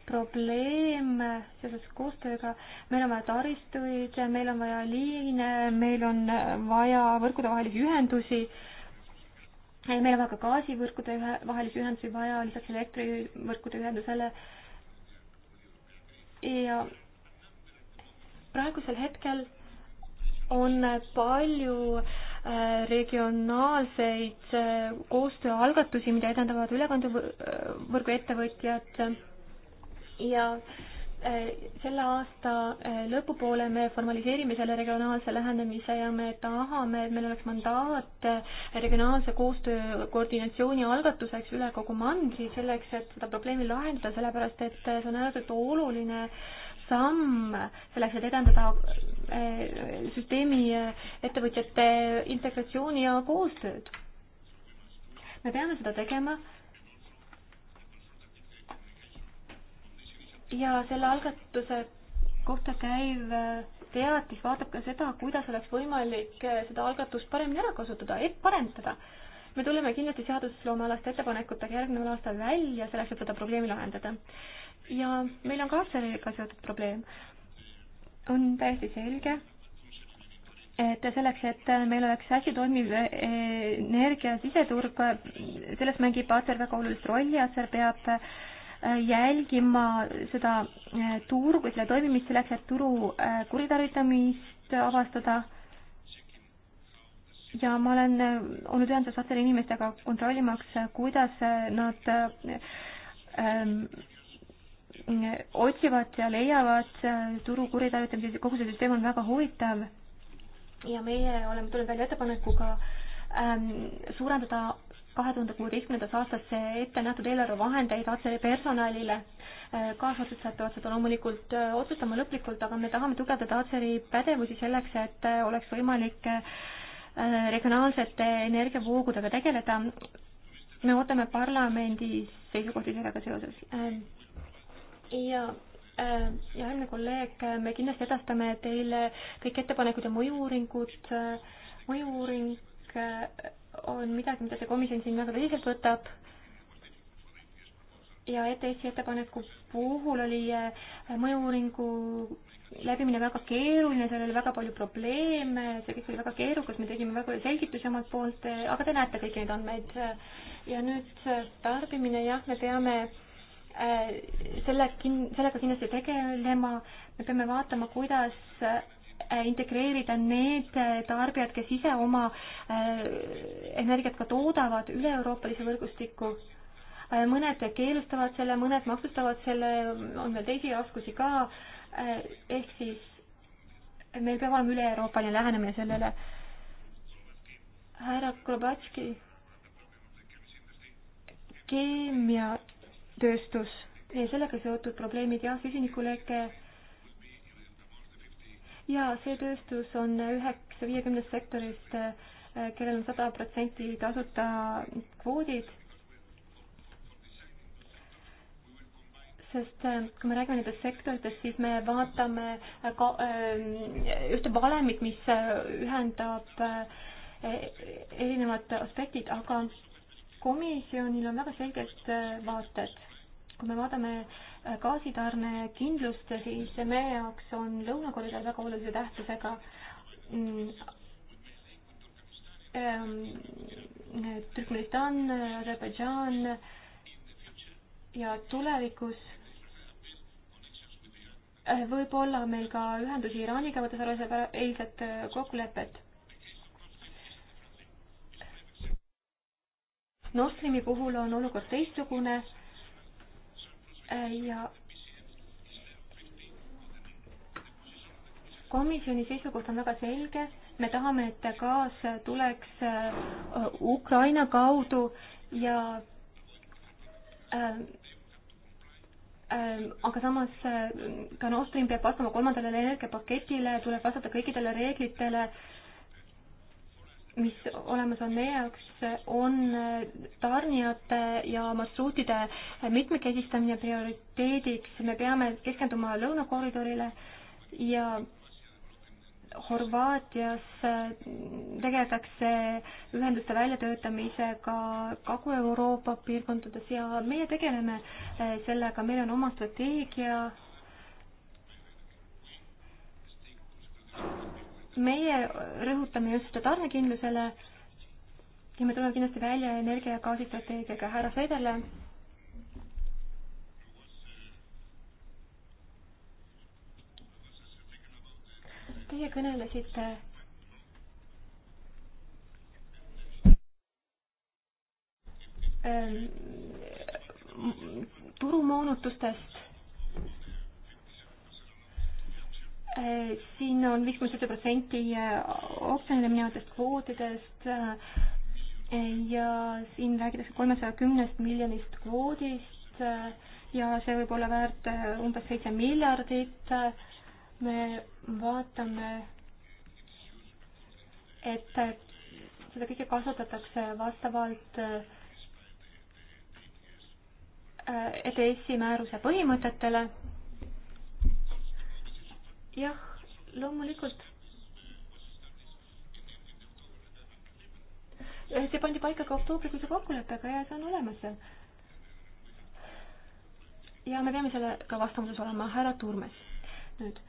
probleem seoses koostööga, meil on vaja taristuid, meil on vaja liine, meil on vaja võrkudevahelisi ühendusi, meil on vaja ka gaasivõrkude vahelisi ühendusi vaja lisaks elektrivõrkude ühendusele ja praegusel hetkel on palju äh, regionaalseid äh, koostööalgatusi, mida edendavad ülekandevõrgu äh, ettevõtjad ja äh, selle aasta äh, lõpupoole me formaliseerime selle regionaalse lähenemise ja me tahame, et meil oleks mandaat äh, regionaalse koostöö koordinatsiooni algatuseks üle kogu mandri, selleks et seda probleemi lahendada, sellepärast et see on ääretult oluline samm selleks, et edendada süsteemi ettevõtjate integratsiooni ja koostööd. me peame seda tegema ja selle algatuse kohta käiv äh, teatis vaatab ka seda, kuidas oleks võimalik äh, seda algatust paremini ära kasutada, et parendada. me tuleme kindlasti seadusloomealaste ettepanekutega järgneval aastal välja, selleks et seda probleemi lahendada. ja meil on ka Apsariga seotud probleem. on täiesti selge, et selleks, et meil oleks hästi toimiv äh, energia siseturg, selles mängib Atser väga olulist rolli, Atser peab jälgima seda äh, turgu, selle toimimist selleks, et turu äh, kuritarvitamist avastada. ja ma olen äh, olnud ühenduses otse inimestega kontrollimaks, kuidas nad ähm, otsivad ja leiavad turu kuritarvitamise, kogu see süsteem on väga huvitav. ja meie oleme tulnud välja ettepanekuga ähm, suurendada kahe tuhande kuueteistkümnendaks aastaks ette nähtud eelarvevahendeid AC personalile. Äh, kaasotsustajad peavad seda loomulikult äh, otsustama lõplikult, aga me tahame tugevdada ACER-i pädevusi selleks, et äh, oleks võimalik regionaalsete energiavoogudega tegeleda. me ootame parlamendi seisukohti sellega seoses. ja ja eelmine kolleeg, me kindlasti edastame teile kõik ettepanekud ja mõju-uuringud, mõju-uuring on midagi, mida see komisjon siin väga tõsiselt võtab ja ETS-i ettepaneku puhul oli äh, mõju-uuringu läbimine väga keeruline, seal oli väga palju probleeme, see kõik oli väga keerukas, me tegime väga palju selgitusi omalt poolt, äh, aga te näete kõiki neid andmeid. ja nüüd äh, tarbimine, jah, me peame selle kin-, sellega kindlasti tegelema, me peame vaatama, kuidas Äh, integreerida need äh, tarbijad, kes ise oma äh, energiat ka toodavad, üle-euroopalise võrgustiku. mõned keelustavad selle, mõned maksustavad selle, on veel teisi raskusi ka, ehk siis meil peab olema üle-euroopaline lähenemine sellele. härra Krobatski, keemiatööstus ja sellega seotud probleemid, jah, süsinikuleke ja see tööstus on üheks viiekümnest sektorist, äh, kellel on sada protsenti tasuta kvoodid. sest äh, kui me räägime nendest sektoritest, siis me vaatame äh, ka ühte valemit, mis ühendab erinevad aspektid, aga komisjonil on väga selged vaated kui me vaatame äh, gaasitarnekindlust, siis meie jaoks on lõunakoridor väga olulise tähtsusega. Mm, ähm, Türkmenistan, Aserbaidžaan ja tulevikus äh, võib-olla meil ka ühendusi Iraaniga, võttes arvesse eilset äh, kokkulepet. Nord Streami puhul on olukord teistsugune ja komisjoni seisukoht on väga selge, me tahame, et gaas tuleks äh, Ukraina kaudu ja ähm, ähm, aga samas äh, ka Nord Stream peab vastama kolmandale energiapaketile, tuleb vastata kõikidele reeglitele äh, mis olemas on meie jaoks, on tarnijate ja marsruutide mitmekesistamine prioriteediks, me peame keskenduma lõunakoridorile ja Horvaatias tegeletakse ühenduste väljatöötamisega Kagu-Euroopa piirkondades ja meie tegeleme sellega, meil on oma strateegia meie rõhutame just seda tarnekindlusele ja me tuleme kindlasti välja energia ja gaasi strateegiaga härra Seedele. Teie kõnelesite ähm, turumoonutustest siin on viiskümmend seitse protsenti äh, oksjonile minevatest kvootidest äh, ja siin räägitakse kolmesaja kümnest miljonist kvoodist äh, ja see võib olla väärt umbes seitse miljardit. me vaatame, et seda kõike kasutatakse vastavalt ETS-i määruse põhimõtetele jah, loomulikult. Äh, see pandi paika ka oktoobrikuise kokkuleppega ja see on olemas seal. ja me peame sellega vastamuses olema, härra Turmes nüüd.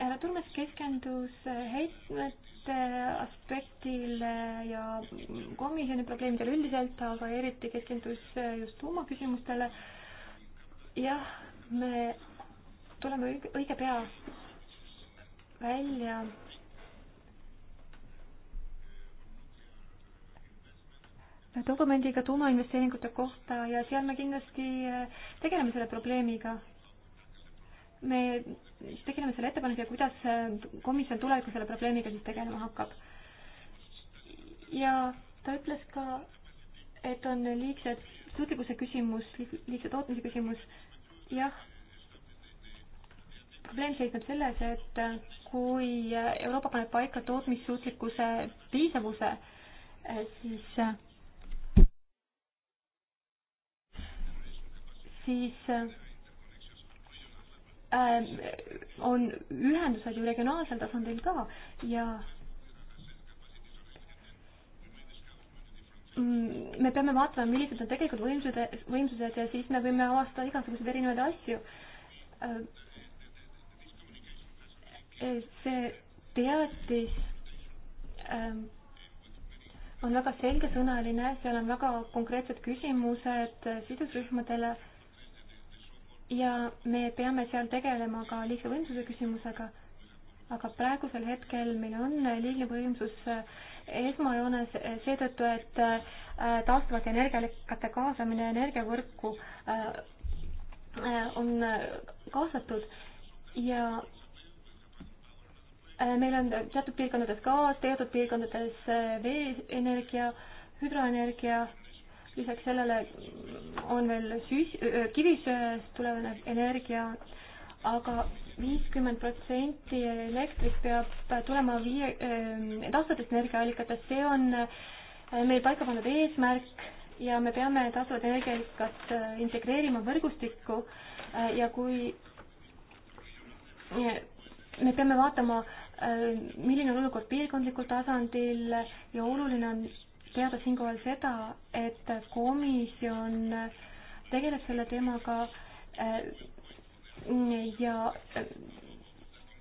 härra Turmes keskendus heitmete aspektile ja komisjoni probleemidele üldiselt, aga eriti keskendus just tuumaküsimustele äh, jah, me tuleme õige pea välja dokumendiga tuumainvesteeringute kohta ja seal me kindlasti eh, tegeleme selle probleemiga. me tegeleme selle ettepanekuga, kuidas eh, komisjon tulevikus selle probleemiga siis tegelema hakkab. ja ta ütles ka, et on liigsed suutlikkuse küsimus, liigse tootmise küsimus, jah, probleem seisneb selles, et kui Euroopa paneb paika tootmissuutlikkuse piisavuse, siis siis äh, on ühendused ju regionaalsel tasandil ka ja Mm, me peame vaatama, millised on tegelikult võimsused, võimsused ja siis me võime avastada igasuguseid erinevaid asju. Äh, see teatis ähm, on väga selgesõnaline, seal on väga konkreetsed küsimused äh, sidusrühmadele ja me peame seal tegelema ka liigse võimsuse küsimusega. aga praegusel hetkel meil on liigne võimsus äh, esmajoones seetõttu, et äh, taastuvate energiaallikate kaasamine energiavõrku äh, on äh, kaasatud ja meil on teatud piirkondades gaas, teatud piirkondades veeenergia, hüdroenergia, lisaks sellele on veel süs-, kivisöest tulev energia äh, aga viiskümmend protsenti elektrit peab tulema viie äh,, taastuvatest energiaallikatest, see on eh, meil paika pandud eesmärk ja me peame taastuvat energiaallikat eh, integreerima võrgustikku eh, ja kui me peame vaatama, milline on olukord piirkondlikul tasandil ja oluline on teada siinkohal seda, et komisjon tegeleb selle teemaga ja äh,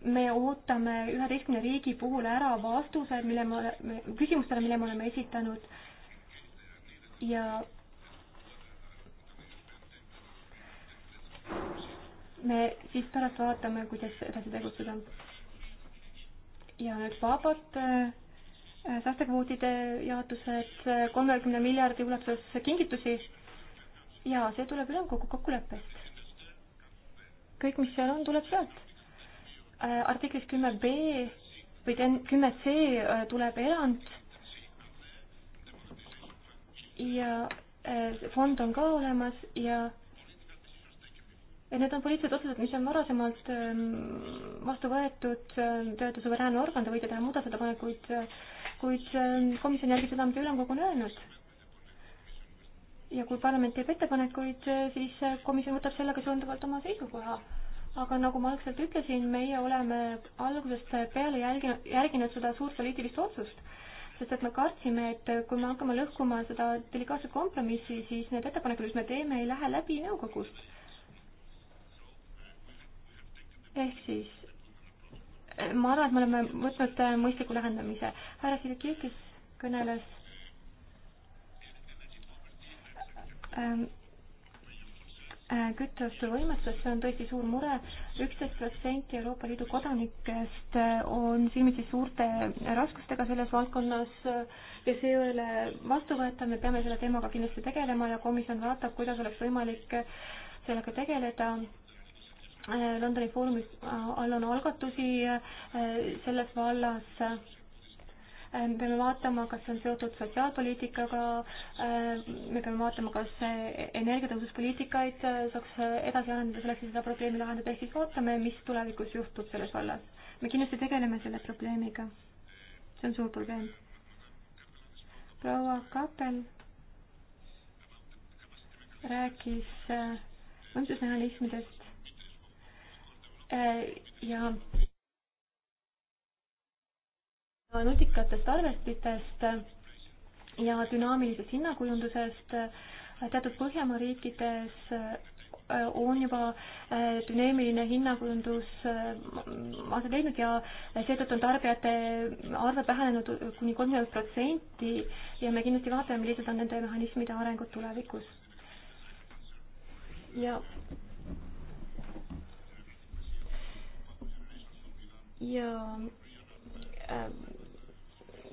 me ootame üheteistkümne riigi puhul ära vastused, mille me oleme, küsimustele, mille me oleme esitanud ja me siis pärast vaatame, kuidas edasi tegutseda. ja nüüd vabad äh, säästekvootide jaotused kolmekümne miljardi ulatuses kingitusi ja see tuleb ülemkogu kokkuleppest kõik, mis seal on, tuleb sealt. Äh, artiklis kümme B või kümme C äh, tuleb erand ja äh, fond on ka olemas ja ja need on poliitilised otsused, mis on varasemalt ähm, vastu võetud töötu suveräänne organ, te võite teha muudatusettepanekuid, kuid ähm, komisjon järgib seda, mida ülemkogu on öelnud ja kui parlament teeb ettepanekuid, siis komisjon võtab sellega seonduvalt oma seisukoha. aga nagu ma algselt ütlesin, meie oleme algusest peale jälginud, järginud seda suurt poliitilist otsust, sest et me kartsime, et kui me hakkame lõhkuma seda delikaatset kompromissi, siis need ettepanekud, mis me teeme, ei lähe läbi nõukogust. ehk siis ma arvan, et me oleme võtnud mõistliku lähenemise. härra Sirkikis kõneles Ähm, äh, kütuste võimestus, see on tõesti suur mure. üksteist protsenti Euroopa Liidu kodanikest äh, on silmitsi suurte raskustega selles valdkonnas äh, ja see ei ole vastuvõetav, me peame selle teemaga kindlasti tegelema ja komisjon vaatab, kuidas oleks võimalik sellega tegeleda Londoni Foorumis all on algatusi selles vallas Äh, me peame vaatama, kas see on seotud sotsiaalpoliitikaga, äh, me peame vaatama, kas energiatõhususpoliitikaid äh, saaks edasi arendada selleks, et seda probleemi lahendada, ehk siis vaatame, mis tulevikus juhtub selles vallas. me kindlasti tegeleme selle probleemiga. see on suur probleem. proua Kappel rääkis võimsusmehhanismidest ja nutikatest arvestitest ja dünaamilisest hinnakujundusest. teatud Põhjamaa riikides äh, on juba äh, dünaamiline hinnakujundus äh, aset leidnud ja seetõttu on tarbijate arved vähenenud kuni kolmkümmend protsenti ja me kindlasti vaatame, millised on nende mehhanismide arengud tulevikus. ja ja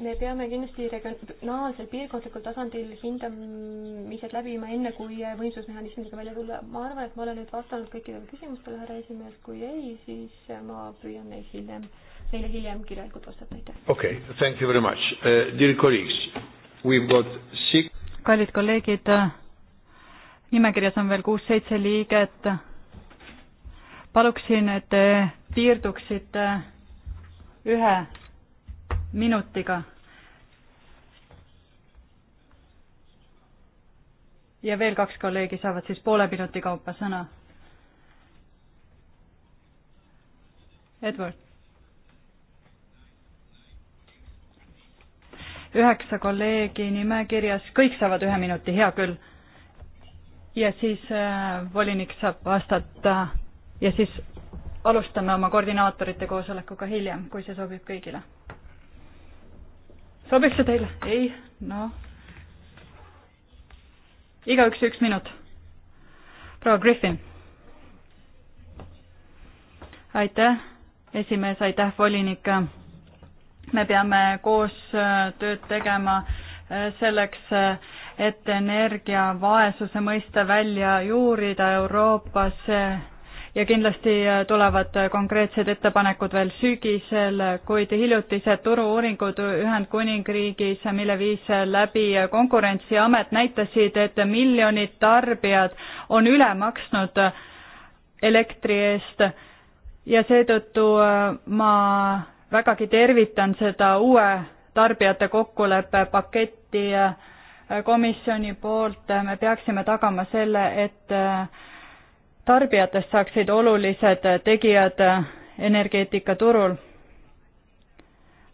me peame kindlasti regionaalsel, piirkondlikul tasandil hindamised läbima, enne kui võimsusmehhanismidega välja tulla. ma arvan, et ma olen nüüd vastanud kõikidele küsimustele, härra esimees, kui ei, siis ma püüan neid hiljem, neile hiljem kirjalikult vastata, aitäh. okei okay,, thank you very much uh,. Dear colleagues, we have got six kallid kolleegid, nimekirjas on veel kuus-seitse liiget. paluksin, et te piirduksite uh, ühe minutiga. ja veel kaks kolleegi saavad siis poole minuti kaupa sõna. Edward. üheksa kolleegi nimekirjas, kõik saavad ühe minuti, hea küll. ja siis äh, volinik saab vastata ja siis alustame oma koordinaatorite koosolekuga hiljem, kui see sobib kõigile sobiks see teile? ei, noh. igaüks üks minut. proua Griffin. aitäh, esimees, aitäh, volinik. me peame koos äh, tööd tegema äh, selleks, äh, et energiavaesuse mõiste välja juurida Euroopas ja kindlasti äh, tulevad äh, konkreetsed ettepanekud veel sügisel, kuid hiljutised turu-uuringud Ühendkuningriigis, mille viis äh, läbi Konkurentsiamet, näitasid, et miljonid tarbijad on üle maksnud elektri eest ja seetõttu ma vägagi tervitan seda uue tarbijate kokkuleppe paketti komisjoni poolt, me peaksime tagama selle, et tarbijatest saaksid olulised tegijad energeetikaturul.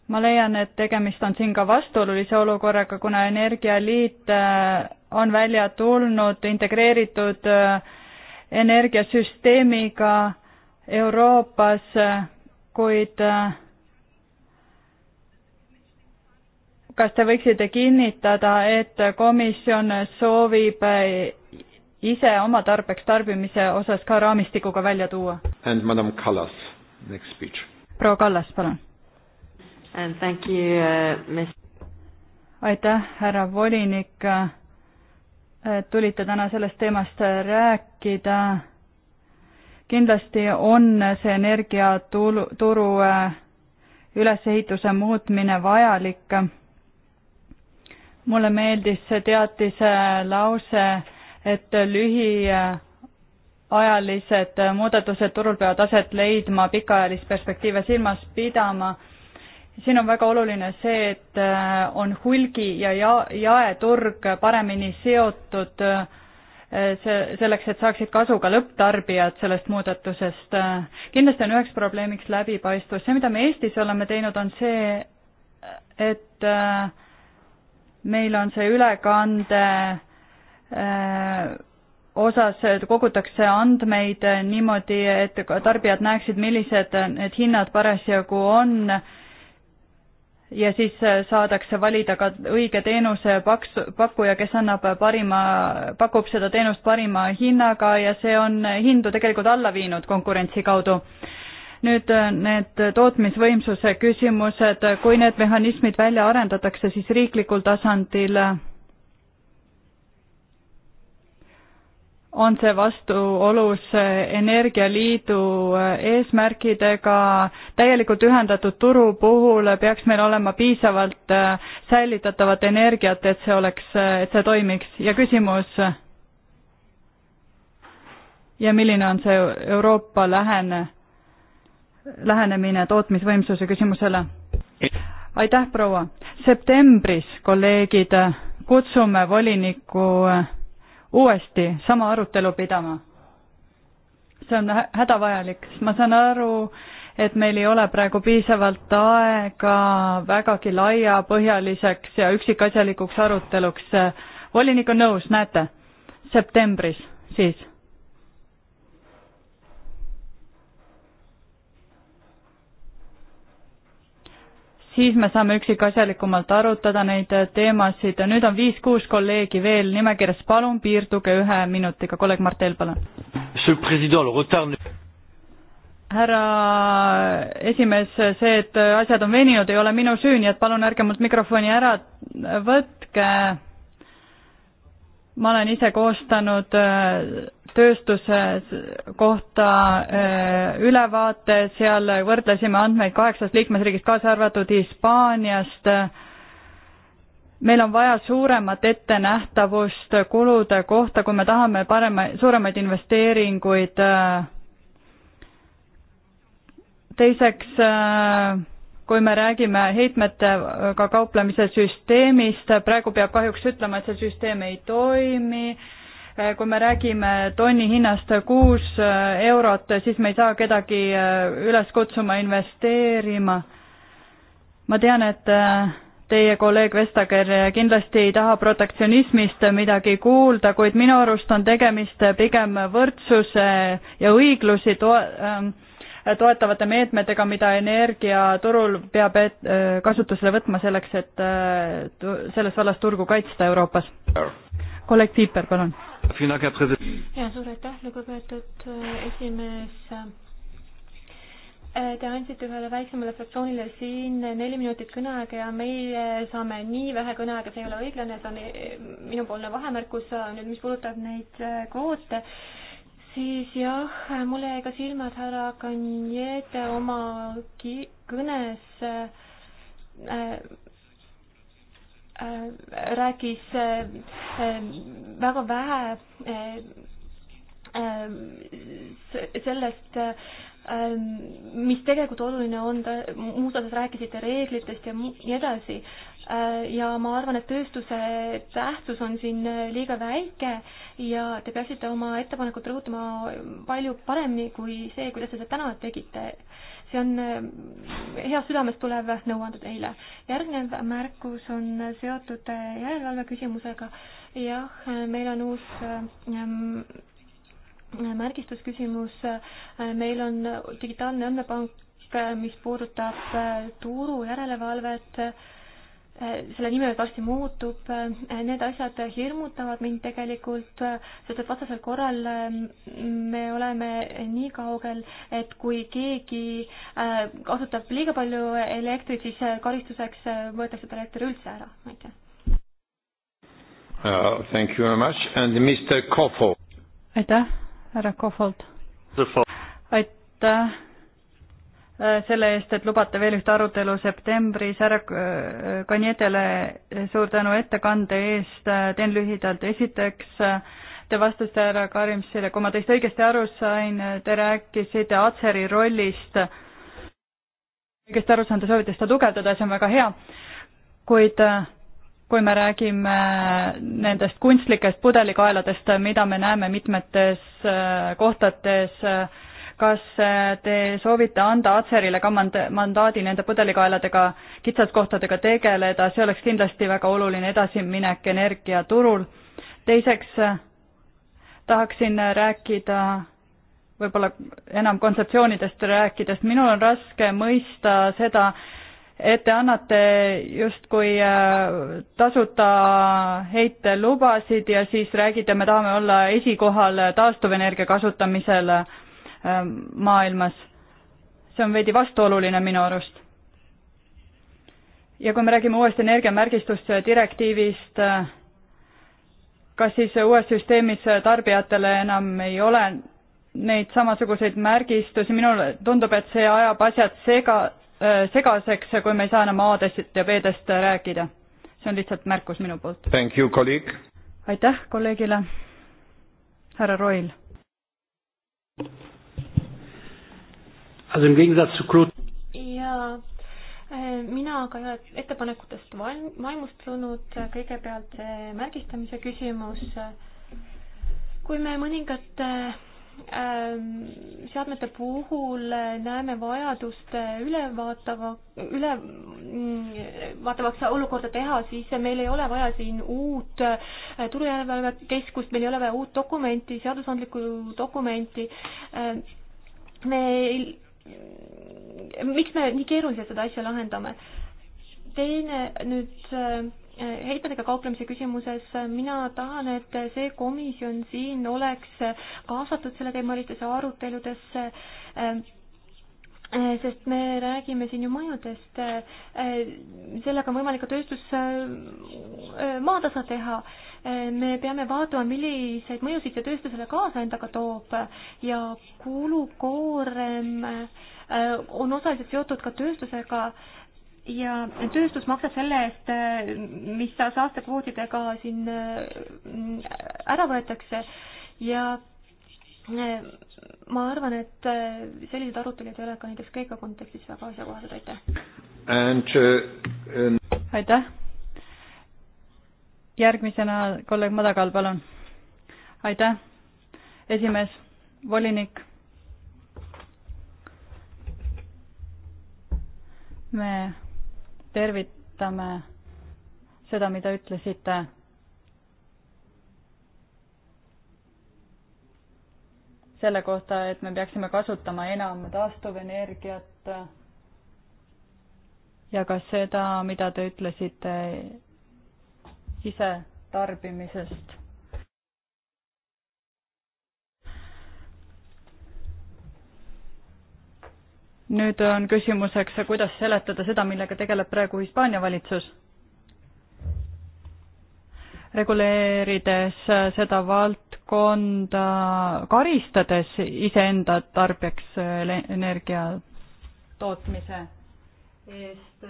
ma leian, et tegemist on siin ka vastuolulise olukorraga, kuna Energialiit äh, on välja tulnud integreeritud äh, energiasüsteemiga Euroopas, äh, kuid kas te võiksite kinnitada, et komisjon soovib ise oma tarbeks tarbimise osas ka raamistikuga välja tuua. And madam Kallas, next speech. proua Kallas, palun. And thank you uh,, miss. aitäh, härra volinik, et tulite täna sellest teemast rääkida. kindlasti on see energiatulu, turu uh, ülesehituse muutmine vajalik. mulle meeldis see teatise lause et lühiajalised muudatused turul peavad aset leidma, pikaajalist perspektiive silmas pidama. siin on väga oluline see, et äh, on hulgi- ja ja-, jaeturg paremini seotud äh, see, selleks, et saaksid kasu ka lõpptarbijad sellest muudatusest. kindlasti on üheks probleemiks läbipaistvus, see, mida me Eestis oleme teinud, on see, et äh, meil on see ülekande Äh, osas kogutakse andmeid niimoodi, et tarbijad näeksid, millised need hinnad parasjagu on ja siis saadakse valida ka õige teenuse paks-, pakkuja, kes annab parima, pakub seda teenust parima hinnaga ja see on hindu tegelikult alla viinud konkurentsi kaudu. nüüd need tootmisvõimsuse küsimused, kui need mehhanismid välja arendatakse, siis riiklikul tasandil on see vastuolus Energialiidu eesmärkidega, täielikult ühendatud turu puhul peaks meil olema piisavalt äh, säilitatavat energiat, et see oleks, äh, et see toimiks ja küsimus, ja milline on see Euroopa lähene, lähenemine tootmisvõimsuse küsimusele? aitäh, proua! septembris, kolleegid, kutsume volinikku äh, uuesti sama arutelu pidama. see on hädavajalik, sest ma saan aru, et meil ei ole praegu piisavalt aega vägagi laiapõhjaliseks ja üksikasjalikuks aruteluks. volinik on nõus, näete, septembris siis siis me saame üksikasjalikumalt arutada neid teemasid. nüüd on viis-kuus kolleegi veel nimekirjas, palun piirduge ühe minutiga, kolleeg Mart Helm, palun. härra esimees, see, et asjad on veninud, ei ole minu süü, nii et palun ärge mult mikrofoni ära võtke ma olen ise koostanud äh, tööstuse kohta äh, ülevaate, seal võrdlesime andmeid kaheksast liikmesriigist, kaasa arvatud Hispaaniast. meil on vaja suuremat ettenähtavust kulude kohta, kui me tahame parema, suuremaid investeeringuid. Äh. teiseks äh, kui me räägime heitmetega ka kauplemise süsteemist, praegu peab kahjuks ütlema, et see süsteem ei toimi, kui me räägime tonni hinnast kuus eurot, siis me ei saa kedagi äh, üles kutsuma investeerima. ma tean, et äh, teie kolleeg Vestager kindlasti ei taha protektsionismist midagi kuulda, kuid minu arust on tegemist pigem võrdsuse ja õiglusi to-, ähm, toetavate meetmetega, mida energiaturul peab et, kasutusele võtma selleks, et äh, selles vallas turgu kaitsta Euroopas? kolleeg Piiper, palun. ja suur aitäh, lugupeetud äh, esimees. Äh, te andsite ühele väiksemale fraktsioonile siin neli minutit kõneaega ja meie saame nii vähe kõneaega, see ei ole õiglane, see on minupoolne vahemärkus nüüd, mis puudutab neid kvoote äh, siis jah, mulle jäi ka silma, et härra Kanjete oma ki-, kõnes äh, äh, rääkis äh, äh väga vähe äh, äh sellest äh, Ähm, mis tegelikult oluline on, muus osas rääkisite reeglitest ja nii edasi. Äh, ja ma arvan, et tööstuse tähtsus on siin äh, liiga väike ja te peaksite oma ettepanekut rõhutama palju paremini kui see, kuidas te seda täna tegite. see on äh, hea südamest tulev nõuanne teile. järgnev märkus on seotud järelevalve küsimusega. jah, meil on uus märgistusküsimus, meil on digitaalne andmepank, mis puudutab äh, turu järelevalvet, äh, selle nimi varsti muutub, äh, need asjad hirmutavad mind tegelikult, sest et vastasel korral me oleme nii kaugel, et kui keegi kasutab liiga palju elektrit, siis karistuseks võetakse tal elekter üldse ära, aitäh. Uh, thank you very much and Mr Kofod. aitäh härra Kohvolt. aitäh äh, selle eest, et lubate veel ühte arutelu septembris, härra äh, Kanietele suur tänu ettekande eest, äh, teen lühidalt, esiteks te vastasite härra Karimsile, kui ma teist õigesti aru sain, te rääkisite Atseri rollist, õigesti aru saan, te soovite seda tugevdada, see on väga hea, kuid kui me räägime nendest kunstlikest pudelikaeladest, mida me näeme mitmetes äh, kohtades, kas äh, te soovite anda Atserile ka mand-, mandaadi nende pudelikaeladega, kitsaskohtadega tegeleda, see oleks kindlasti väga oluline edasiminek energiaturul. teiseks äh, tahaksin rääkida võib-olla enam kontseptsioonidest rääkides, minul on raske mõista seda, et te annate justkui äh, tasuta heitelubasid ja siis räägite, me tahame olla esikohal taastuvenergia kasutamisel äh, maailmas. see on veidi vastuoluline minu arust. ja kui me räägime uuest energiamärgistusdirektiivist, äh, kas siis uues süsteemis tarbijatele enam ei ole neid samasuguseid märgistusi, minule tundub, et see ajab asjad sega, segaseks, kui me ei saa enam A-dest ja B-dest rääkida. see on lihtsalt märkus minu poolt. aitäh kolleegile, härra Roil. jaa, äh, mina ka ei ole ettepanekutest valm-, vaimustunud, kõigepealt see märgistamise küsimus, kui me mõningad äh, Ähm, seadmete puhul äh, näeme vajadust äh, ülevaatava, ülevaatavaks mm, olukorda teha, siis äh, meil ei ole vaja siin uut turujärelevalvekeskust, meil ei ole vaja uut dokumenti, seadusandlikku dokumenti. Ähm, meil, miks me nii keeruliselt seda asja lahendame? teine nüüd heitmetega kauplemise küsimuses mina tahan, et see komisjon siin oleks kaasatud selleteemalistesse aruteludesse, ähm, sest me räägime siin ju mõjudest, äh, sellega on võimalik ka tööstus äh, äh, maatasa teha. me peame vaatama, milliseid mõjusid see tööstusele kaasa endaga toob ja kulukoorem on osaliselt seotud ka tööstusega ja tööstus maksab selle eest, mis saastekvoodidega siin äh, ära võetakse ja äh, ma arvan, et äh, sellised arutelud ei ole ka näiteks Kreeka kontekstis väga asjakohased, aitäh. aitäh. järgmisena kolleeg Madakal, palun. aitäh, esimees, volinik me tervitame seda, mida ütlesite. selle kohta, et me peaksime kasutama enam taastuvenergiat ja ka seda, mida te ütlesite ise tarbimisest. nüüd on küsimuseks, kuidas seletada seda, millega tegeleb praegu Hispaania valitsus? reguleerides seda valdkonda, karistades iseenda tarbijaks energia tootmise eest.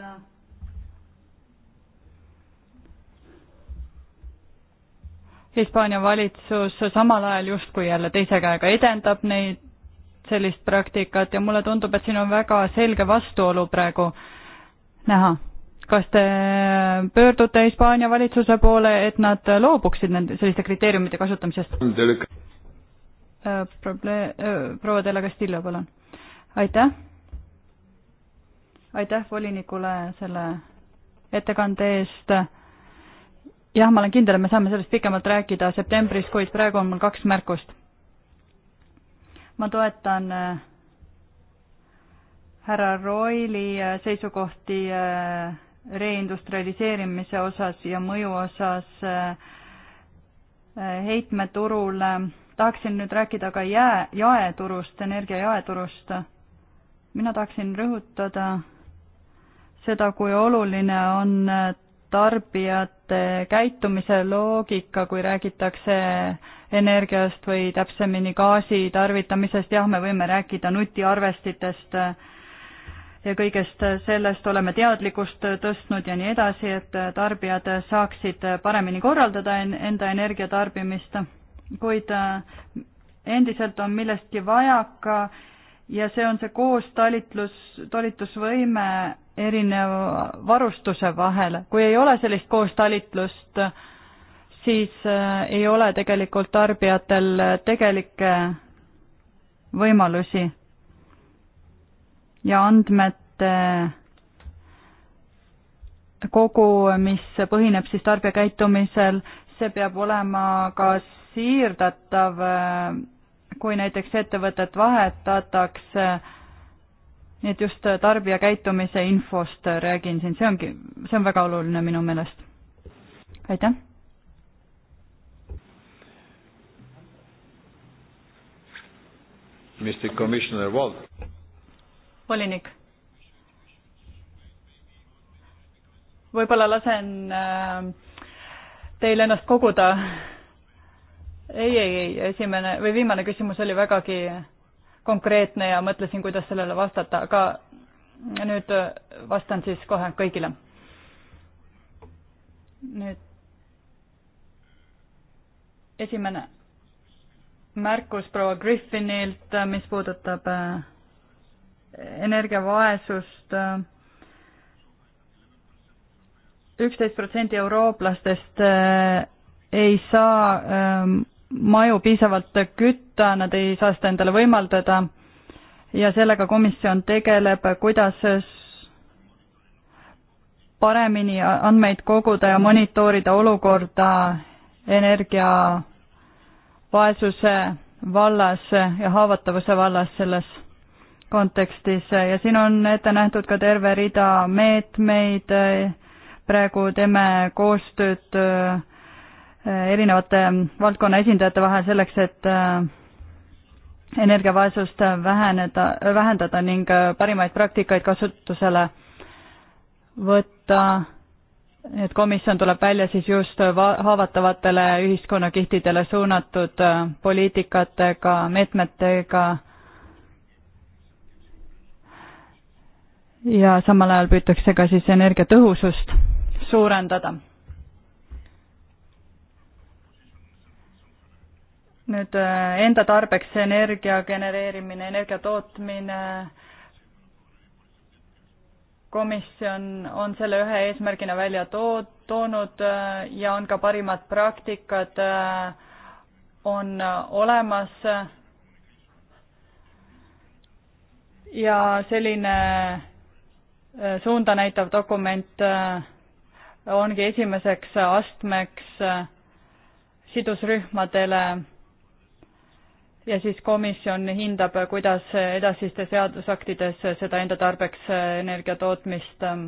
Hispaania valitsus samal ajal justkui jälle teise käega edendab neid sellist praktikat ja mulle tundub, et siin on väga selge vastuolu praegu näha. kas te pöördute Hispaania valitsuse poole, et nad loobuksid nende, selliste kriteeriumite kasutamisest? Äh, probleem, äh, proua Tele Castillo, palun. aitäh. aitäh volinikule selle ettekande eest. jah, ma olen kindel, et me saame sellest pikemalt rääkida septembris, kuid praegu on mul kaks märkust ma toetan äh, härra Roili äh, seisukohti äh, reindustrialiseerimise osas ja mõju osas heitmeturule. tahaksin nüüd rääkida ka jää, jaeturust, energia jaeturust. mina tahaksin rõhutada seda, kui oluline on tarbijate käitumise loogika, kui räägitakse äh, energiast või täpsemini gaasi tarvitamisest, jah, me võime rääkida nutiarvestitest ja kõigest sellest oleme teadlikkust tõstnud ja nii edasi, et tarbijad saaksid paremini korraldada enda energiatarbimist, kuid äh, endiselt on millestki vajaka ja see on see koostalitlus, talitusvõime erineva varustuse vahel. kui ei ole sellist koostalitlust, siis äh, ei ole tegelikult tarbijatel tegelikke võimalusi ja andmete kogu, mis põhineb siis tarbijakäitumisel, see peab olema ka siirdatav, äh, kui näiteks ettevõtet vahetatakse, nii et just tarbijakäitumise infost räägin siin, see ongi, see on väga oluline minu meelest. aitäh! Mr. Commissioner Walt. volinik. võib-olla lasen äh, teil ennast koguda. ei, ei, ei, esimene või viimane küsimus oli vägagi konkreetne ja mõtlesin, kuidas sellele vastata, aga nüüd vastan siis kohe kõigile. nüüd esimene märkus proua Griffinilt, äh, mis puudutab äh, energiavaesust. Äh, üksteist protsenti eurooplastest ei saa ähm, maju piisavalt kütta, nad ei saa seda endale võimaldada ja sellega komisjon tegeleb, kuidas paremini andmeid koguda ja monitoorida olukorda energia vaesuse vallas ja haavatavuse vallas selles kontekstis ja siin on ette nähtud ka terve rida meetmeid, praegu teeme koostööd äh, erinevate valdkonna esindajate vahel selleks, et äh, energiavaesust väheneda, vähendada ning äh, parimaid praktikaid kasutusele võtta et komisjon tuleb välja siis just haavatavatele ühiskonnakihtidele suunatud äh, poliitikatega, meetmetega ja samal ajal püütakse ka siis energiatõhusust suurendada. nüüd äh, enda tarbeks energia genereerimine, energia tootmine äh, komisjon on selle ühe eesmärgina välja tood-, toonud äh, ja on ka parimad praktikad äh, on äh, olemas. ja selline suunda näitav dokument ongi esimeseks astmeks sidusrühmadele ja siis komisjon hindab, kuidas edasistes seadusaktides seda enda tarbeks energia tootmist ähm,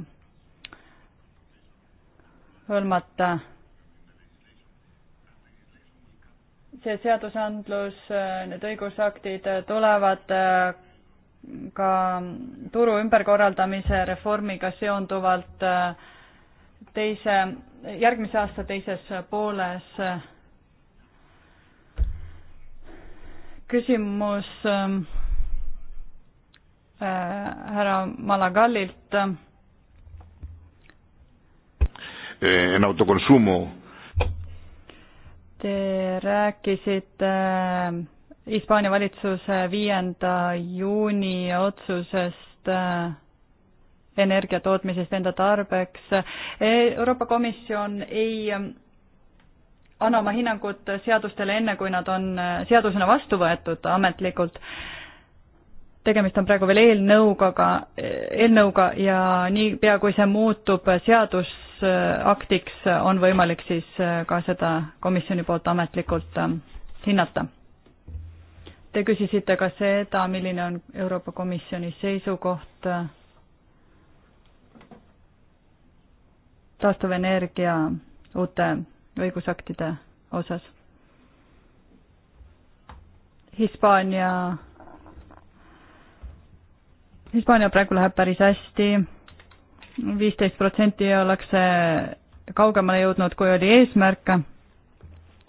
hõlmata. see seadusandlus, äh, need õigusaktid tulevad äh, ka turu ümberkorraldamise reformiga seonduvalt äh, teise, järgmise aasta teises pooles küsimus ähm, äh, härra Malagallilt. Eh, en autoconsumo. Te rääkisite äh, Hispaania valitsuse viienda juuni otsusest äh, energia tootmisest enda tarbeks. Euroopa Komisjon ei ähm, annama hinnangut seadustele enne, kui nad on äh, seadusena vastu võetud ametlikult. tegemist on praegu veel eelnõuga, aga eelnõuga ja niipea, kui see muutub seadusaktiks, on võimalik siis äh, ka seda komisjoni poolt ametlikult äh, hinnata. Te küsisite ka seda, milline on Euroopa Komisjoni seisukoht taastuvenergia uute õigusaktide osas. Hispaania, Hispaania praegu läheb päris hästi, viisteist protsenti ollakse kaugemale jõudnud, kui oli eesmärk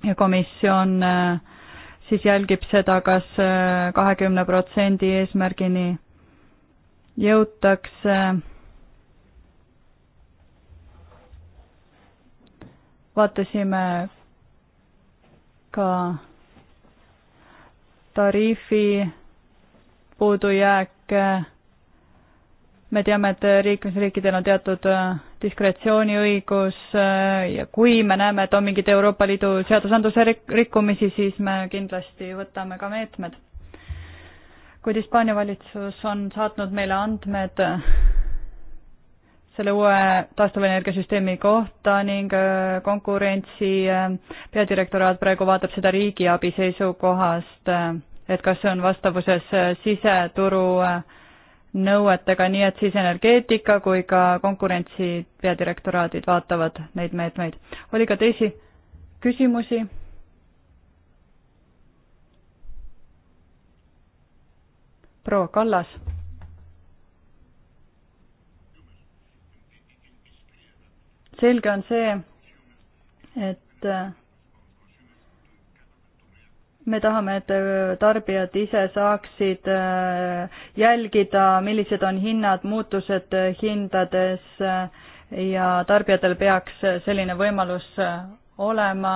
ja komisjon äh, siis jälgib seda kas, kas äh, kahekümne protsendi eesmärgini jõutakse vaatasime ka tariifi puudujääke. me teame, et liikmesriikidel on teatud äh, diskretsiooniõigus äh, ja kui me näeme, et on mingeid Euroopa Liidu seadusandluse rikkumisi, siis me kindlasti võtame ka meetmed. kuid Hispaania valitsus on saatnud meile andmed selle uue taastuvenergiasüsteemi kohta ning äh, konkurentsi äh, peadirektoraat praegu vaatab seda riigiabi seisukohast, äh, et kas see on vastavuses siseturu nõuetega, nii et siis energeetika kui ka konkurentsi peadirektoraadid vaatavad neid meetmeid. oli ka teisi küsimusi? proua Kallas selge on see, et äh, me tahame, et äh, tarbijad ise saaksid äh, jälgida, millised on hinnad, muutused hindades ja tarbijatel peaks selline võimalus olema.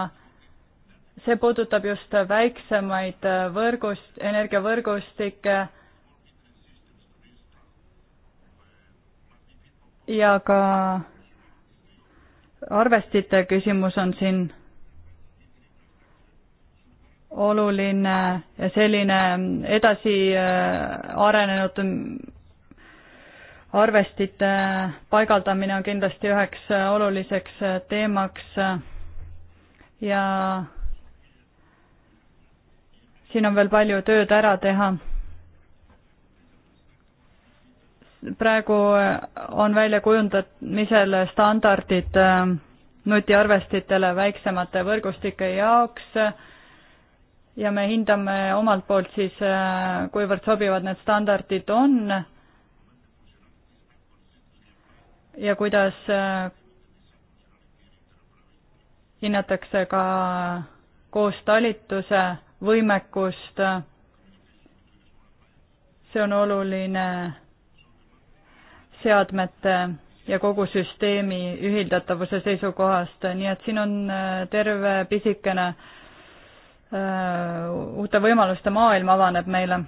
see puudutab just väiksemaid võrgust, energiavõrgustikke ja ka arvestite küsimus on siin oluline ja selline edasi äh, arenenud arvestite paigaldamine on kindlasti üheks äh, oluliseks äh, teemaks ja siin on veel palju tööd ära teha praegu on välja kujundamisel standardid äh, nutiarvestitele väiksemate võrgustike jaoks ja me hindame omalt poolt siis, äh, kuivõrd sobivad need standardid on ja kuidas äh, hinnatakse ka koostalituse võimekust. see on oluline seadmete ja kogu süsteemi ühildatavuse seisukohast, nii et siin on äh, terve pisikene äh, uute võimaluste maailm avaneb meile.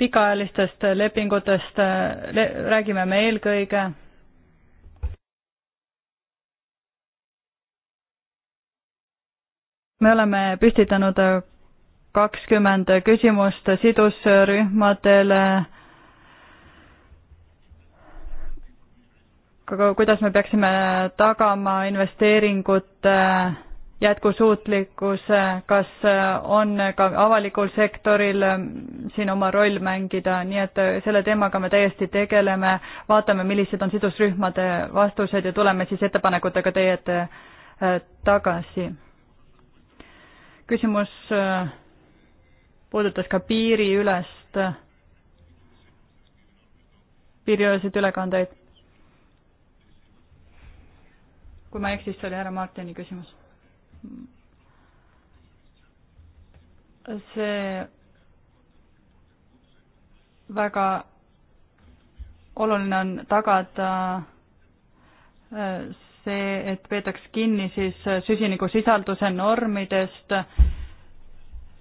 pikaajalistest lepingutest äh, le räägime me eelkõige me oleme püstitanud kakskümmend küsimust sidusrühmadele. kuidas me peaksime tagama investeeringute jätkusuutlikkuse, kas on ka avalikul sektoril siin oma roll mängida, nii et selle teemaga me täiesti tegeleme, vaatame, millised on sidusrühmade vastused ja tuleme siis ettepanekutega teie ette äh, tagasi. küsimus äh, puudutas ka piiriülest, piiriüleseid ülekandeid. kui ma ei eksi, siis oli härra Martini küsimus. see väga oluline on tagada äh, see, et peetaks kinni siis süsinikusisalduse normidest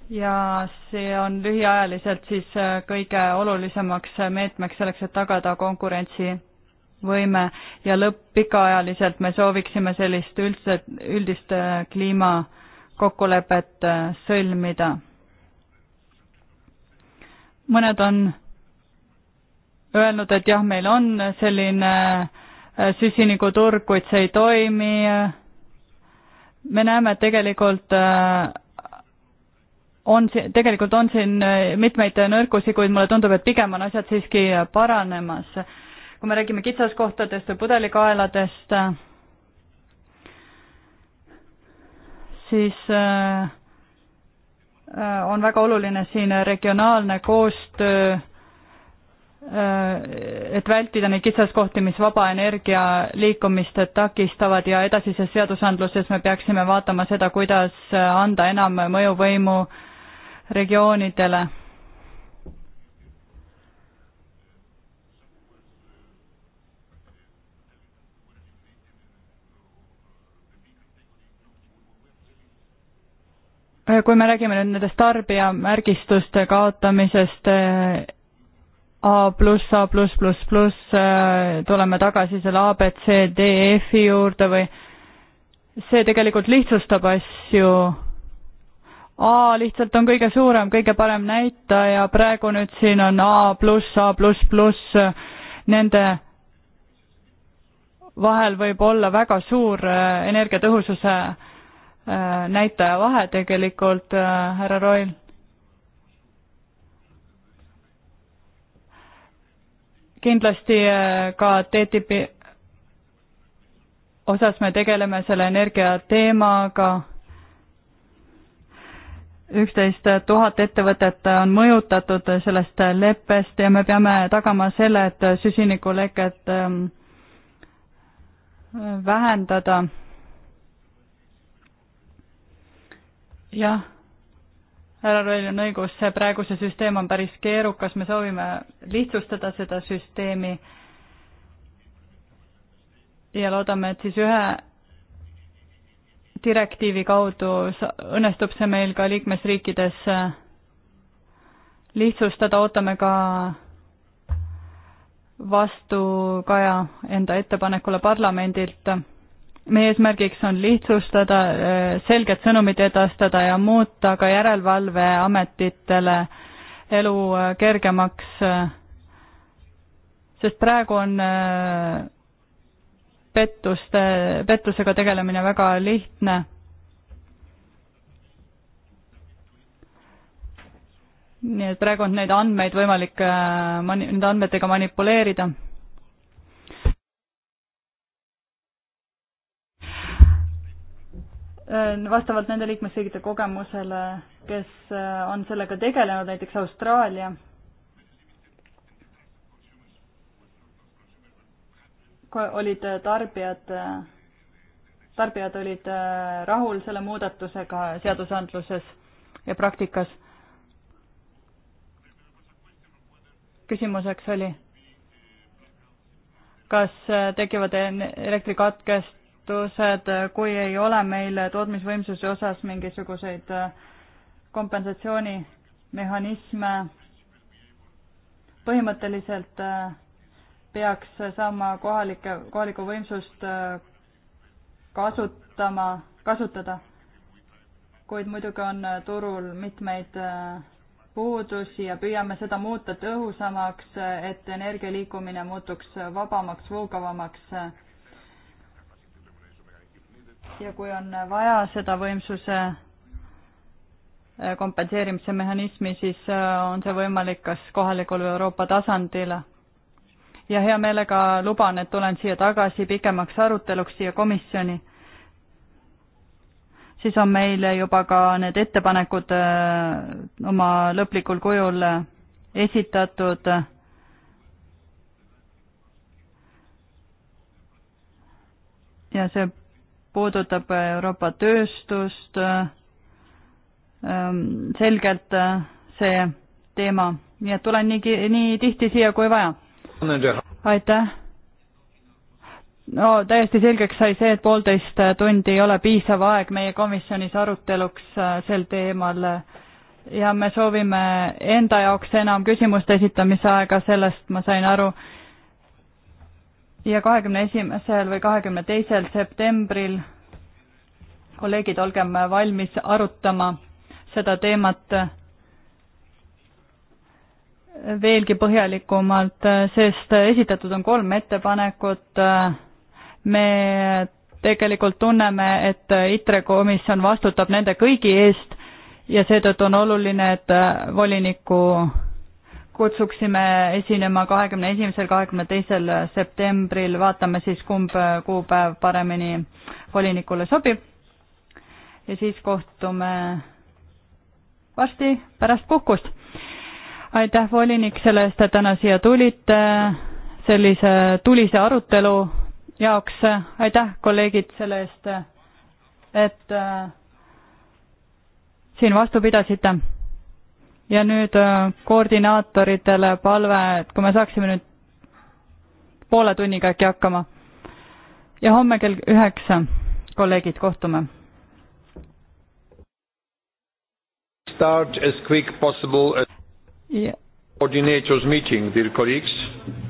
ja see on lühiajaliselt siis äh, kõige olulisemaks äh, meetmeks selleks, et tagada konkurentsivõime ja lõpp, pikaajaliselt me sooviksime sellist üldse, üldist äh, kliimakokkulepet sõlmida. mõned on öelnud, et jah, meil on selline süsinikuturg, kuid see ei toimi. me näeme, et tegelikult äh, on si-, tegelikult on siin äh, mitmeid nõrkusi, kuid mulle tundub, et pigem on asjad siiski paranemas. kui me räägime kitsaskohtadest või pudelikaeladest, siis äh, äh, on väga oluline siin regionaalne koostöö, et vältida neid kitsaskohti, mis vaba energia liikumist takistavad ja edasises seadusandluses me peaksime vaatama seda, kuidas anda enam mõjuvõimu äh, regioonidele. kui me räägime nüüd nendest tarbijamärgistuste kaotamisest A pluss, A pluss, pluss, pluss, tuleme tagasi selle abcdf-i e juurde või see tegelikult lihtsustab asju A lihtsalt on kõige suurem, kõige parem näitaja, praegu nüüd siin on A pluss, A pluss pluss, nende vahel võib olla väga suur äh, energiatõhususe äh, näitaja vahe tegelikult, äh, härra Roil. kindlasti ka TTIP osas me tegeleme selle energia teemaga üksteist tuhat ettevõtet on mõjutatud sellest leppest ja me peame tagama selle, et süsinikuleket ähm, vähendada. jah, härra Roll on õigus, see praeguse süsteem on päris keerukas, me soovime lihtsustada seda süsteemi ja loodame, et siis ühe direktiivi kaudu õnnestub see meil ka liikmesriikides äh, lihtsustada, ootame ka vastukaja enda ettepanekule parlamendilt. meie eesmärgiks on lihtsustada, äh, selged sõnumid edastada ja muuta ka järelevalveametitele elu äh, kergemaks, sest praegu on pettuste, pettusega tegelemine väga lihtne. nii et praegu on neid andmeid võimalik äh, mani-, nende andmetega manipuleerida äh, vastavalt nende liikmesriikide kogemusele, kes äh, on sellega tegelenud, näiteks Austraalia olid äh, tarbijad, äh, tarbijad olid äh, rahul selle muudatusega seadusandluses ja praktikas. küsimuseks oli, kas tekivad elektrikatkestused, kui ei ole meil tootmisvõimsuse osas mingisuguseid kompensatsioonimehhanisme põhimõtteliselt äh, peaks saama kohalike, kohalikku võimsust äh, kasutama, kasutada. kuid muidugi on äh, turul mitmeid äh, puudusi ja püüame seda muuta tõhusamaks, et energia liikumine muutuks vabamaks, voogavamaks. ja kui on vaja seda võimsuse kompenseerimise mehhanismi, siis on see võimalik kas kohalikul või Euroopa tasandil ja hea meelega luban, et tulen siia tagasi pikemaks aruteluks siia komisjoni. siis on meil juba ka need ettepanekud äh, oma lõplikul kujul esitatud ja see puudutab Euroopa tööstust, ähm, selgelt äh, see teema, nii et tulen nii, nii tihti siia, kui vaja aitäh. no täiesti selgeks sai see, et poolteist tundi ei ole piisav aeg meie komisjonis aruteluks äh, sel teemal ja me soovime enda jaoks enam küsimuste esitamise aega, sellest ma sain aru. ja kahekümne esimesel või kahekümne teisel septembril kolleegid, olgem valmis arutama seda teemat veelgi põhjalikumalt, äh, sest äh, esitatud on kolm ettepanekut. Äh, me tegelikult tunneme, et ITRE komisjon vastutab nende kõigi eest ja seetõttu on oluline, et voliniku kutsuksime esinema kahekümne esimesel, kahekümne teisel septembril, vaatame siis, kumb kuupäev paremini volinikule sobib. ja siis kohtume varsti pärast puhkust aitäh, volinik, selle eest, et täna siia tulite sellise tulise arutelu jaoks. aitäh, kolleegid, selle eest, et äh, siin vastu pidasite. ja nüüd äh, koordinaatoritele palve, et kui me saaksime nüüd poole tunniga äkki hakkama. ja homme kell üheksa, kolleegid, kohtume. Start as quick possible as Coordinators meeting, dear colleagues.